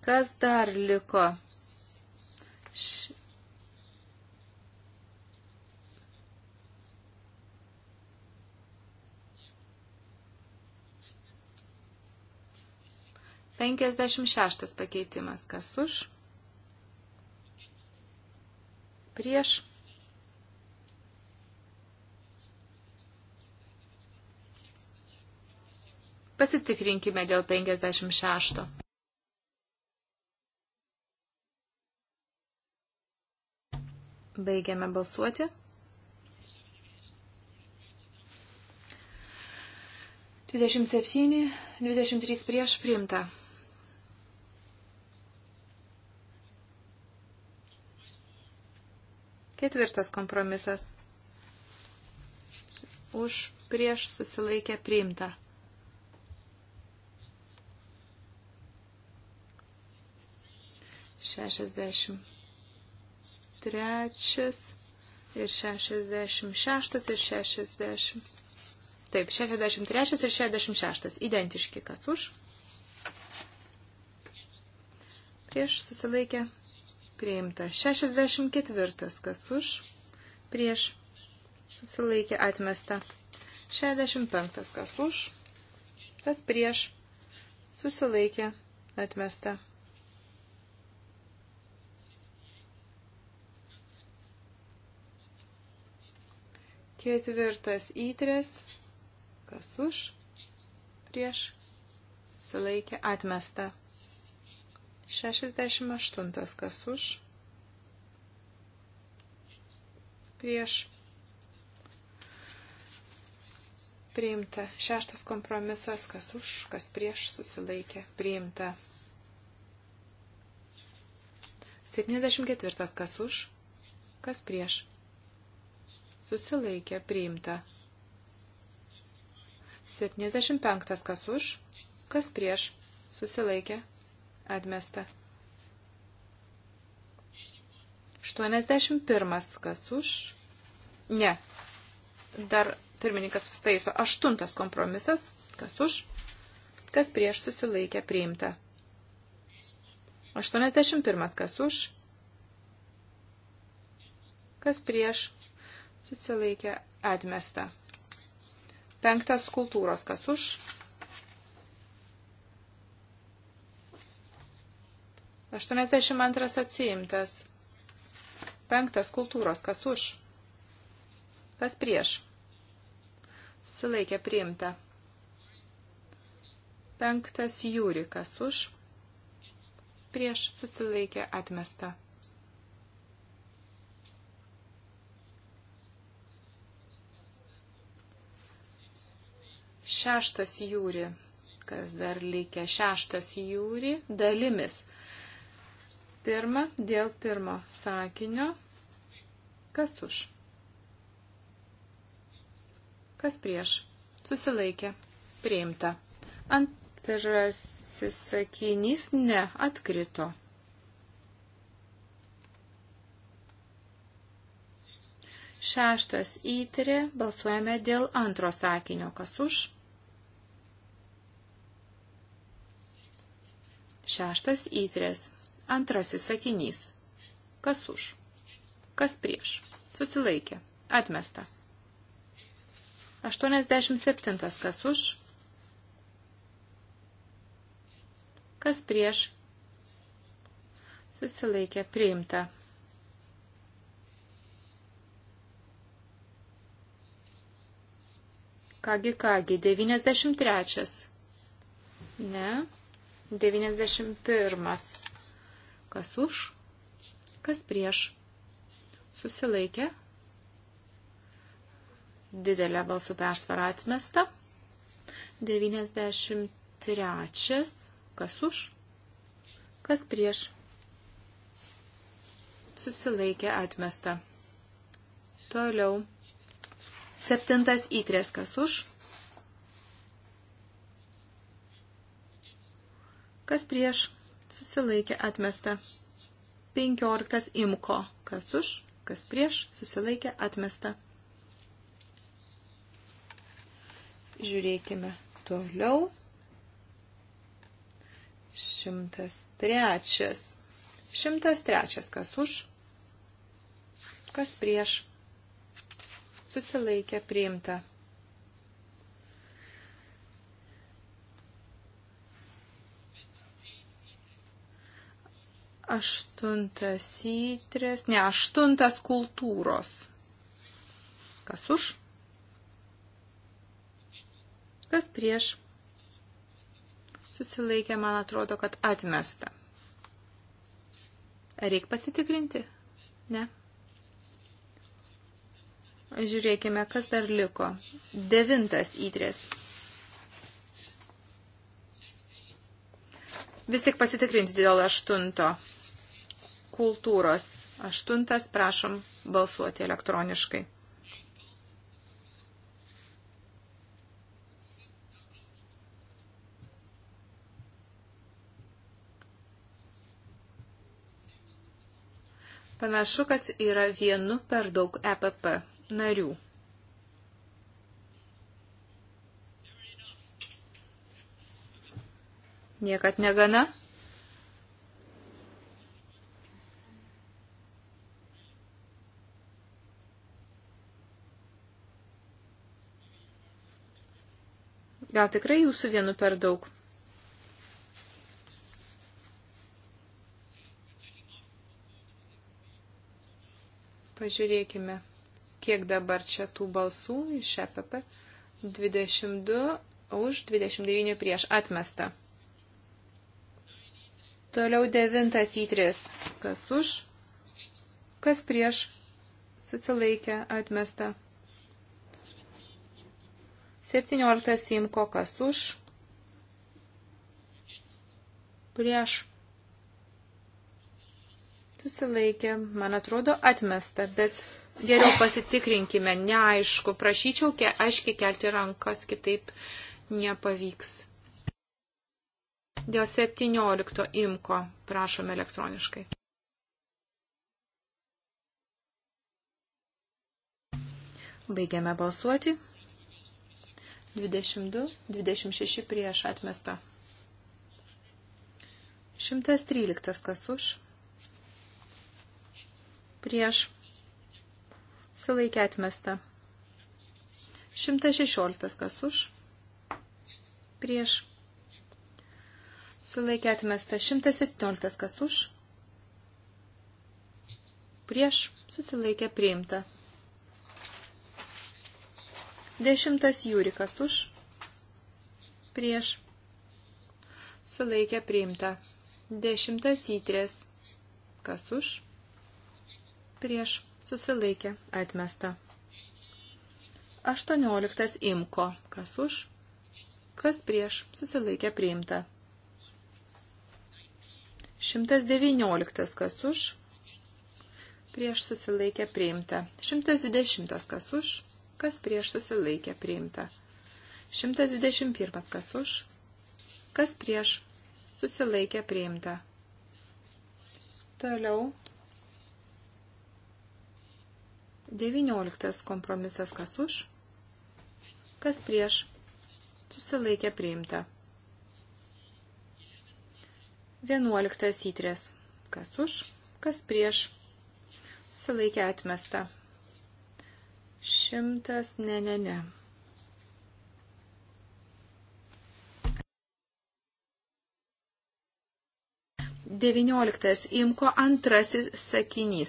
Kas dar liko? Š 56 pakeitimas. Kas už? Prieš. Pasitikrinkime dėl 56. Baigiame balsuoti. 27, 23 prieš primta. Ketvirtas kompromisas. Už prieš susilaikę priimta. Šešiasdešimt trečias ir šešiasdešimt šeštas ir šešiasdešimt. Taip, 63 ir 66. Identiški kas už. Prieš susilaikę priimta. 64. Kas už, prieš, susilaikė, atmesta. 65. Kas už, kas prieš, susilaikė, atmesta. 4. Įtrės, kas už, prieš, susilaikė, atmesta. 68. Kas už? Prieš. Priimta. Šeštas kompromisas. Kas už, kas prieš susilaikė. Priimta. 74. Kas už, kas prieš. Susilaikė. Priimta. 75. Kas už, kas prieš. Susilaikė. Atmesta. 81. Kas už? Ne. Dar pirmininkas staiso. Aštuntas kompromisas. Kas už? Kas prieš susilaikę priimta. 81. Kas už? Kas prieš susilaikę atmesta. Penktas kultūros. Kas už? 82 atsiimtas. Penktas kultūros, kas už? Kas prieš? Silaikė priimta. Penktas jūri, kas už? Prieš susilaikė atmesta. Šeštas jūri, kas dar lygia, šeštas jūri dalimis. Pirma, dėl pirmo sakinio. Kas už? Kas prieš? Susilaikė. Priimta. Antrasis sakinys ne atkrito. Šeštas įtri, balsuojame dėl antro sakinio. Kas už? Šeštas įtrės. Antrasis sakinys. Kas už? Kas prieš? Susilaikė. Atmesta. 87. Kas už? Kas prieš? Susilaikė. Priimta. Kągi, kągi, 93. Ne, 91. Kas už, kas prieš. Susilaikė. Didelė balsų persvara atmesta. 93. Kas už, kas prieš. Susilaikė atmesta. Toliau. Septintas įtrės kas už. Kas prieš susilaikė atmesta. 15 imko, kas už, kas prieš, susilaikė atmesta. Žiūrėkime toliau. 103. 103. Kas už, kas prieš, susilaikė priimta. Aštuntas įtrės, ne, aštuntas kultūros. Kas už? Kas prieš? Susilaikė, man atrodo, kad atmesta. Ar reikia pasitikrinti? Ne. Žiūrėkime, kas dar liko. Devintas įtrės. Vis tik pasitikrinti dėl aštunto kultūros. Aštuntas, prašom balsuoti elektroniškai. Panašu, kad yra vienu per daug EPP narių. Niekad negana? Gal tikrai jūsų vienu per daug? Pažiūrėkime, kiek dabar čia tų balsų iš EPP. 22 už, 29 prieš atmestą. Toliau devintas įtris. Kas už, kas prieš, susilaikė atmestą. 17 imko kas už, prieš. Susilaikė, man atrodo, atmesta, bet geriau pasitikrinkime, neaišku, prašyčiau ke, aiškiai kelti rankas, kitaip nepavyks. Dėl 17 imko prašome elektroniškai. Baigiame balsuoti. 22, 26 prieš atmestą. 113 kas už. Prieš. Sulaikė atmestą. 116 kas už. Prieš. Sulaikė atmestą. 117 kas už. Prieš. Susilaikė priimta. Dešimtas jūrikas už, prieš, sulaikė priimta. Dešimtas įtrės, kas už, prieš, susilaikė, atmesta. Aštuonioliktas imko, kas už, kas prieš, susilaikė priimta. Šimtas devynioliktas, kas už, prieš susilaikė priimta. 120 kas už, kas prieš susilaikė priimta. 121 kas už, kas prieš susilaikė priimta. Toliau 19 kompromisas kas už, kas prieš susilaikė priimta. 11 įtrės kas už, kas prieš susilaikė atmesta. Šimtas, ne, ne, ne. Devynioliktas imko antrasis sakinys.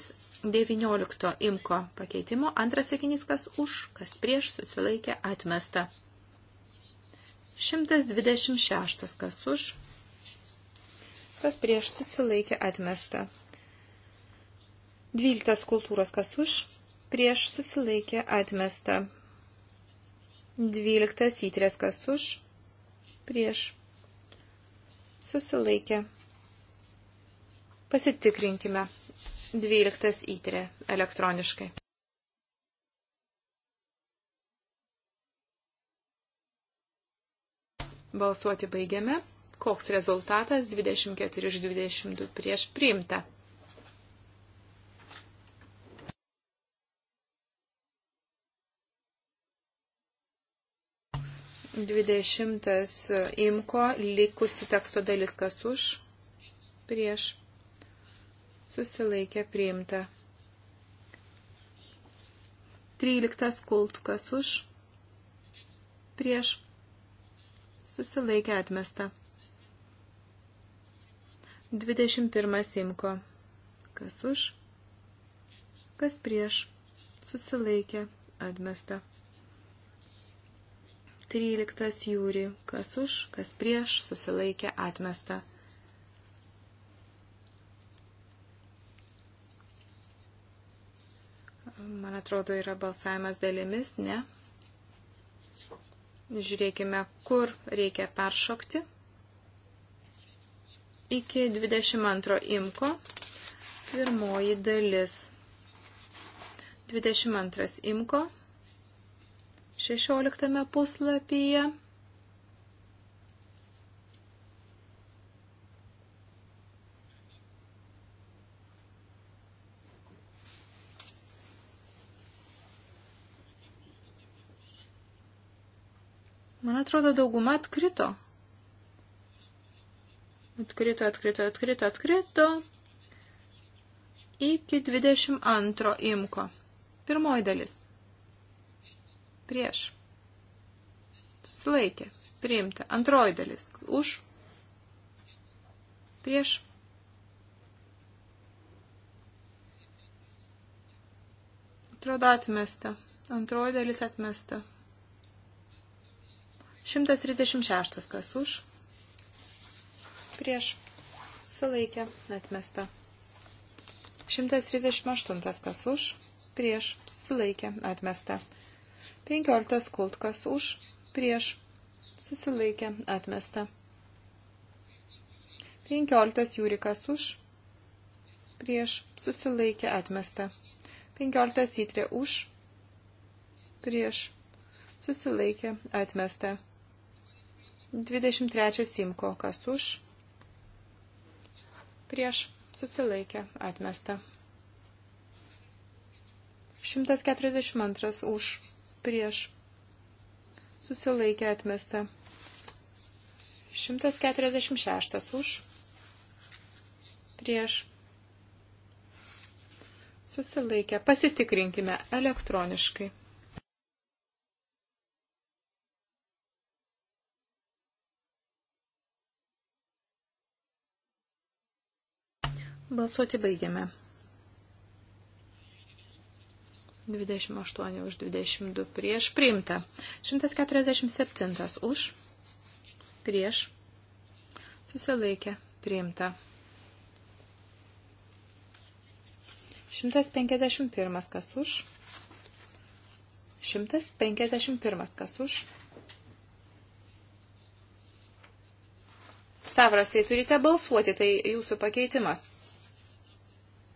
Devyniolikto imko pakeitimo antras sakinys, kas už, kas prieš, susilaikė, atmesta. 126 kas už, kas prieš susilaikė atmesta. 12 kultūros kas už, prieš susilaikė atmesta. 12 įtrės kas už, prieš susilaikė. Pasitikrinkime 12 įtrė elektroniškai. Balsuoti baigiame. Koks rezultatas 24 iš 22 prieš priimta. 20 e, imko likusi teksto dalis kas už, prieš, susilaikė priimta. 13 kult kas už, prieš, susilaikė atmesta. 21 imko kas už, kas prieš, susilaikė atmesta. 13 jūri, kas už, kas prieš, susilaikė atmesta. Man atrodo, yra balsavimas dalimis, ne? Žiūrėkime, kur reikia peršokti. Iki 22 imko, pirmoji dalis. 22 imko. 16 puslapyje. Man atrodo, dauguma atkrito. Atkrito, atkrito, atkrito, atkrito. Iki 22 imko. Pirmoji dalis prieš. Susilaikė, priimta. Antroji dalis, už, prieš. Atrodo atmesta. Antroji dalis atmesta. 136 kas už. Prieš. Sulaikė. Atmesta. 138 kas už. Prieš. Sulaikė. Atmesta. 15 kultkas už, prieš, susilaikė, atmesta. 15 jūrikas už, prieš, susilaikė, atmesta. 15 įtrė už, prieš, susilaikė, atmesta. 23 simko, kas už, prieš, susilaikė, atmesta. 142 už, prieš susilaikė atmesta. 146 už prieš susilaikę. Pasitikrinkime elektroniškai. Balsuoti baigiame. 28 už 22 prieš priimta. 147 už prieš susilaikė priimta. 151 kas už. 151 kas už. Stavras, tai turite balsuoti, tai jūsų pakeitimas.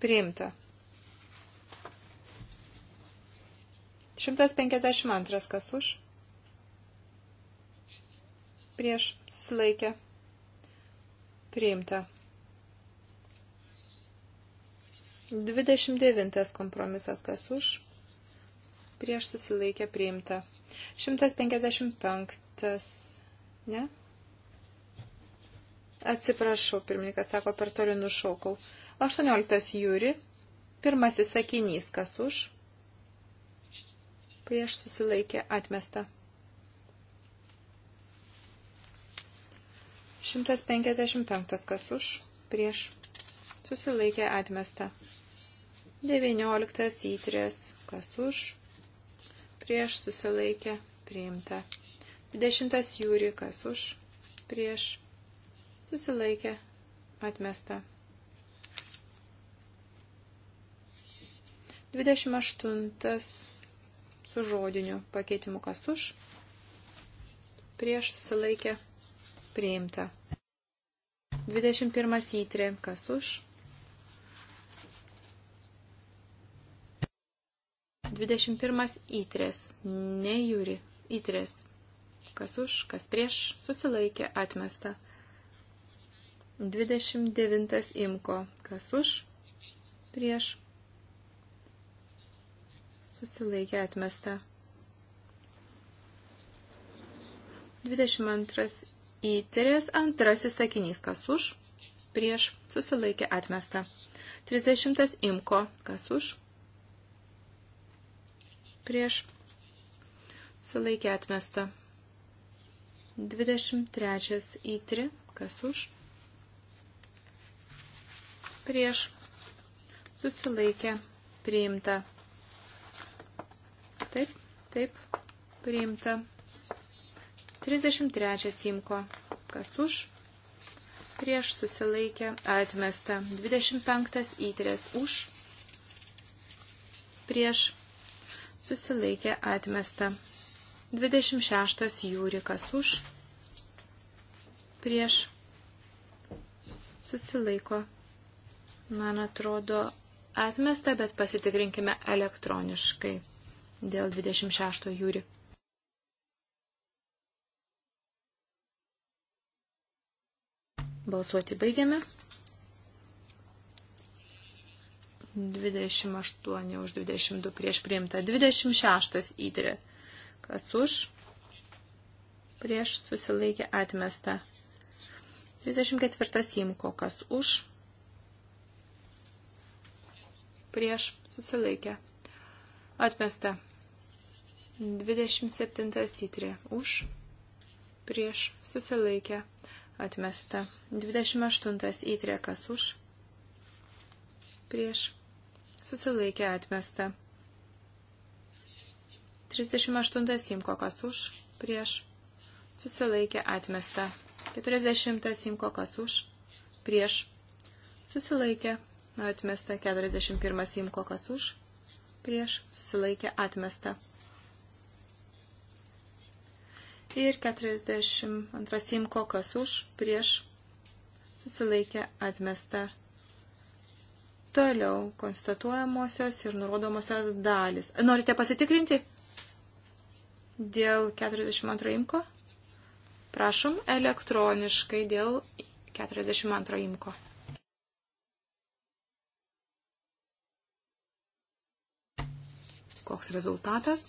Priimta. 152 kas už. Prieš susilaikė. Priimta. 29 kompromisas kas už. Prieš susilaikė priimta. 155. Ne? Atsiprašau, pirmininkas sako, per toli nušaukau. 18 jūri. Pirmasis sakinys kas už prieš susilaikė atmesta. 155 kas už, prieš susilaikė atmesta. 19 įtrės kas už, prieš susilaikė priimta. 20 jūri kas už, prieš susilaikė atmesta. 28 su žodiniu pakeitimu kas už, prieš susilaikę priimta. 21 įtrė kas už. 21 įtrės, ne jūri, įtrės, kas už, kas prieš, susilaikė, atmesta. 29 imko, kas už, prieš, susilaikė atmesta. 22 įtirės antrasis sakinys, kas už, prieš, susilaikė atmesta. 30 imko, kas už, prieš, susilaikė atmesta. 23 įtri, kas už, prieš, susilaikė priimta. Taip, taip, priimta. 33 simko. Kas už? Prieš susilaikė atmesta. 25 įtrės už. Prieš susilaikė atmesta. 26 jūrikas už. Prieš susilaiko. Man atrodo atmesta, bet pasitikrinkime elektroniškai dėl 26 jūri. Balsuoti baigiame. 28 už 22 prieš priimta. 26 įtrė. Kas už? Prieš susilaikė atmesta. 34 simko. Kas už? Prieš susilaikė. Atmesta. 27 įtrė už, prieš susilaikę atmesta. 28 įtrė kas už, prieš susilaikę atmesta. 38 simko kas už, prieš susilaikę atmesta. 40 simko kas už, prieš susilaikę atmesta. 41 simko kas už, prieš susilaikę atmesta ir 42 simko kas už prieš susilaikė atmesta. Toliau konstatuojamosios ir nurodomosios dalis. Norite pasitikrinti dėl 42 imko? Prašom elektroniškai dėl 42 imko. Koks rezultatas?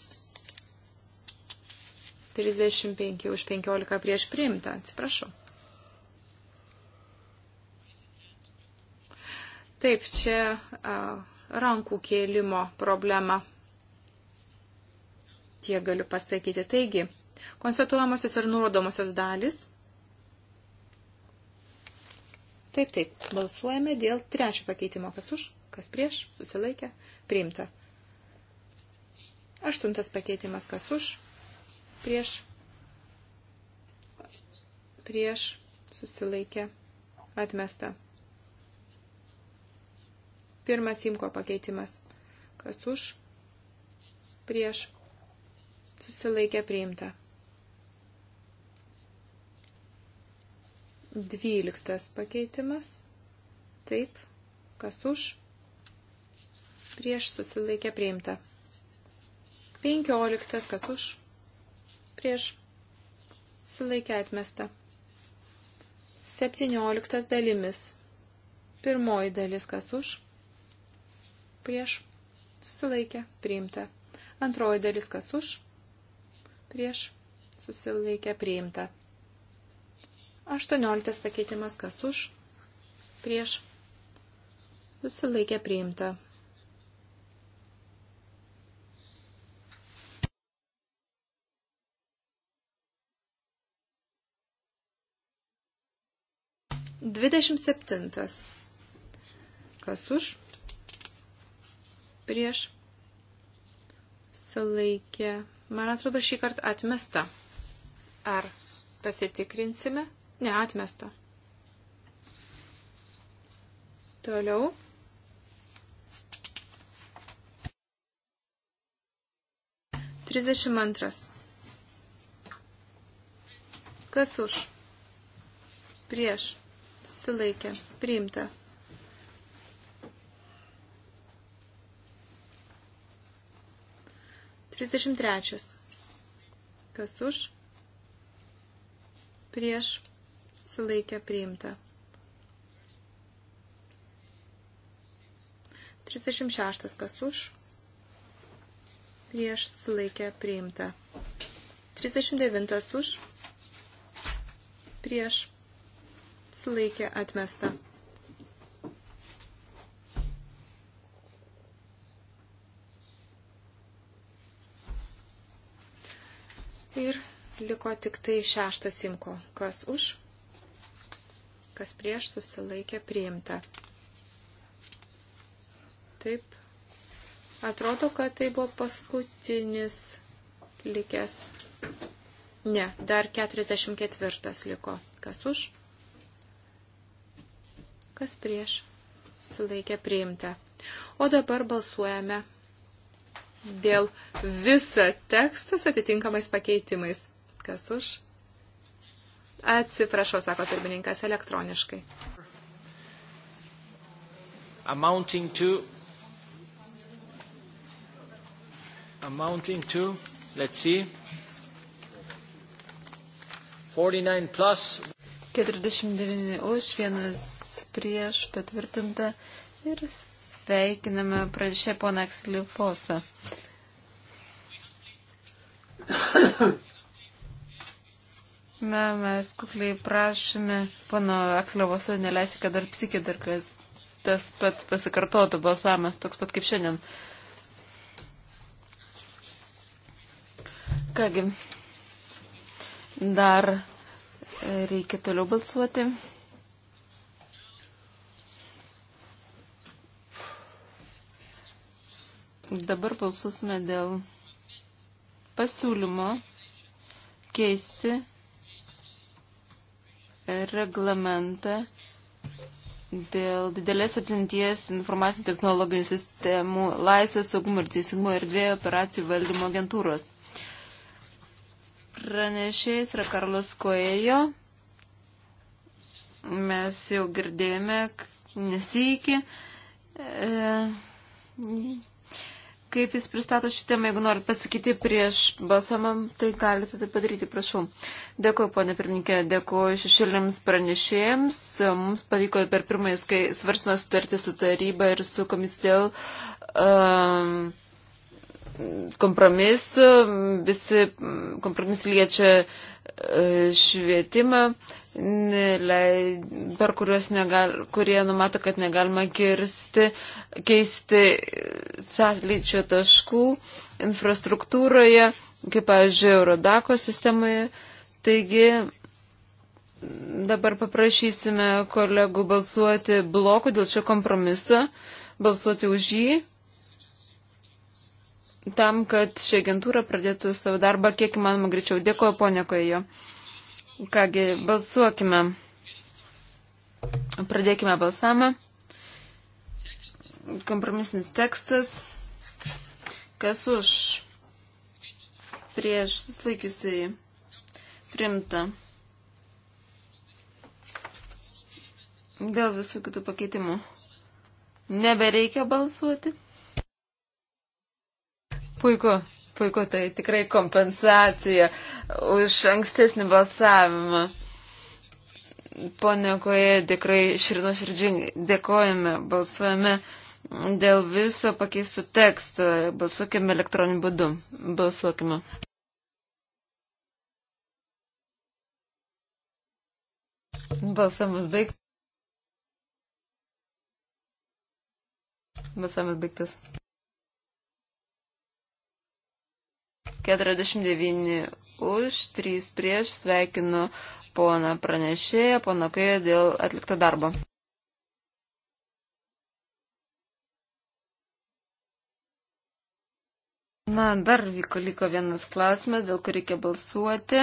35 už 15 prieš priimtą, atsiprašau. Taip, čia a, rankų kėlimo problema. Tie galiu pasakyti. Taigi, konstatuojamosios ir nurodomosios dalis. Taip, taip, balsuojame dėl trečio pakeitimo. Kas už, kas prieš, susilaikė, priimta. Aštuntas pakeitimas, kas už, prieš, prieš susilaikė atmesta. Pirmas imko pakeitimas. Kas už, prieš susilaikė priimta. Dvyliktas pakeitimas. Taip, kas už, prieš susilaikė priimta. Penkioliktas, kas už, prieš sulaikę atmestą. 17 dalimis. Pirmoji dalis kas už, prieš susilaikę priimta. Antroji dalis kas už, prieš susilaikę priimta. 18 pakeitimas kas už, prieš susilaikę priimta. 27. Kas už? Prieš. Sulaikė. Man atrodo, šį kartą atmesta. Ar pasitikrinsime? Ne, atmesta. Toliau. Trisdešimt antras. Kas už? Prieš susilaikė, priimta. Trisdešimt trečias. Kas už? Prieš susilaikė, priimta. 36. Kas už? Prieš sulaikę priimta. 39. Už? Prieš susilaikė atmesta. Ir liko tik tai šeštas simko. Kas už, kas prieš susilaikė priimta. Taip, atrodo, kad tai buvo paskutinis likęs. Ne, dar 44 liko. Kas už, kas prieš sulaikė priimta. O dabar balsuojame dėl visą tekstas atitinkamais pakeitimais. Kas už? Atsiprašau, sako pirmininkas, elektroniškai. Amounting to. Amounting to. Let's see. 49 plus. 49 už, vienas prieš patvirtinta ir sveikiname pranešę poną Akselį Fosą. Na, mes kukliai prašome pono Akselio Foso neleisti, kad dar psikė dar tas pats pasikartotų balsavimas, toks pat kaip šiandien. Kągi, dar e, reikia toliau balsuoti. Dabar balsusime dėl pasiūlymo keisti reglamentą dėl didelės apimties informacinių technologinių sistemų laisvės saugumo ir teisingumo erdvėje operacijų valdymo agentūros. Pranešėjas yra Karlos Koejo. Mes jau girdėjome nesįki. E, kaip jis pristato šį temą. Jeigu norit pasakyti prieš balsamą, tai galite tai padaryti, prašau. Dėkuoju, ponė pirmininkė, dėkuoju šešėlėms pranešėjams. Mums pavyko per pirmąjį svarsmą sutarti su taryba ir su komisija dėl. Um, kompromisų, visi mm, kompromis liečia e, švietimą, per kuriuos negal, kurie numato, kad negalima kirsti, keisti sąlyčio taškų infrastruktūroje, kaip, pavyzdžiui, Eurodako sistemoje. Taigi dabar paprašysime kolegų balsuoti bloku dėl šio kompromiso, balsuoti už jį, tam, kad ši agentūra pradėtų savo darbą kiek įmanoma greičiau. Dėkuoju, ponė Kojo. Kągi, balsuokime. Pradėkime balsamą. Kompromisinis tekstas. Kas už? Prieš susilaikiusiai. Primta. Dėl visų kitų pakeitimų. Nebereikia balsuoti. Puiku. Puiku, tai tikrai kompensacija už ankstesnį balsavimą. Pone Koje, tikrai širdo širdžiai dėkojame, balsuojame dėl viso pakeisto teksto. Balsuokime elektroniniu būdu. Balsuokime. Balsamas baigtas. Balsamas baigtas. 49 už, 3 prieš. Sveikinu poną pranešėją, poną Pėją dėl atlikto darbo. Na, dar vyko liko vienas klausimas, dėl kur reikia balsuoti.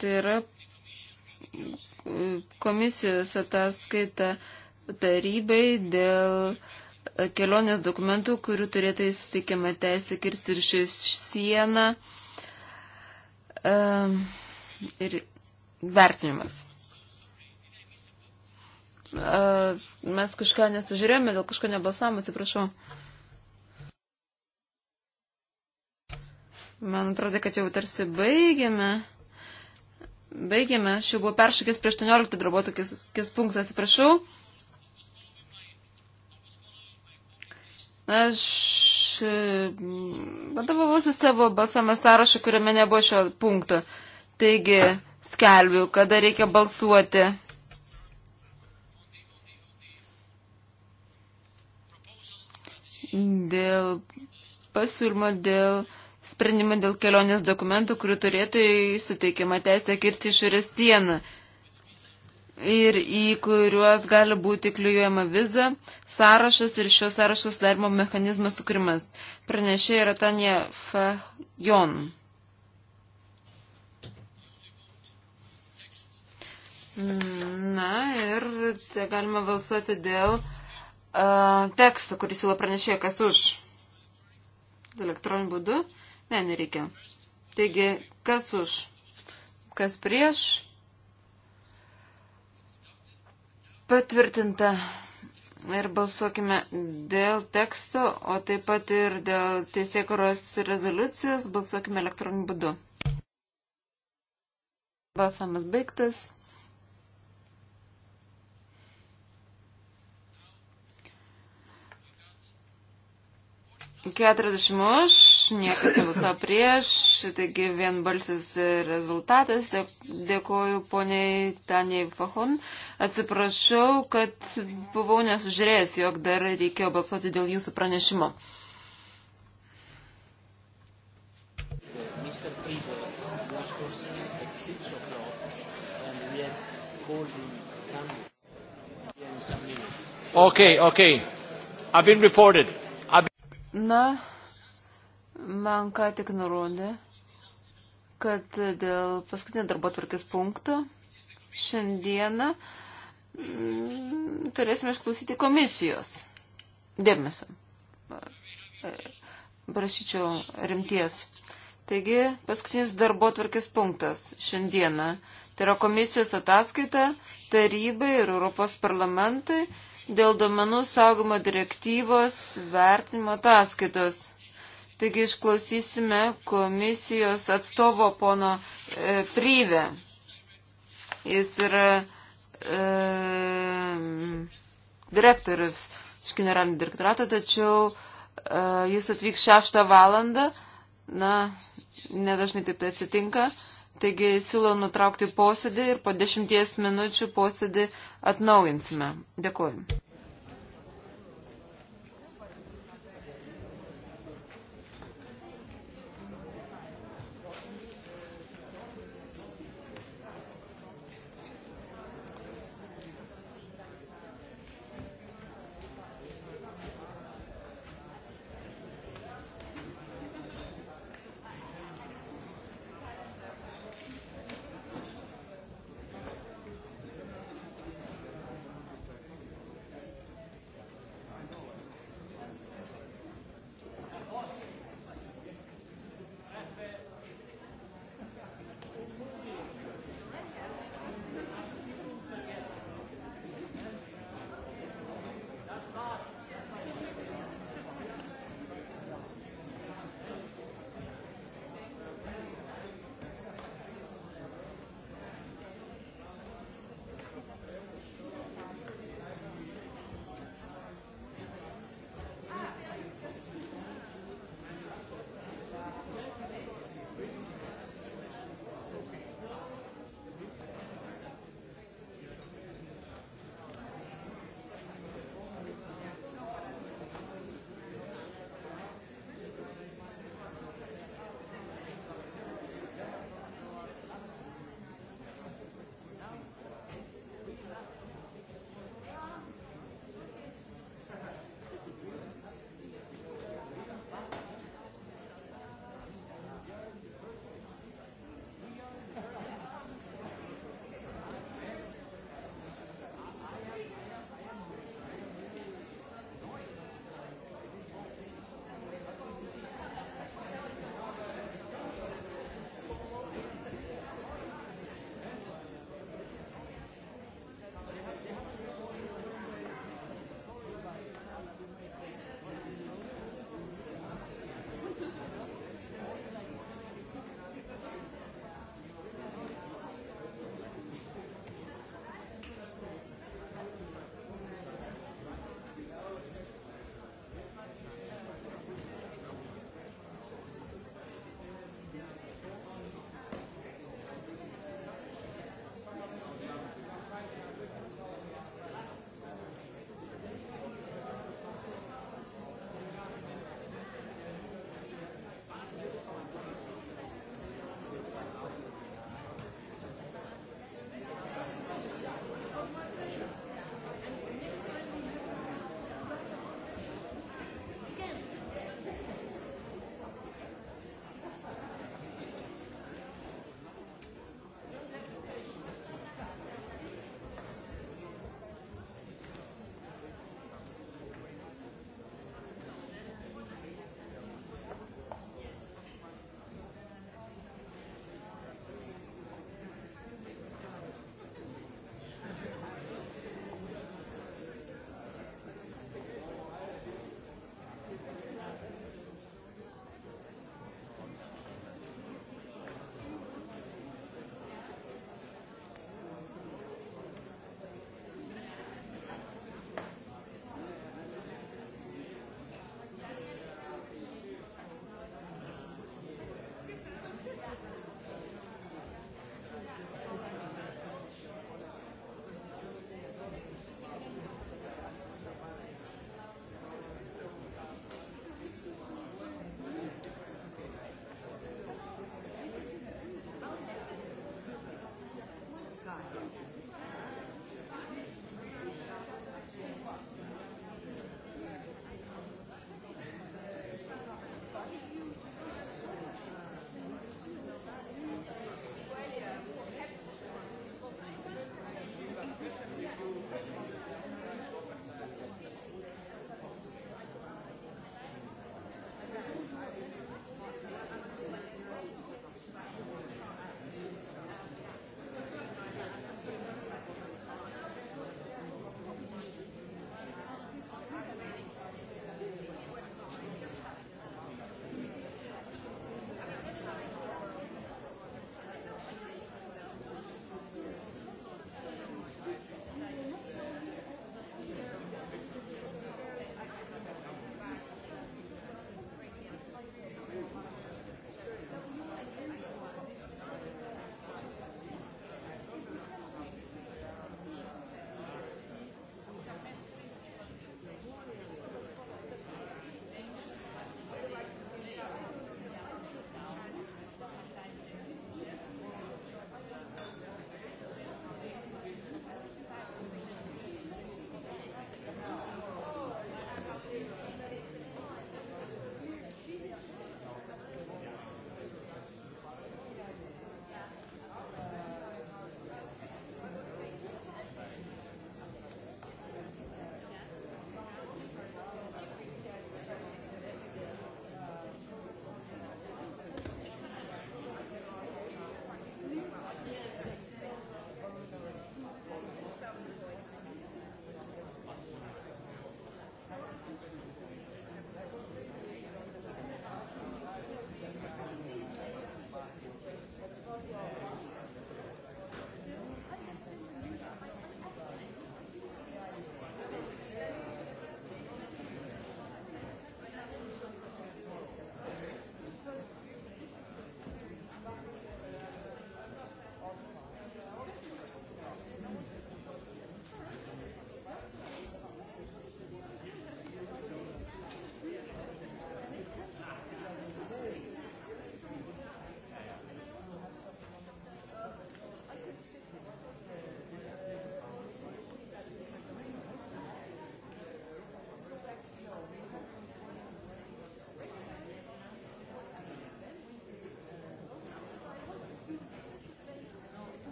Tai yra komisijos ataskaita tarybai dėl uh, kelionės dokumentų, kurių turėtų įsitikiama teisė kirsti ir šią sieną ir vertinimas. Mes kažką nesužiūrėjome, dėl kažko nebalsavome, atsiprašau. Man atrodo, kad jau tarsi baigėme. Baigėme, aš jau buvau peršokęs prieš 18 darbo tokis punktas, atsiprašau. Aš e, vadovavausi savo balsavimo sąrašą, kuriame nebuvo šio punkto. Taigi, skelbiu, kada reikia balsuoti. Dėl pasiūlymo, dėl sprendimą dėl kelionės dokumentų, kurių turėtojai suteikiama teisė kirsti išorės sieną ir į kuriuos gali būti kliuojama viza, sąrašas ir šios sąrašos darimo mechanizmas sukūrimas. Pranešė yra Tanja Fajon. Na ir tai galima balsuoti dėl uh, teksto, kuris siūlo pranešėjo, kas už. Elektroniniu būdu? Ne, nereikia. Taigi, kas už? Kas prieš? Patvirtinta. Ir balsuokime dėl teksto, o taip pat ir dėl teisėkuros rezoliucijos. Balsuokime elektroniniu būdu. Balsamas baigtas. Keturiasdešimt už niekas nebalsavo prieš, taigi vienbalsis rezultatas. Dėkoju poniai Tanijai Fahon. Atsiprašau, kad buvau nesužiūrėjęs, jog dar reikėjo balsuoti dėl jūsų pranešimo. Okay, okay. I've been reported. I've been... Na, Man ką tik nurodė, kad dėl paskutinio darbo tvarkės punkto šiandieną mm, turėsime išklausyti komisijos. Dėmesio. E, prašyčiau rimties. Taigi, paskutinis darbo tvarkės punktas šiandieną. Tai yra komisijos ataskaita tarybai ir Europos parlamentui dėl domenų saugumo direktyvos vertinimo ataskaitos. Taigi išklausysime komisijos atstovo pono e, Pryvę. Jis yra e, direktorius iš generalinio direktorato, tačiau e, jis atvyks 6 valandą. Na, nedažnai taip tai atsitinka. Taigi siūlau nutraukti posėdį ir po 10 minučių posėdį atnaujinsime. Dėkuoju.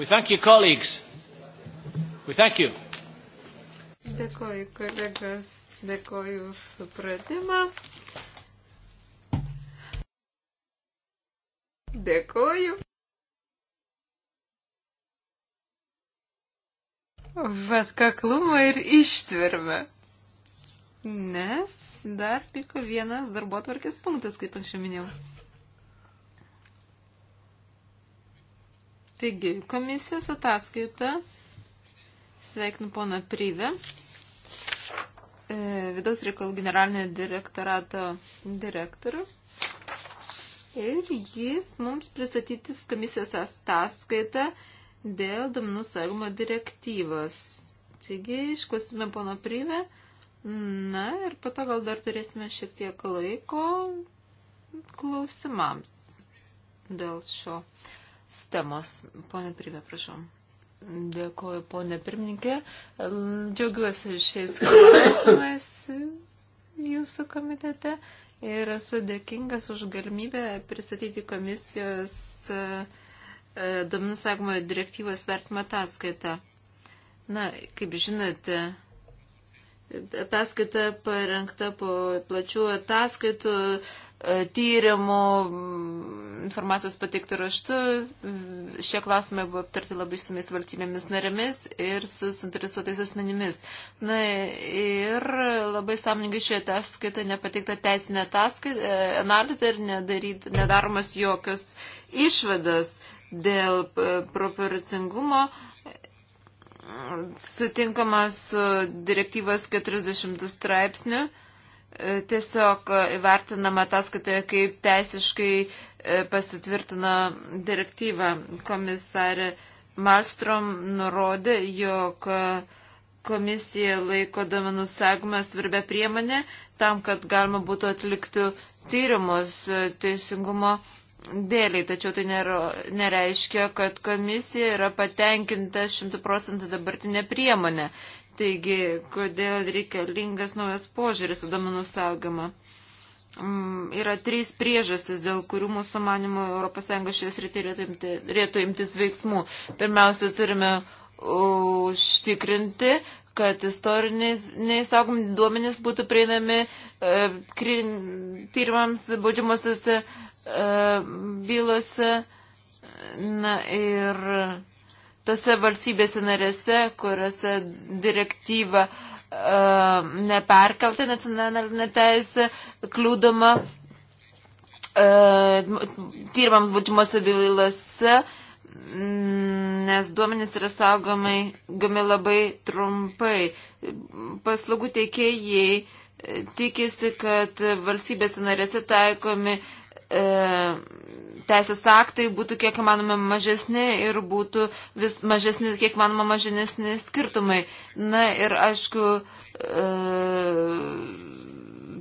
We thank you, colleagues. We thank you. Dėkoju, kolegos. Dėkoju už supratimą. Dėkoju. Bet kaklumą ir ištvirme. Nes dar liko vienas darbo tvarkės punktas, kaip anksčiau minėjau. Taigi, komisijos ataskaita, sveikinu poną Pryvę, e, vidaus reikalų generalinio direktorato direktorių. Ir jis mums pristatytis komisijos ataskaitą dėl domnų saugumo direktyvos. Taigi, išklausime pono Pryvę. Na ir po to gal dar turėsime šiek tiek laiko klausimams dėl šio sistemos. Pone Privė, prašau. Dėkuoju, ponė pirmininkė. Džiaugiuosi šiais klausimais jūsų komitete ir esu dėkingas už galimybę pristatyti komisijos e, duomenų saugumo direktyvos vertimo ataskaitą. Na, kaip žinote, ataskaita parengta po plačių ataskaitų E, tyrimų, informacijos pateikti raštu. Šie klausimai buvo aptarti labai išsamės valstybėmis narėmis ir su suinteresuotais asmenimis. Na ir labai sąmoningai šioje ataskaitoje nepateikta teisinė ataskaita, e, analizė ir nedaryt, nedaromas jokios išvados dėl e, proporcingumo sutinkama su direktyvas 40 straipsniu E, tiesiog vertinama ataskaitoje kaip teisiškai e, pasitvirtino direktyva. Komisarė Malstrom nurodė, jog komisija laiko domenų segmą svarbę priemonę tam, kad galima būtų atlikti tyrimus teisingumo dėliai, tačiau tai nereiškia, kad komisija yra patenkinta 100 procentų dabartinė priemonė. Taigi, kodėl reikalingas naujas požiūris į domenų saugimą? Mm, yra trys priežastis, dėl kurių mūsų manimo ES šioje srityje turėtų imtis veiksmų. Pirmiausia, turime užtikrinti, kad istoriniai saugomi duomenys būtų prieinami e, tyrimams baudžiamosiuose e, bylose. Na ir tose valstybėse narėse, kuriuose direktyva uh, neperkelta nacionalinė teisė, kliūdama uh, tyrimams būtimuose bylose, nes duomenys yra saugomai gami labai trumpai. Paslaugų teikėjai e, tikisi, kad valstybėse narėse taikomi uh, teisės aktai būtų kiek manoma mažesni ir būtų vis mažesni, kiek manoma mažesni skirtumai. Na ir aišku, e,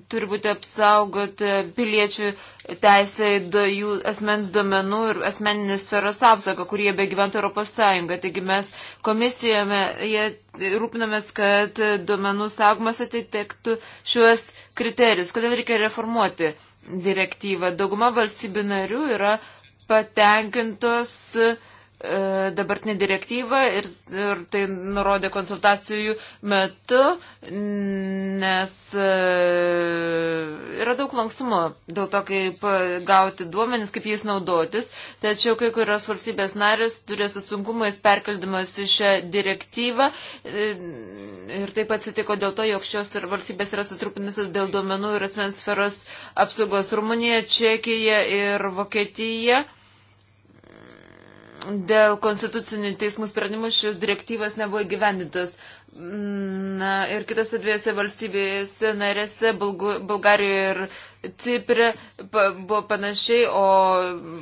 turi būti apsaugoti piliečių teisai do jų asmens duomenų ir asmeninės sferos apsaugą, kurie begyventų Europos Sąjungą. Taigi mes komisijoje jie rūpinamės, kad duomenų saugumas atitektų šiuos kriterijus. Kodėl reikia reformuoti? direktyvą. Dauguma valstybių narių yra patenkintos uh, E, dabartinė direktyva ir, ir tai nurodė konsultacijų metu, nes e, yra daug lankstumo dėl to, kaip gauti duomenis, kaip jais naudotis, tačiau kai kurios valstybės narės turės su sunkumais perkeldimas į šią direktyvą e, ir taip atsitiko dėl to, jog šios valstybės yra sutrūpinusios dėl duomenų ir asmens sferos apsaugos Rumunija, Čekija ir Vokietija dėl konstitucinių teismų sprendimų šios direktyvos nebuvo gyvenintos. Na ir kitose dviejose valstybėse narėse, Bulgarijoje ir Cipre, pa, buvo panašiai, o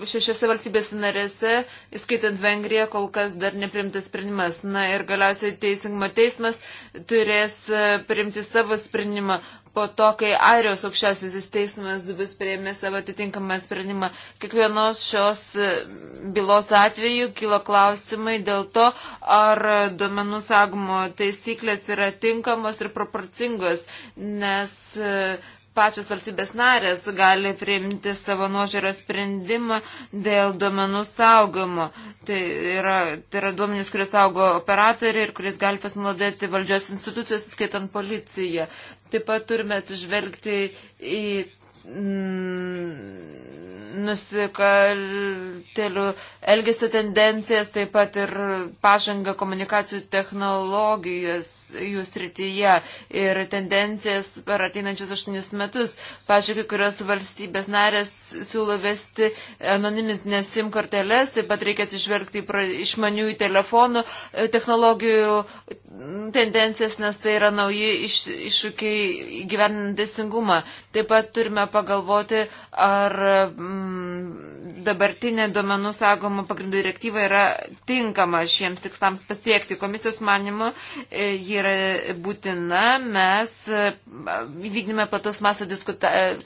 šešiose valstybėse narėse, įskaitant Vengriją, kol kas dar neprimtas sprendimas. Na ir galiausiai teisingumo teismas turės e, priimti savo sprendimą po to, kai Airijos aukščiausiasis teismas vis prieimė savo atitinkamą sprendimą. Kiekvienos šios e, bylos atveju kilo klausimai dėl to, ar duomenų saugumo teismas taisyklės yra tinkamos ir proporcingos, nes e, pačios valstybės narės gali priimti savo nuožiūrą sprendimą dėl duomenų saugimo. Tai yra, tai yra duomenys, kuris saugo operatoriai ir kuris gali pasinaudoti valdžios institucijos, skaitant policiją. Taip pat turime atsižvelgti į Mm, nusikaltelių elgesio tendencijas, taip pat ir pažangą komunikacijų technologijos jų srityje ir tendencijas per ateinančius aštuonius metus. Pažiūrėk, kurios valstybės narės siūlo vesti anoniminės SIM korteles, taip pat reikia atsižvelgti į išmaniųjų telefonų e, technologijų mm, tendencijas, nes tai yra nauji iš, iššūkiai gyvenant teisingumą. Taip pat turime pagalvoti, ar mm, dabartinė duomenų saugomo pagrindų direktyva yra tinkama šiems tikslams pasiekti. Komisijos manimu e, ji yra būtina. Mes e, vykdėme platus maso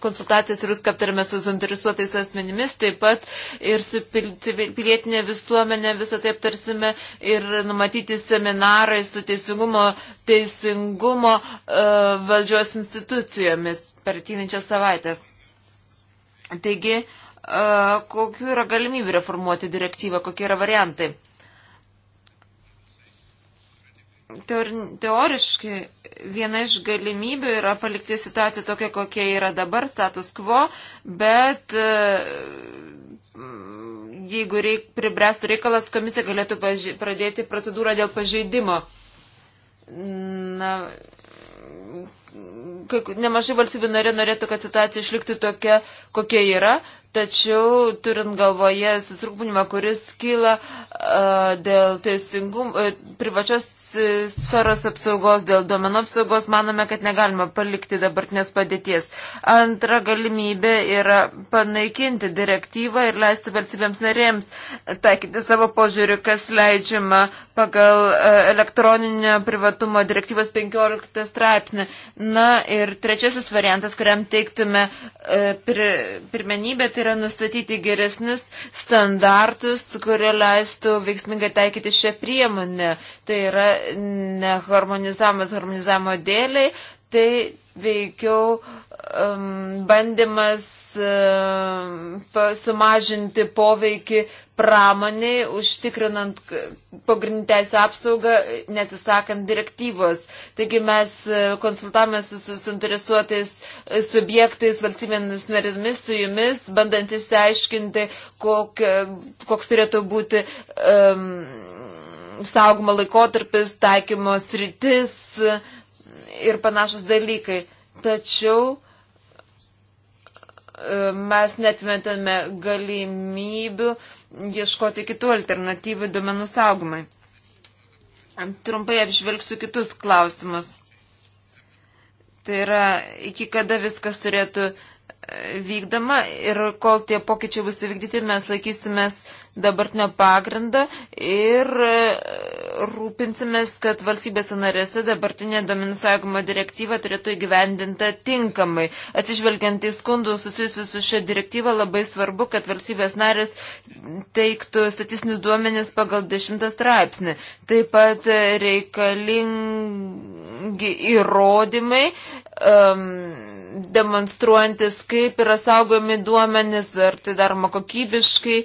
konsultacijas ir viską aptarėme su suinteresuotais asmenimis, taip pat ir su pilietinė visuomenė visą tai aptarsime ir numatyti seminarai su teisingumo, teisingumo e, valdžios institucijomis per ateinančias savaitės. Taigi, kokiu yra galimybė reformuoti direktyvą, kokie yra variantai. Teoriškai viena iš galimybių yra palikti situaciją tokia, kokia yra dabar, status quo, bet jeigu reik, pribręstų reikalas, komisija galėtų paži, pradėti procedūrą dėl pažeidimo. Na, nemažai valstybių norė norėtų, kad situacija išliktų tokia, kokia yra, tačiau turint galvoje susirūpinimą, kuris kyla uh, dėl teisingum, uh, privačios uh, sferos apsaugos, dėl duomenų apsaugos, manome, kad negalima palikti dabartinės padėties. Antra galimybė yra panaikinti direktyvą ir leisti valstybėms narėms taikyti savo požiūrį, kas leidžiama pagal uh, elektroninio privatumo direktyvos 15 straipsnį. Na, Na ir trečiasis variantas, kuriam teiktume e, pir, pirmenybę, tai yra nustatyti geresnius standartus, kurie leistų veiksmingai taikyti šią priemonę. Tai yra neharmonizavimas harmonizavimo dėliai, tai veikiau um, bandymas um, sumažinti poveikį pramoniai, užtikrinant pagrindinį teisų apsaugą, netisakant direktyvos. Taigi mes e, konsultavome su suinteresuotais e, subjektais, valstybėmis narėmis, su jumis, bandant įsiaiškinti, kok, koks turėtų būti um, saugumo laikotarpis, taikymo sritis e, ir panašus dalykai. Tačiau mes netmetame galimybių uh, ieškoti kitų alternatyvų duomenų saugumai. Trumpai apžvelgsiu kitus klausimus. Tai yra, iki kada viskas turėtų vykdama ir kol tie pokyčiai bus įvykdyti, mes laikysimės dabartinio pagrindą ir e, rūpinsimės, kad valstybės narėse dabartinė domenų saugumo direktyva turėtų įgyvendinta tinkamai. Atsižvelgiant į skundų susijusius su šia direktyva, labai svarbu, kad valstybės narės teiktų statistinius duomenis pagal 10 straipsnį. Taip pat reikalingi įrodymai um, demonstruojantis, kaip yra saugomi duomenys, ar tai daroma kokybiškai,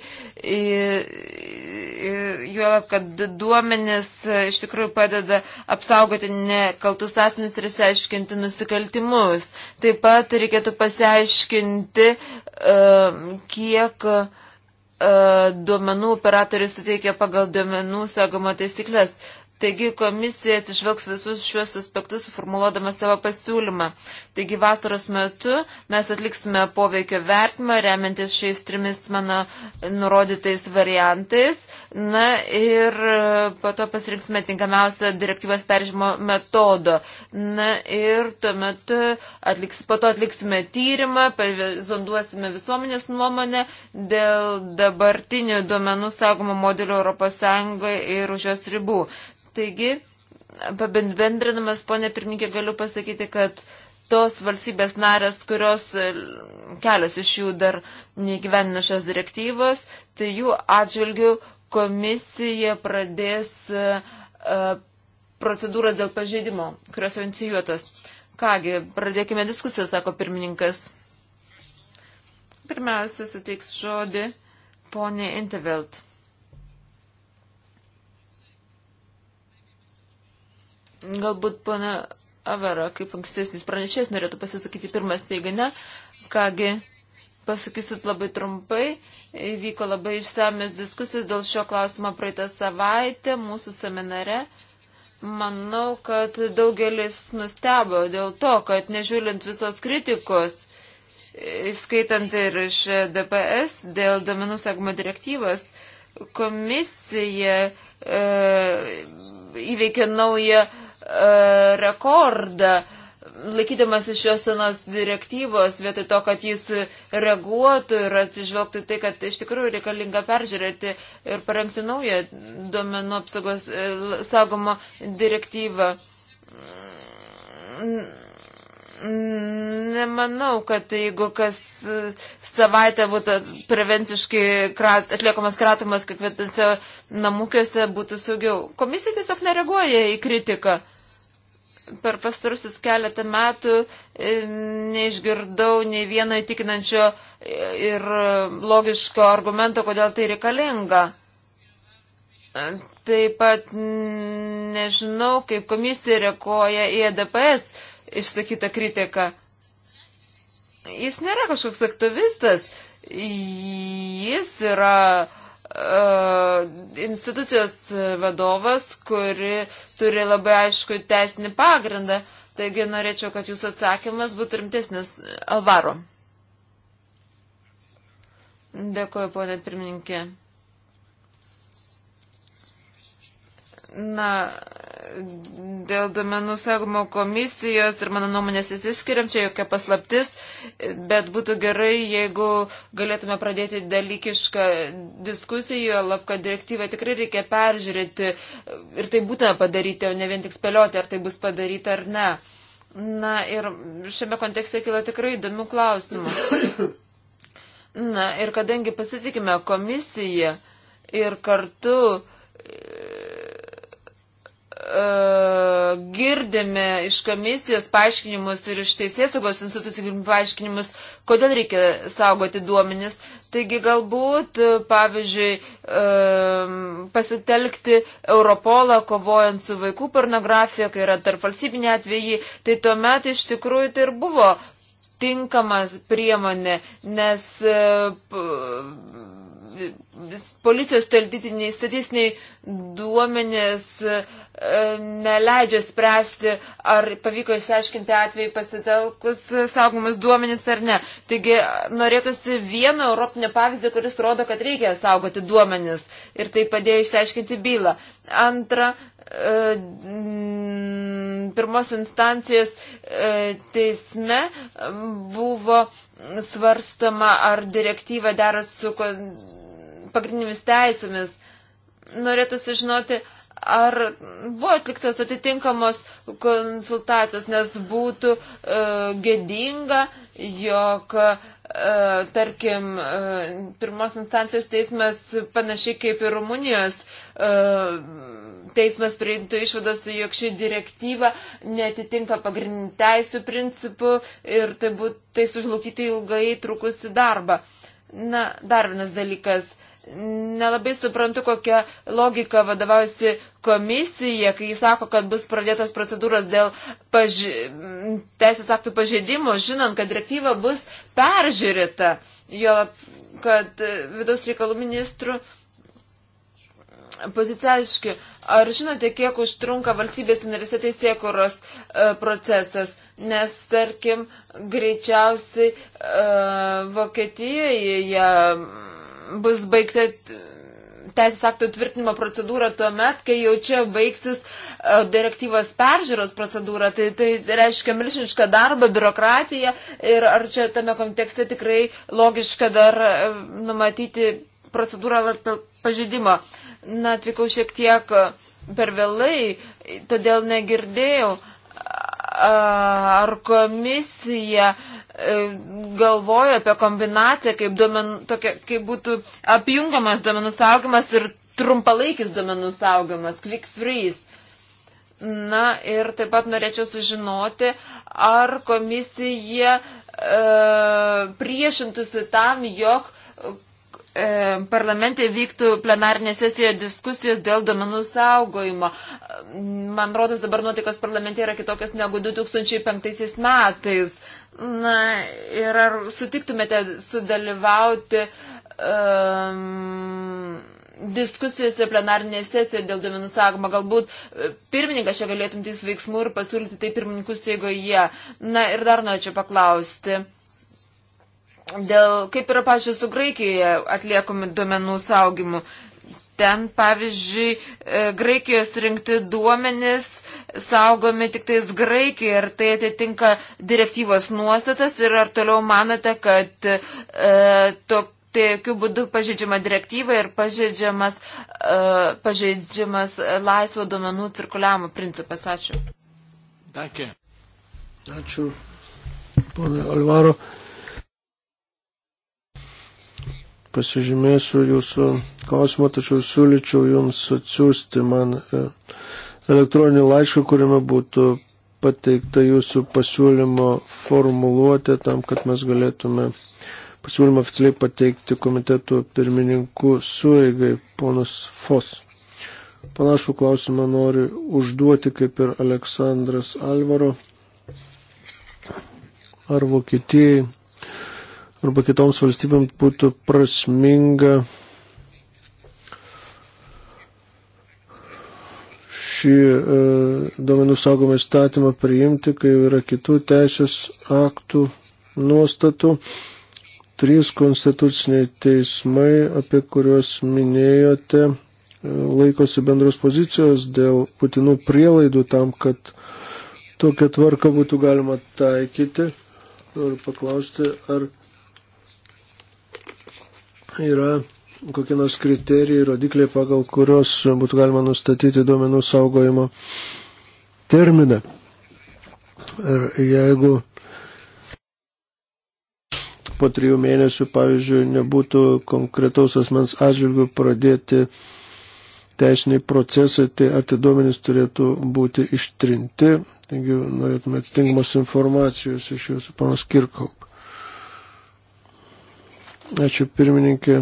juolab, kad duomenys e, iš tikrųjų padeda apsaugoti nekaltus asmenys ir išsiaiškinti nusikaltimus. Taip pat reikėtų pasiaiškinti, um, kiek e, duomenų operatoriai suteikia pagal duomenų saugumo taisyklės. Taigi komisija atsižvelgs visus šiuos aspektus, suformuoluodama savo pasiūlymą. Taigi vasaros metu mes atliksime poveikio vertimą, remiantis šiais trimis mano nurodytais variantais. Na ir po to pasirinksime tinkamiausią direktyvos peržymo metodo. Na ir tuomet atliks, po to atliksime tyrimą, zonduosime visuomenės nuomonę dėl dabartinių duomenų saugomo modelio ES ir už jos ribų. Taigi, apibendrinamas, ponė pirmininkė, galiu pasakyti, kad uh, tos valstybės narės, kurios e, kelios iš jų dar neįgyvenino šios direktyvos, tai jų atžvilgių komisija pradės e, e, procedūrą dėl pažeidimo, kurios jau inicijuotas. Kągi, pradėkime diskusiją, sako pirmininkas. Pirmiausia, suteiks žodį ponė Intervelt. Galbūt pana Avara, kaip ankstesnis pranešėjas, norėtų pasisakyti pirmas, jeigu ne, kągi. Pasakysit labai trumpai, vyko labai išsamios diskusijos dėl šio klausimo praeitą savaitę mūsų seminare. Manau, kad daugelis nustebo dėl to, kad nežiūrint visos kritikos, skaitant ir iš DPS dėl domenų sagumo direktyvos, komisija e, įveikė naują e, E, rekordą, laikydamas iš šios senos direktyvos, vietoj to, kad jis reaguotų ir atsižvelgtų tai, kad iš tikrųjų reikalinga peržiūrėti ir parengti naują duomenų apsaugos e, saugomo direktyvą mm, Nemanau, kad jeigu kas e, savaitę būtų prevenciškai krat, atliekamas kratumas kiekvienose namukiuose, būtų saugiau. Komisija tiesiog nereaguoja į kritiką. Per pastarusius keletą metų e, neišgirdau nei vieno įtikinančio ir logiško argumento, kodėl tai reikalinga. E, taip pat nežinau, kaip komisija reaguoja į EDPS išsakytą kritiką. Jis nėra kažkoks aktyvistas, jis yra uh, institucijos vadovas, kuri turi labai aišku teisinį pagrindą. Taigi norėčiau, kad jūsų atsakymas būtų rimtesnis. Alvaro. Dėkuoju, ponė pirmininkė. Na, dėl domenų saugumo komisijos ir mano nuomonės įsiskiriam, čia jokia paslaptis, bet būtų gerai, jeigu galėtume pradėti dalykišką diskusiją, lab, kad direktyvą tikrai reikia peržiūrėti ir tai būtina padaryti, o ne vien tik spėlioti, ar tai bus padaryta ar ne. Na ir šiame kontekste kila tikrai įdomių klausimų. Na ir kadangi pasitikime komisiją ir kartu E, girdime iš komisijos paaiškinimus ir iš teisėsaugos institucijų paaiškinimus, kodėl reikia saugoti duomenis. Taigi galbūt, pavyzdžiui, e, pasitelkti Europolą kovojant su vaikų pornografija, kai yra tarp valstybinė atvejai, tai tuomet iš tikrųjų tai ir buvo tinkamas priemonė, nes e, policijos statistiniai duomenės uh, neleidžia spręsti, ar pavyko išsiaiškinti atvejį pasitelkus saugomus duomenis ar ne. Taigi norėtųsi vieno europinio pavyzdį, kuris rodo, kad reikia saugoti duomenis ir tai padėjo išsiaiškinti bylą. Antra, e, pirmos instancijos e, teisme buvo svarstama, ar direktyva dera su pagrindinėmis teisėmis. Norėtųsi žinoti, ar buvo atliktos atitinkamos konsultacijos, nes būtų e, gėdinga, jog, e, tarkim, e, pirmos instancijos teismas panašiai kaip ir Rumunijos e, teismas priimtų išvados, jog ši direktyva netitinka pagrindinių teisų principų ir tai, būt, tai sužlugdyti ilgai trukusi darbą. Na, dar vienas dalykas. E, Nelabai suprantu, kokią logiką vadovaujasi komisija, kai jis sako, kad bus pradėtos procedūros dėl paži... teisės aktų pažeidimo, žinant, kad direktyva bus peržiūrėta, jo kad vidaus reikalų ministrų pozicija aiški. Ar žinote, kiek užtrunka valstybės narėse teisėkuros e, procesas? Nes, tarkim, greičiausiai e, Vokietijoje bus baigta teisės aktų tvirtinimo procedūra tuo met, kai jau čia baigsis e, direktyvos peržiūros procedūra. Tai, tai reiškia milšinišką darbą, biurokratiją ir ar čia tame kontekste tikrai logiška dar e, numatyti procedūrą pažydimo. Na, atvykau šiek tiek e, per vėlai, todėl negirdėjau, ar komisija uh, E, galvoja apie kombinaciją, kaip, duomenų, tokia, kaip būtų apjungiamas duomenų saugimas ir trumpalaikis duomenų saugimas, click freeze. Na ir taip pat norėčiau sužinoti, ar komisija e, priešintųsi tam, jog e, parlamente vyktų plenarinė sesijoje diskusijos dėl domenų saugojimo. Man rodos, dabar nuotaikos parlamente yra kitokios negu 2005 metais. Na ir ar sutiktumėte sudalyvauti um, diskusijose plenarinėje sesijoje dėl duomenų saugoma, galbūt e, pirmininkas čia galėtum tais veiksmų ir pasiūlyti tai pirmininkus, jeigu jie. Na ir dar norėčiau paklausti. Dėl, kaip yra pačios su Graikijoje atliekomi duomenų saugimu. Uh, Ten, pavyzdžiui, e, Graikijos rinkti duomenis saugomi tik tais Graikijoje ir tai atitinka direktyvos nuostatas ir ar toliau manote, kad e, to, tai jokių būdų pažeidžiama direktyva ir pažeidžiamas, e, pažeidžiamas laisvo duomenų cirkuliavimo principas. Ačiū. Ačiū. Ačiū, ponai Alvaro. pasižymėsiu jūsų klausimą, tačiau siūlyčiau jums atsiųsti man e, elektroninį laišką, kuriame būtų pateikta jūsų pasiūlymo formuluotė tam, kad mes galėtume pasiūlymą oficialiai pateikti komiteto pirmininkų sueigai ponas Fos. Panašų klausimą noriu užduoti kaip ir Aleksandras Alvaro. Ar Vokietijai arba kitoms valstybėms būtų prasminga šį e, duomenų saugomą įstatymą priimti, kai yra kitų teisės aktų nuostatų. Trys konstituciniai teismai, apie kuriuos minėjote, e, laikosi bendros pozicijos dėl Putinų prielaidų tam, kad tokią tvarką būtų galima taikyti. Noriu paklausti, ar yra kokie nors kriterijai, rodikliai, pagal kurios būtų galima nustatyti duomenų saugojimo terminą. Ir jeigu po trijų mėnesių, pavyzdžiui, nebūtų konkretaus asmens atžvilgių pradėti teisiniai procesai, tai ar tie duomenys turėtų būti ištrinti. Taigi norėtume atitinkamos informacijos iš jūsų, panas Kirkaup. Ačiū pirmininkė.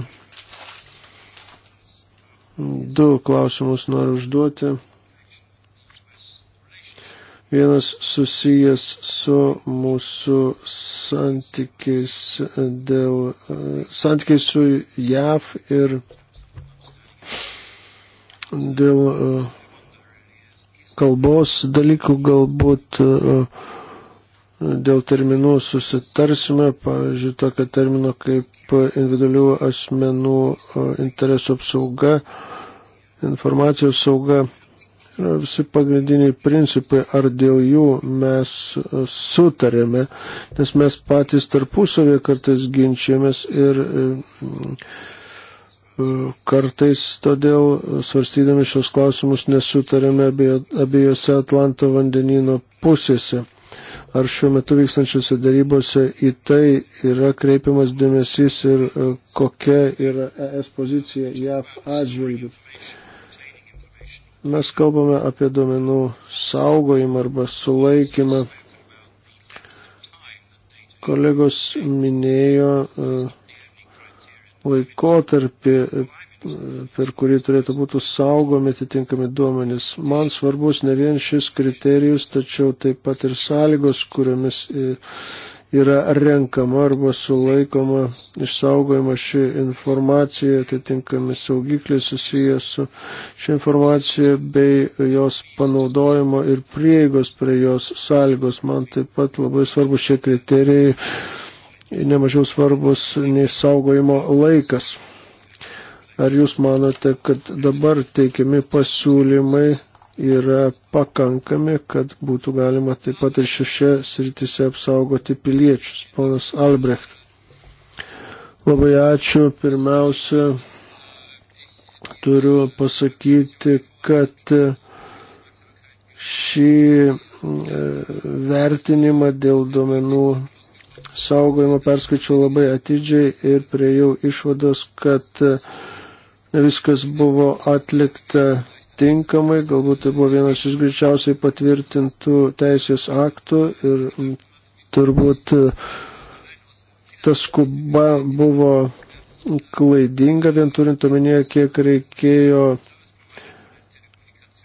Du klausimus noriu užduoti. Vienas susijęs su mūsų santykiais, dėl, santykiais su JAV ir dėl uh, kalbos dalykų galbūt uh, dėl terminų susitarsime, pavyzdžiui, tokio termino kaip individualių asmenų interesų apsauga, informacijos sauga. Yra visi pagrindiniai principai, ar dėl jų mes sutarėme, nes mes patys tarpusavėje kartais ginčiamės ir e, kartais todėl svarstydami šios klausimus nesutarėme abiejose Atlanto vandenino pusėse. Ar šiuo metu vykstančiose darybose į tai yra kreipiamas dėmesys ir e, kokia yra ES pozicija JAV atžvilgių? Mes kalbame apie duomenų saugojimą arba sulaikymą. Kolegos minėjo e, laikotarpį per kurį turėtų būti saugomi atitinkami duomenys. Man svarbus ne vien šis kriterijus, tačiau taip pat ir sąlygos, kuriomis e, yra renkama arba sulaikoma, išsaugojama ši informacija, atitinkami saugikliai susijęs su šia informacija bei jos panaudojimo ir prieigos prie jos sąlygos. Man taip pat labai svarbus šie kriterijai, nemažiau svarbus nei saugojimo laikas. Ar jūs manote, kad dabar teikiami pasiūlymai yra pakankami, kad būtų galima taip pat ir šiose sritise apsaugoti piliečius? Ponas Albrecht. Labai ačiū. Pirmiausia, turiu pasakyti, kad šį e, vertinimą dėl duomenų saugojimo perskaičiau labai atidžiai ir priejau išvados, kad viskas buvo atlikta tinkamai, galbūt tai buvo vienas iš greičiausiai patvirtintų teisės aktų ir mm, turbūt tas skuba buvo klaidinga, vien turint omenyje, kiek reikėjo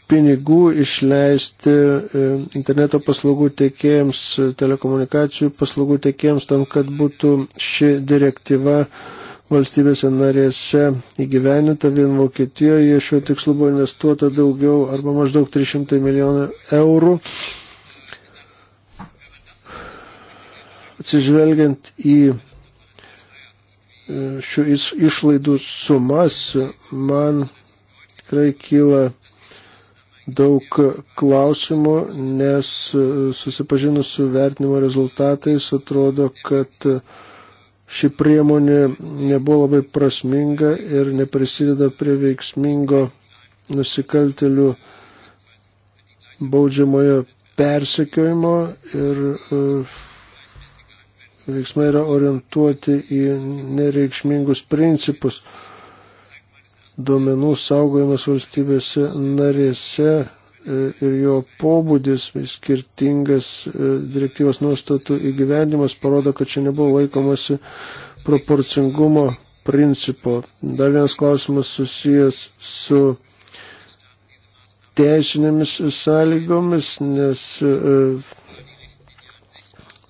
pinigų išleisti e, interneto paslaugų teikėjams, telekomunikacijų paslaugų teikėjams tam, kad būtų ši direktyva uh, valstybėse narėse įgyveninta, vien Vokietijoje šiuo tikslu buvo investuota daugiau arba maždaug 300 milijonų eurų. Atsižvelgiant į e, šių išlaidų sumas, man tikrai kyla daug klausimų, nes e, susipažinus su vertinimo rezultatais atrodo, kad uh, ši priemonė nebuvo labai prasminga ir neprisideda prie veiksmingo nusikaltelių baudžiamojo persekiojimo ir e, veiksmai yra orientuoti į nereikšmingus principus. Duomenų saugojimas valstybėse narėse E, ir jo pobūdis, skirtingas e, direktyvos nuostatų įgyvendimas parodo, kad čia nebuvo laikomasi proporcingumo principo. Dar vienas klausimas susijęs su teisinėmis sąlygomis, nes e,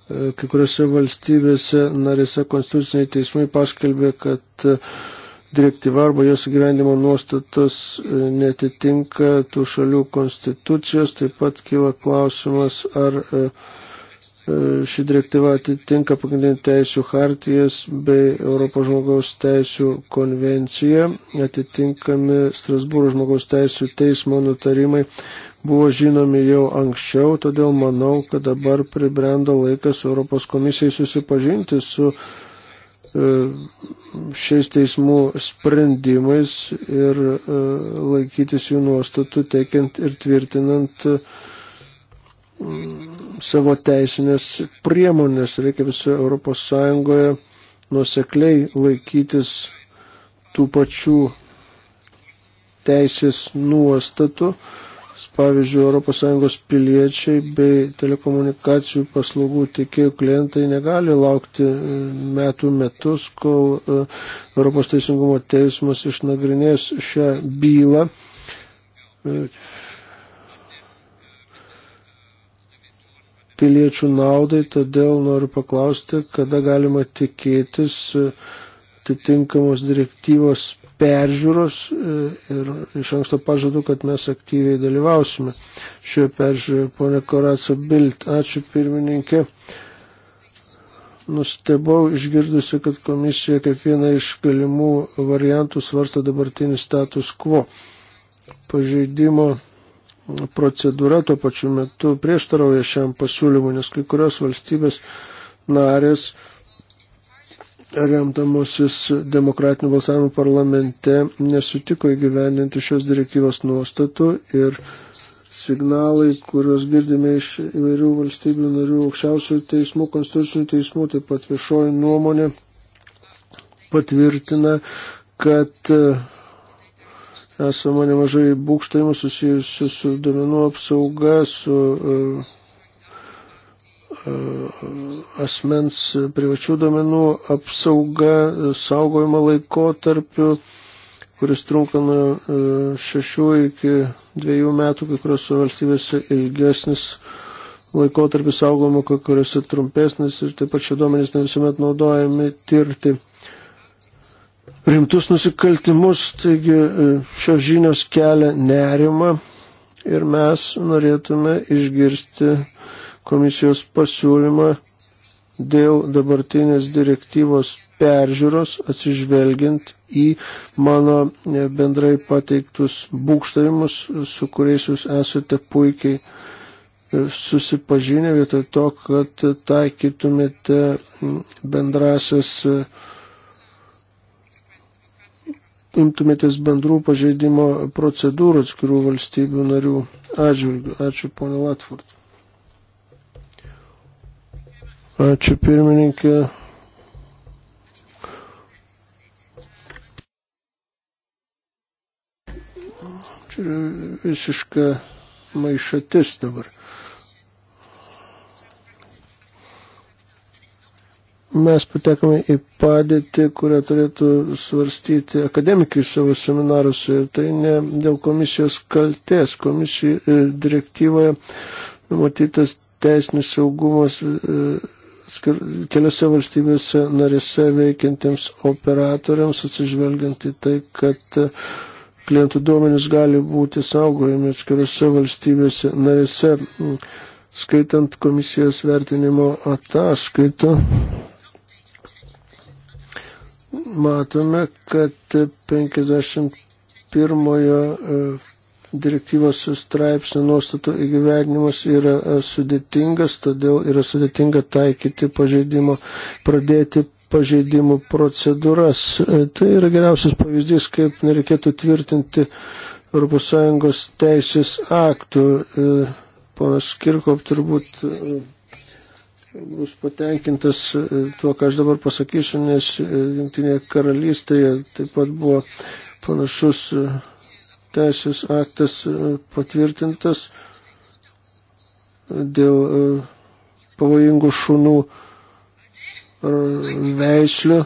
kai kuriuose valstybėse narėse konstituciniai teismai paskelbė, kad direktyva arba jos gyvenimo nuostatos e, netitinka tų šalių konstitucijos, taip pat kyla klausimas, ar e, e, ši direktyva atitinka pagrindinių teisų hartijas bei Europos žmogaus teisų konvenciją, atitinkami Strasbūro žmogaus teisų teismo nutarimai buvo žinomi jau anksčiau, todėl manau, kad dabar pribrendo laikas Europos komisijai susipažinti su E, šiais teismų sprendimais ir e, laikytis jų nuostatų, teikiant ir tvirtinant e, savo teisinės priemonės. Reikia visoje Europos Sąjungoje nusekliai laikytis tų pačių teisės nuostatų Pavyzdžiui, ES piliečiai bei telekomunikacijų paslaugų tiekėjų klientai negali laukti e, metų metus, kol e, Europos teisingumo teismas išnagrinės šią bylą. E, piliečių naudai, todėl noriu paklausti, kada galima tikėtis atitinkamos direktyvos peržiūros e, ir iš anksto pažadu, kad mes aktyviai dalyvausime šioje peržiūroje. Pone Koraco Bilt, ačiū pirmininkė. Nustebau išgirdusi, kad komisija kaip vieną iš galimų variantų svarsta dabartinį status quo. Pažeidimo procedūra tuo pačiu metu prieštarauja šiam pasiūlymui, nes kai kurios valstybės narės remdamosis demokratiniu balsavimu parlamente nesutiko įgyvendinti šios direktyvos nuostatų ir signalai, kuriuos girdime iš įvairių valstybių narių aukščiausių teismų, konstitucinių teismų, taip pat viešoji nuomonė patvirtina, kad e, esama nemažai būkštaimų susijusių su duomenų apsauga, su uh, E, asmens privačių domenų apsauga e, saugojimo laikotarpiu, kuris trunka nuo e, šešių iki dviejų metų, kai kuriuose valstybėse ilgesnis laikotarpis saugojimo, kai kuriuose trumpesnis ir taip pat šie duomenys ne visuomet naudojami tirti rimtus nusikaltimus, taigi šios žinios kelia nerimą ir mes norėtume išgirsti komisijos pasiūlymą dėl dabartinės direktyvos peržiūros atsižvelgiant į mano bendrai pateiktus būkštavimus, su kuriais jūs esate puikiai e, susipažinę vietoj to, kad taikytumėte bendrasias, e, imtumėtės bendrų pažeidimo procedūrų atskirų valstybių narių atžvilgių. Ačiū, ponė Latvart. Ačiū pirmininkė. Čia visiška maišatis dabar. Mes patekome į padėtį, kurią turėtų svarstyti akademikai savo seminaruose. Tai ne dėl komisijos kaltės. Komisijų e, direktyvoje numatytas teisinis saugumas. E, keliose valstybėse narėse veikiantiems operatoriams, atsižvelgiant į tai, kad e, klientų duomenys gali būti saugojami atskirose valstybėse narėse. Skaitant komisijos vertinimo ataskaitą, matome, kad 51 direktyvos straipsnių nuostatų įgyvenimas yra e, sudėtingas, todėl yra sudėtinga taikyti pažeidimo, pradėti pažeidimų procedūras. E, tai yra geriausias pavyzdys, kaip nereikėtų tvirtinti ES teisės aktų. E, ponas Kirkop turbūt bus patenkintas tuo, ką aš dabar pasakysiu, nes Junktinėje karalystėje taip pat buvo panašus teisės aktas e, patvirtintas dėl e, pavojingų šunų e, veislių.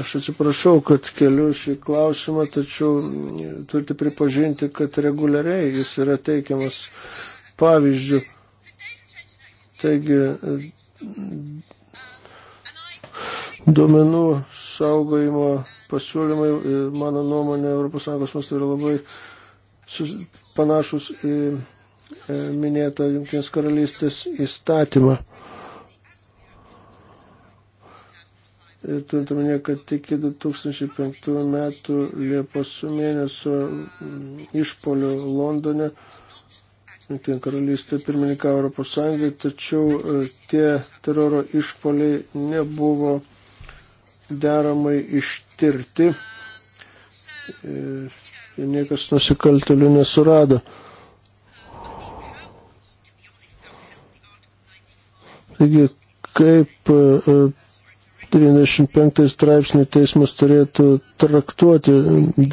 Aš atsiprašau, kad keliu šį klausimą, tačiau mm, turite pripažinti, kad reguliariai jis yra teikiamas pavyzdžių. Taigi, duomenų saugojimo pasiūlymai, mano nuomonė, ES mastu yra labai panašus į e, minėtą Junktinės karalystės įstatymą. Ir turint omenyje, kad tik 2005 metų Liepos mėnesio išpolių Londone Jungtinė karalystė pirmininkavo Europos Sąjungai, tačiau e, tie teroro išpoliai nebuvo deramai ištirti e, ir niekas nusikaltelių nesurado. Taigi, kaip 95 e, straipsnių teismas turėtų traktuoti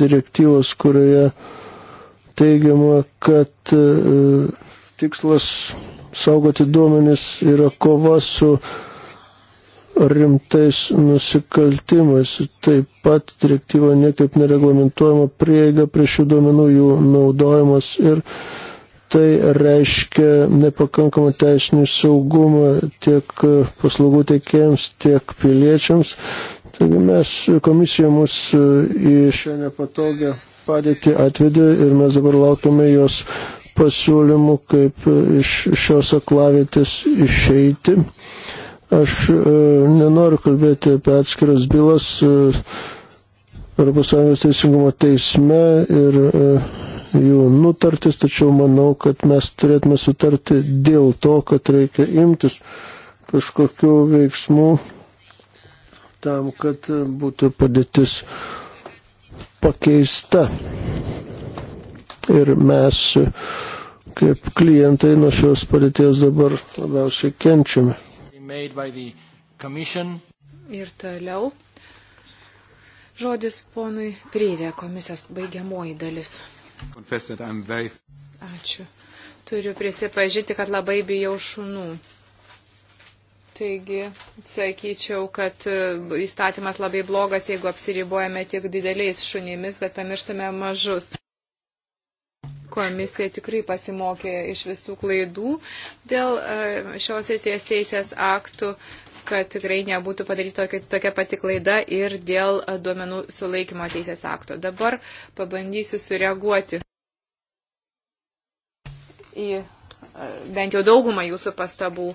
direktyvos, kurioje teigiama, kad e, tikslas saugoti duomenis yra kova su rimtais nusikaltimais. Taip pat direktyva niekaip nereglamentuojama prieiga prie šių duomenų, jų naudojimas ir tai reiškia nepakankamą teisinį saugumą tiek paslaugų teikėjams, tiek piliečiams. Taigi mes, komisija mus e, į šią nepatogią padėtį atvedė ir mes dabar laukiame jos pasiūlymų, kaip e, iš šios aklavėtės išeiti. Aš e, nenoriu kalbėti apie atskiras bylas e, Europos Sąjungos teisingumo teisme ir e, jų nutartis, tačiau manau, kad mes turėtume sutarti dėl to, kad reikia imtis kažkokių veiksmų tam, kad e, būtų padėtis pakeista. Ir mes kaip klientai nuo šios padėties dabar labiausiai kenčiame. Ir toliau žodis ponui Prėdė, komisijos baigiamoji dalis. Ačiū. Turiu prisipažinti, kad labai bijau šunų. Taigi, sakyčiau, kad e, įstatymas labai blogas, jeigu apsiribuojame tik dideliais šunimis, bet pamirštame mažus. Komisija tikrai pasimokė iš visų klaidų dėl e, šios ryties teisės aktų, kad tikrai nebūtų padaryta tokia pati klaida ir dėl e, duomenų sulaikymo teisės akto. Dabar pabandysiu sureaguoti į bent jau daugumą jūsų pastabų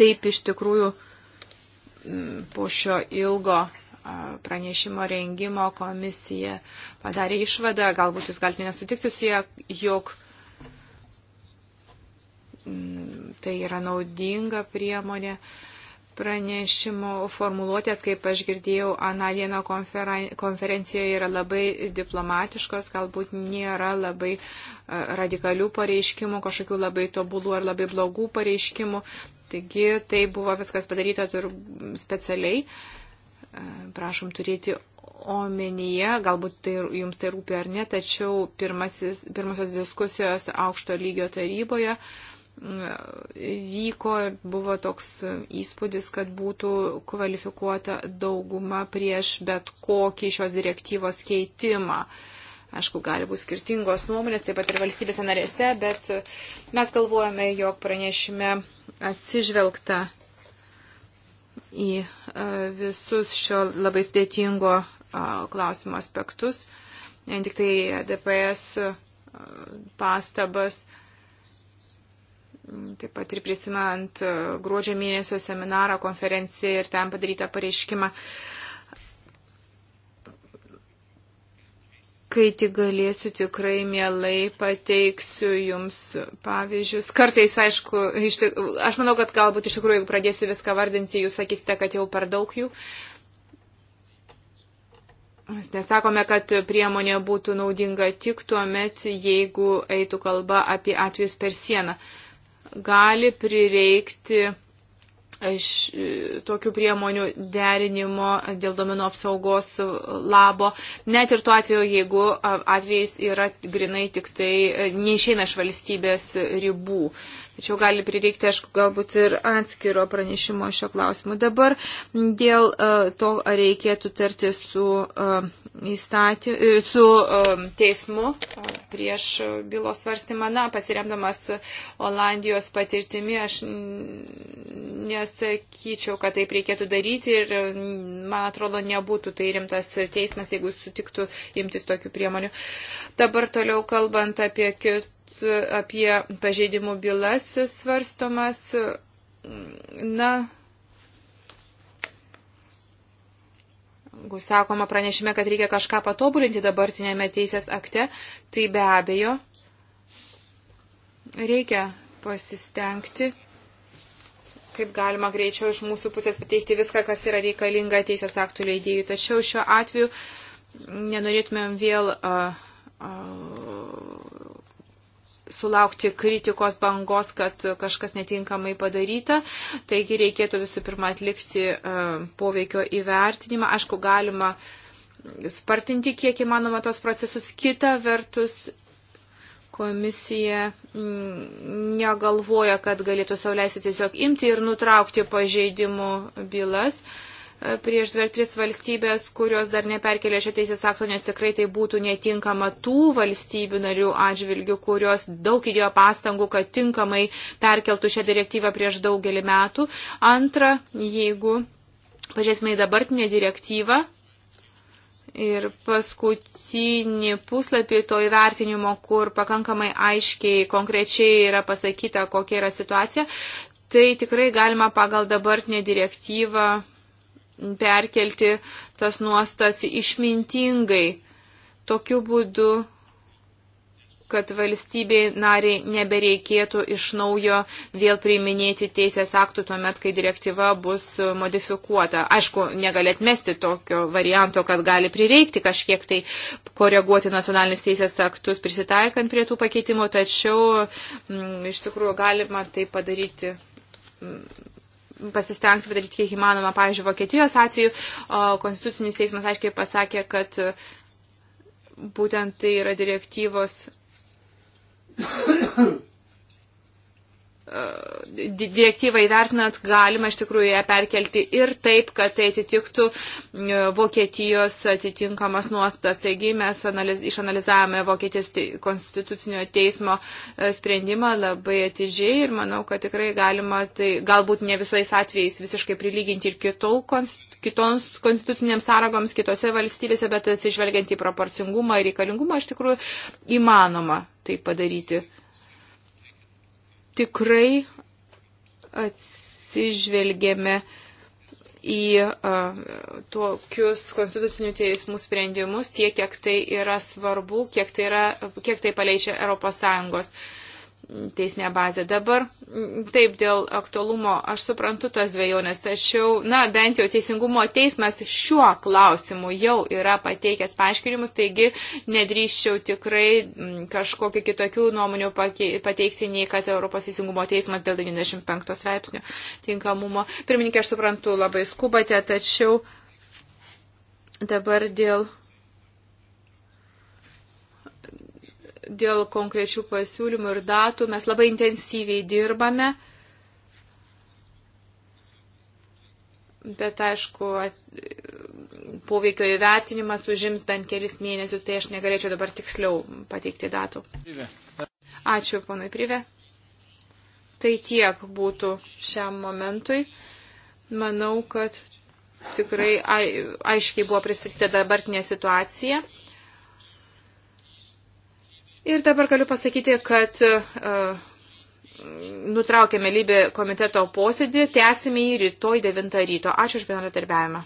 taip iš tikrųjų mm, po šio ilgo pranešimo rengimo komisija padarė išvadą, galbūt jūs galite nesutikti su ją, jog mm, tai yra naudinga priemonė pranešimų formuluotės, kaip aš girdėjau, anadieno konferencijoje yra labai diplomatiškos, galbūt nėra labai radikalių pareiškimų, kažkokių labai tobulų ar labai blogų pareiškimų. Taigi tai buvo viskas padaryta tur specialiai. E, prašom turėti omenyje, galbūt tai, jums tai rūpi ar ne, tačiau pirmasis, pirmasis diskusijos aukšto lygio taryboje vyko ir buvo toks įspūdis, kad būtų kvalifikuota dauguma prieš bet kokį šios direktyvos keitimą. Aišku, gali būti skirtingos nuomonės, taip pat ir valstybėse narėse, bet mes galvojame, jog pranešime atsižvelgta į e, visus šio labai sudėtingo e, klausimo aspektus. Ne tik tai DPS e, pastabas, taip pat ir prisimant gruodžio mėnesio seminarą, konferenciją ir ten padarytą pareiškimą. Uh, Kai tik galėsiu, tikrai mielai pateiksiu jums pavyzdžius. Kartais, aišku, tik, aš manau, kad galbūt iš tikrųjų, jeigu pradėsiu viską vardinti, jūs sakysite, kad jau per daug jų. Mes nesakome, kad priemonė būtų naudinga tik tuo met, jeigu eitų kalba apie atvejus per sieną. Gali prireikti iš e, tokių priemonių derinimo dėl domenų apsaugos labo, net ir tuo atveju, jeigu atvejais yra grinai tik tai e, neišeina iš valstybės ribų. Tačiau gali prireikti, aišku, galbūt ir atskiro pranešimo šio klausimu. Dabar dėl e, to, ar reikėtų tarti su, e, įstaty, e, su teismu prieš bylos svarstymą, na, pasiremdamas Olandijos patirtimi, aš nesakyčiau, kad taip reikėtų daryti ir, man atrodo, nebūtų tai rimtas teismas, jeigu sutiktų imtis tokių priemonių. Dabar toliau kalbant apie kitų apie pažeidimų bylas svarstomas, na, jeigu sakoma pranešime, kad reikia kažką patobulinti dabartinėme teisės akte, tai be abejo reikia pasistengti, kaip galima greičiau iš mūsų pusės pateikti viską, kas yra reikalinga teisės aktų leidėjų. Tačiau šiuo atveju nenorėtumėm vėl. Uh, uh, sulaukti kritikos bangos, kad kažkas netinkamai padaryta. Taigi reikėtų visų pirma atlikti e, poveikio įvertinimą. Aišku, galima spartinti kiek įmanoma tos procesus. Kita vertus, komisija mm, negalvoja, kad galėtų sauliaisi tiesiog imti ir nutraukti pažeidimų bylas. Uh, prieš dvi ar tris valstybės, kurios dar neperkelė šio teisės akto, nes tikrai tai būtų netinkama tų valstybių narių atžvilgių, kurios daug įdėjo pastangų, kad tinkamai perkeltų šią direktyvą prieš daugelį metų. Antra, jeigu pažiūrėsime į dabartinę direktyvą, Ir paskutinį puslapį to įvertinimo, kur pakankamai aiškiai, konkrečiai yra pasakyta, kokia yra situacija, tai tikrai galima pagal dabartinę direktyvą perkelti tas nuostas išmintingai, tokiu būdu, kad valstybei nariai nebereikėtų iš naujo vėl priiminėti teisės aktų tuomet, kai direktyva bus modifikuota. Aišku, negalėt mesti tokio varianto, kad gali prireikti kažkiek tai koreguoti nacionalinis teisės aktus prisitaikant prie tų pakeitimų, tačiau m, mm, iš tikrųjų galima tai padaryti mm, pasistengti padaryti kiek įmanoma. Pavyzdžiui, Vokietijos atveju Konstitucinis teismas aiškiai pasakė, kad būtent tai yra direktyvos direktyvą įvertinant galima iš tikrųjų ją perkelti ir taip, kad tai atitiktų e, Vokietijos atitinkamas nuostas. Taigi mes analiz, išanalizavome Vokietijos konstitucinio teismo e, sprendimą labai atidžiai ir manau, kad tikrai galima tai galbūt ne visais atvejais visiškai prilyginti ir kitų konstitucijų kitoms konstitucinėms sąragoms kitose valstybėse, bet atsižvelgiant į proporcingumą ir reikalingumą, iš tikrųjų įmanoma tai padaryti tikrai atsižvelgėme į a, tokius konstitucinių teismų sprendimus tiek, kiek tai yra svarbu, kiek tai, yra, kiek tai paleičia ES teisinę bazę. Dabar taip dėl aktualumo aš suprantu tas dviejonės, tačiau, na, bent jau teisingumo teismas šiuo klausimu jau yra pateikęs paaiškinimus, taigi nedrįščiau tikrai kažkokį kitokių nuomonių pateikti nei kad Europos teisingumo teismas dėl 95 straipsnio tinkamumo. Pirmininkė, aš suprantu, labai skubate, tačiau dabar dėl dėl konkrečių pasiūlymų ir datų mes labai intensyviai dirbame. Bet aišku, poveikio įvertinimas užims bent kelis mėnesius, tai aš negalėčiau dabar tiksliau pateikti datų. Ačiū, ponai Privė. Tai tiek būtų šiam momentui. Manau, kad tikrai aiškiai buvo pristatyta dabartinė situacija. Ir dabar galiu pasakyti, kad uh, nutraukėme lybį komiteto posėdį, tęsime jį rytoj 9 ryto. Ačiū už bendradarbiavimą.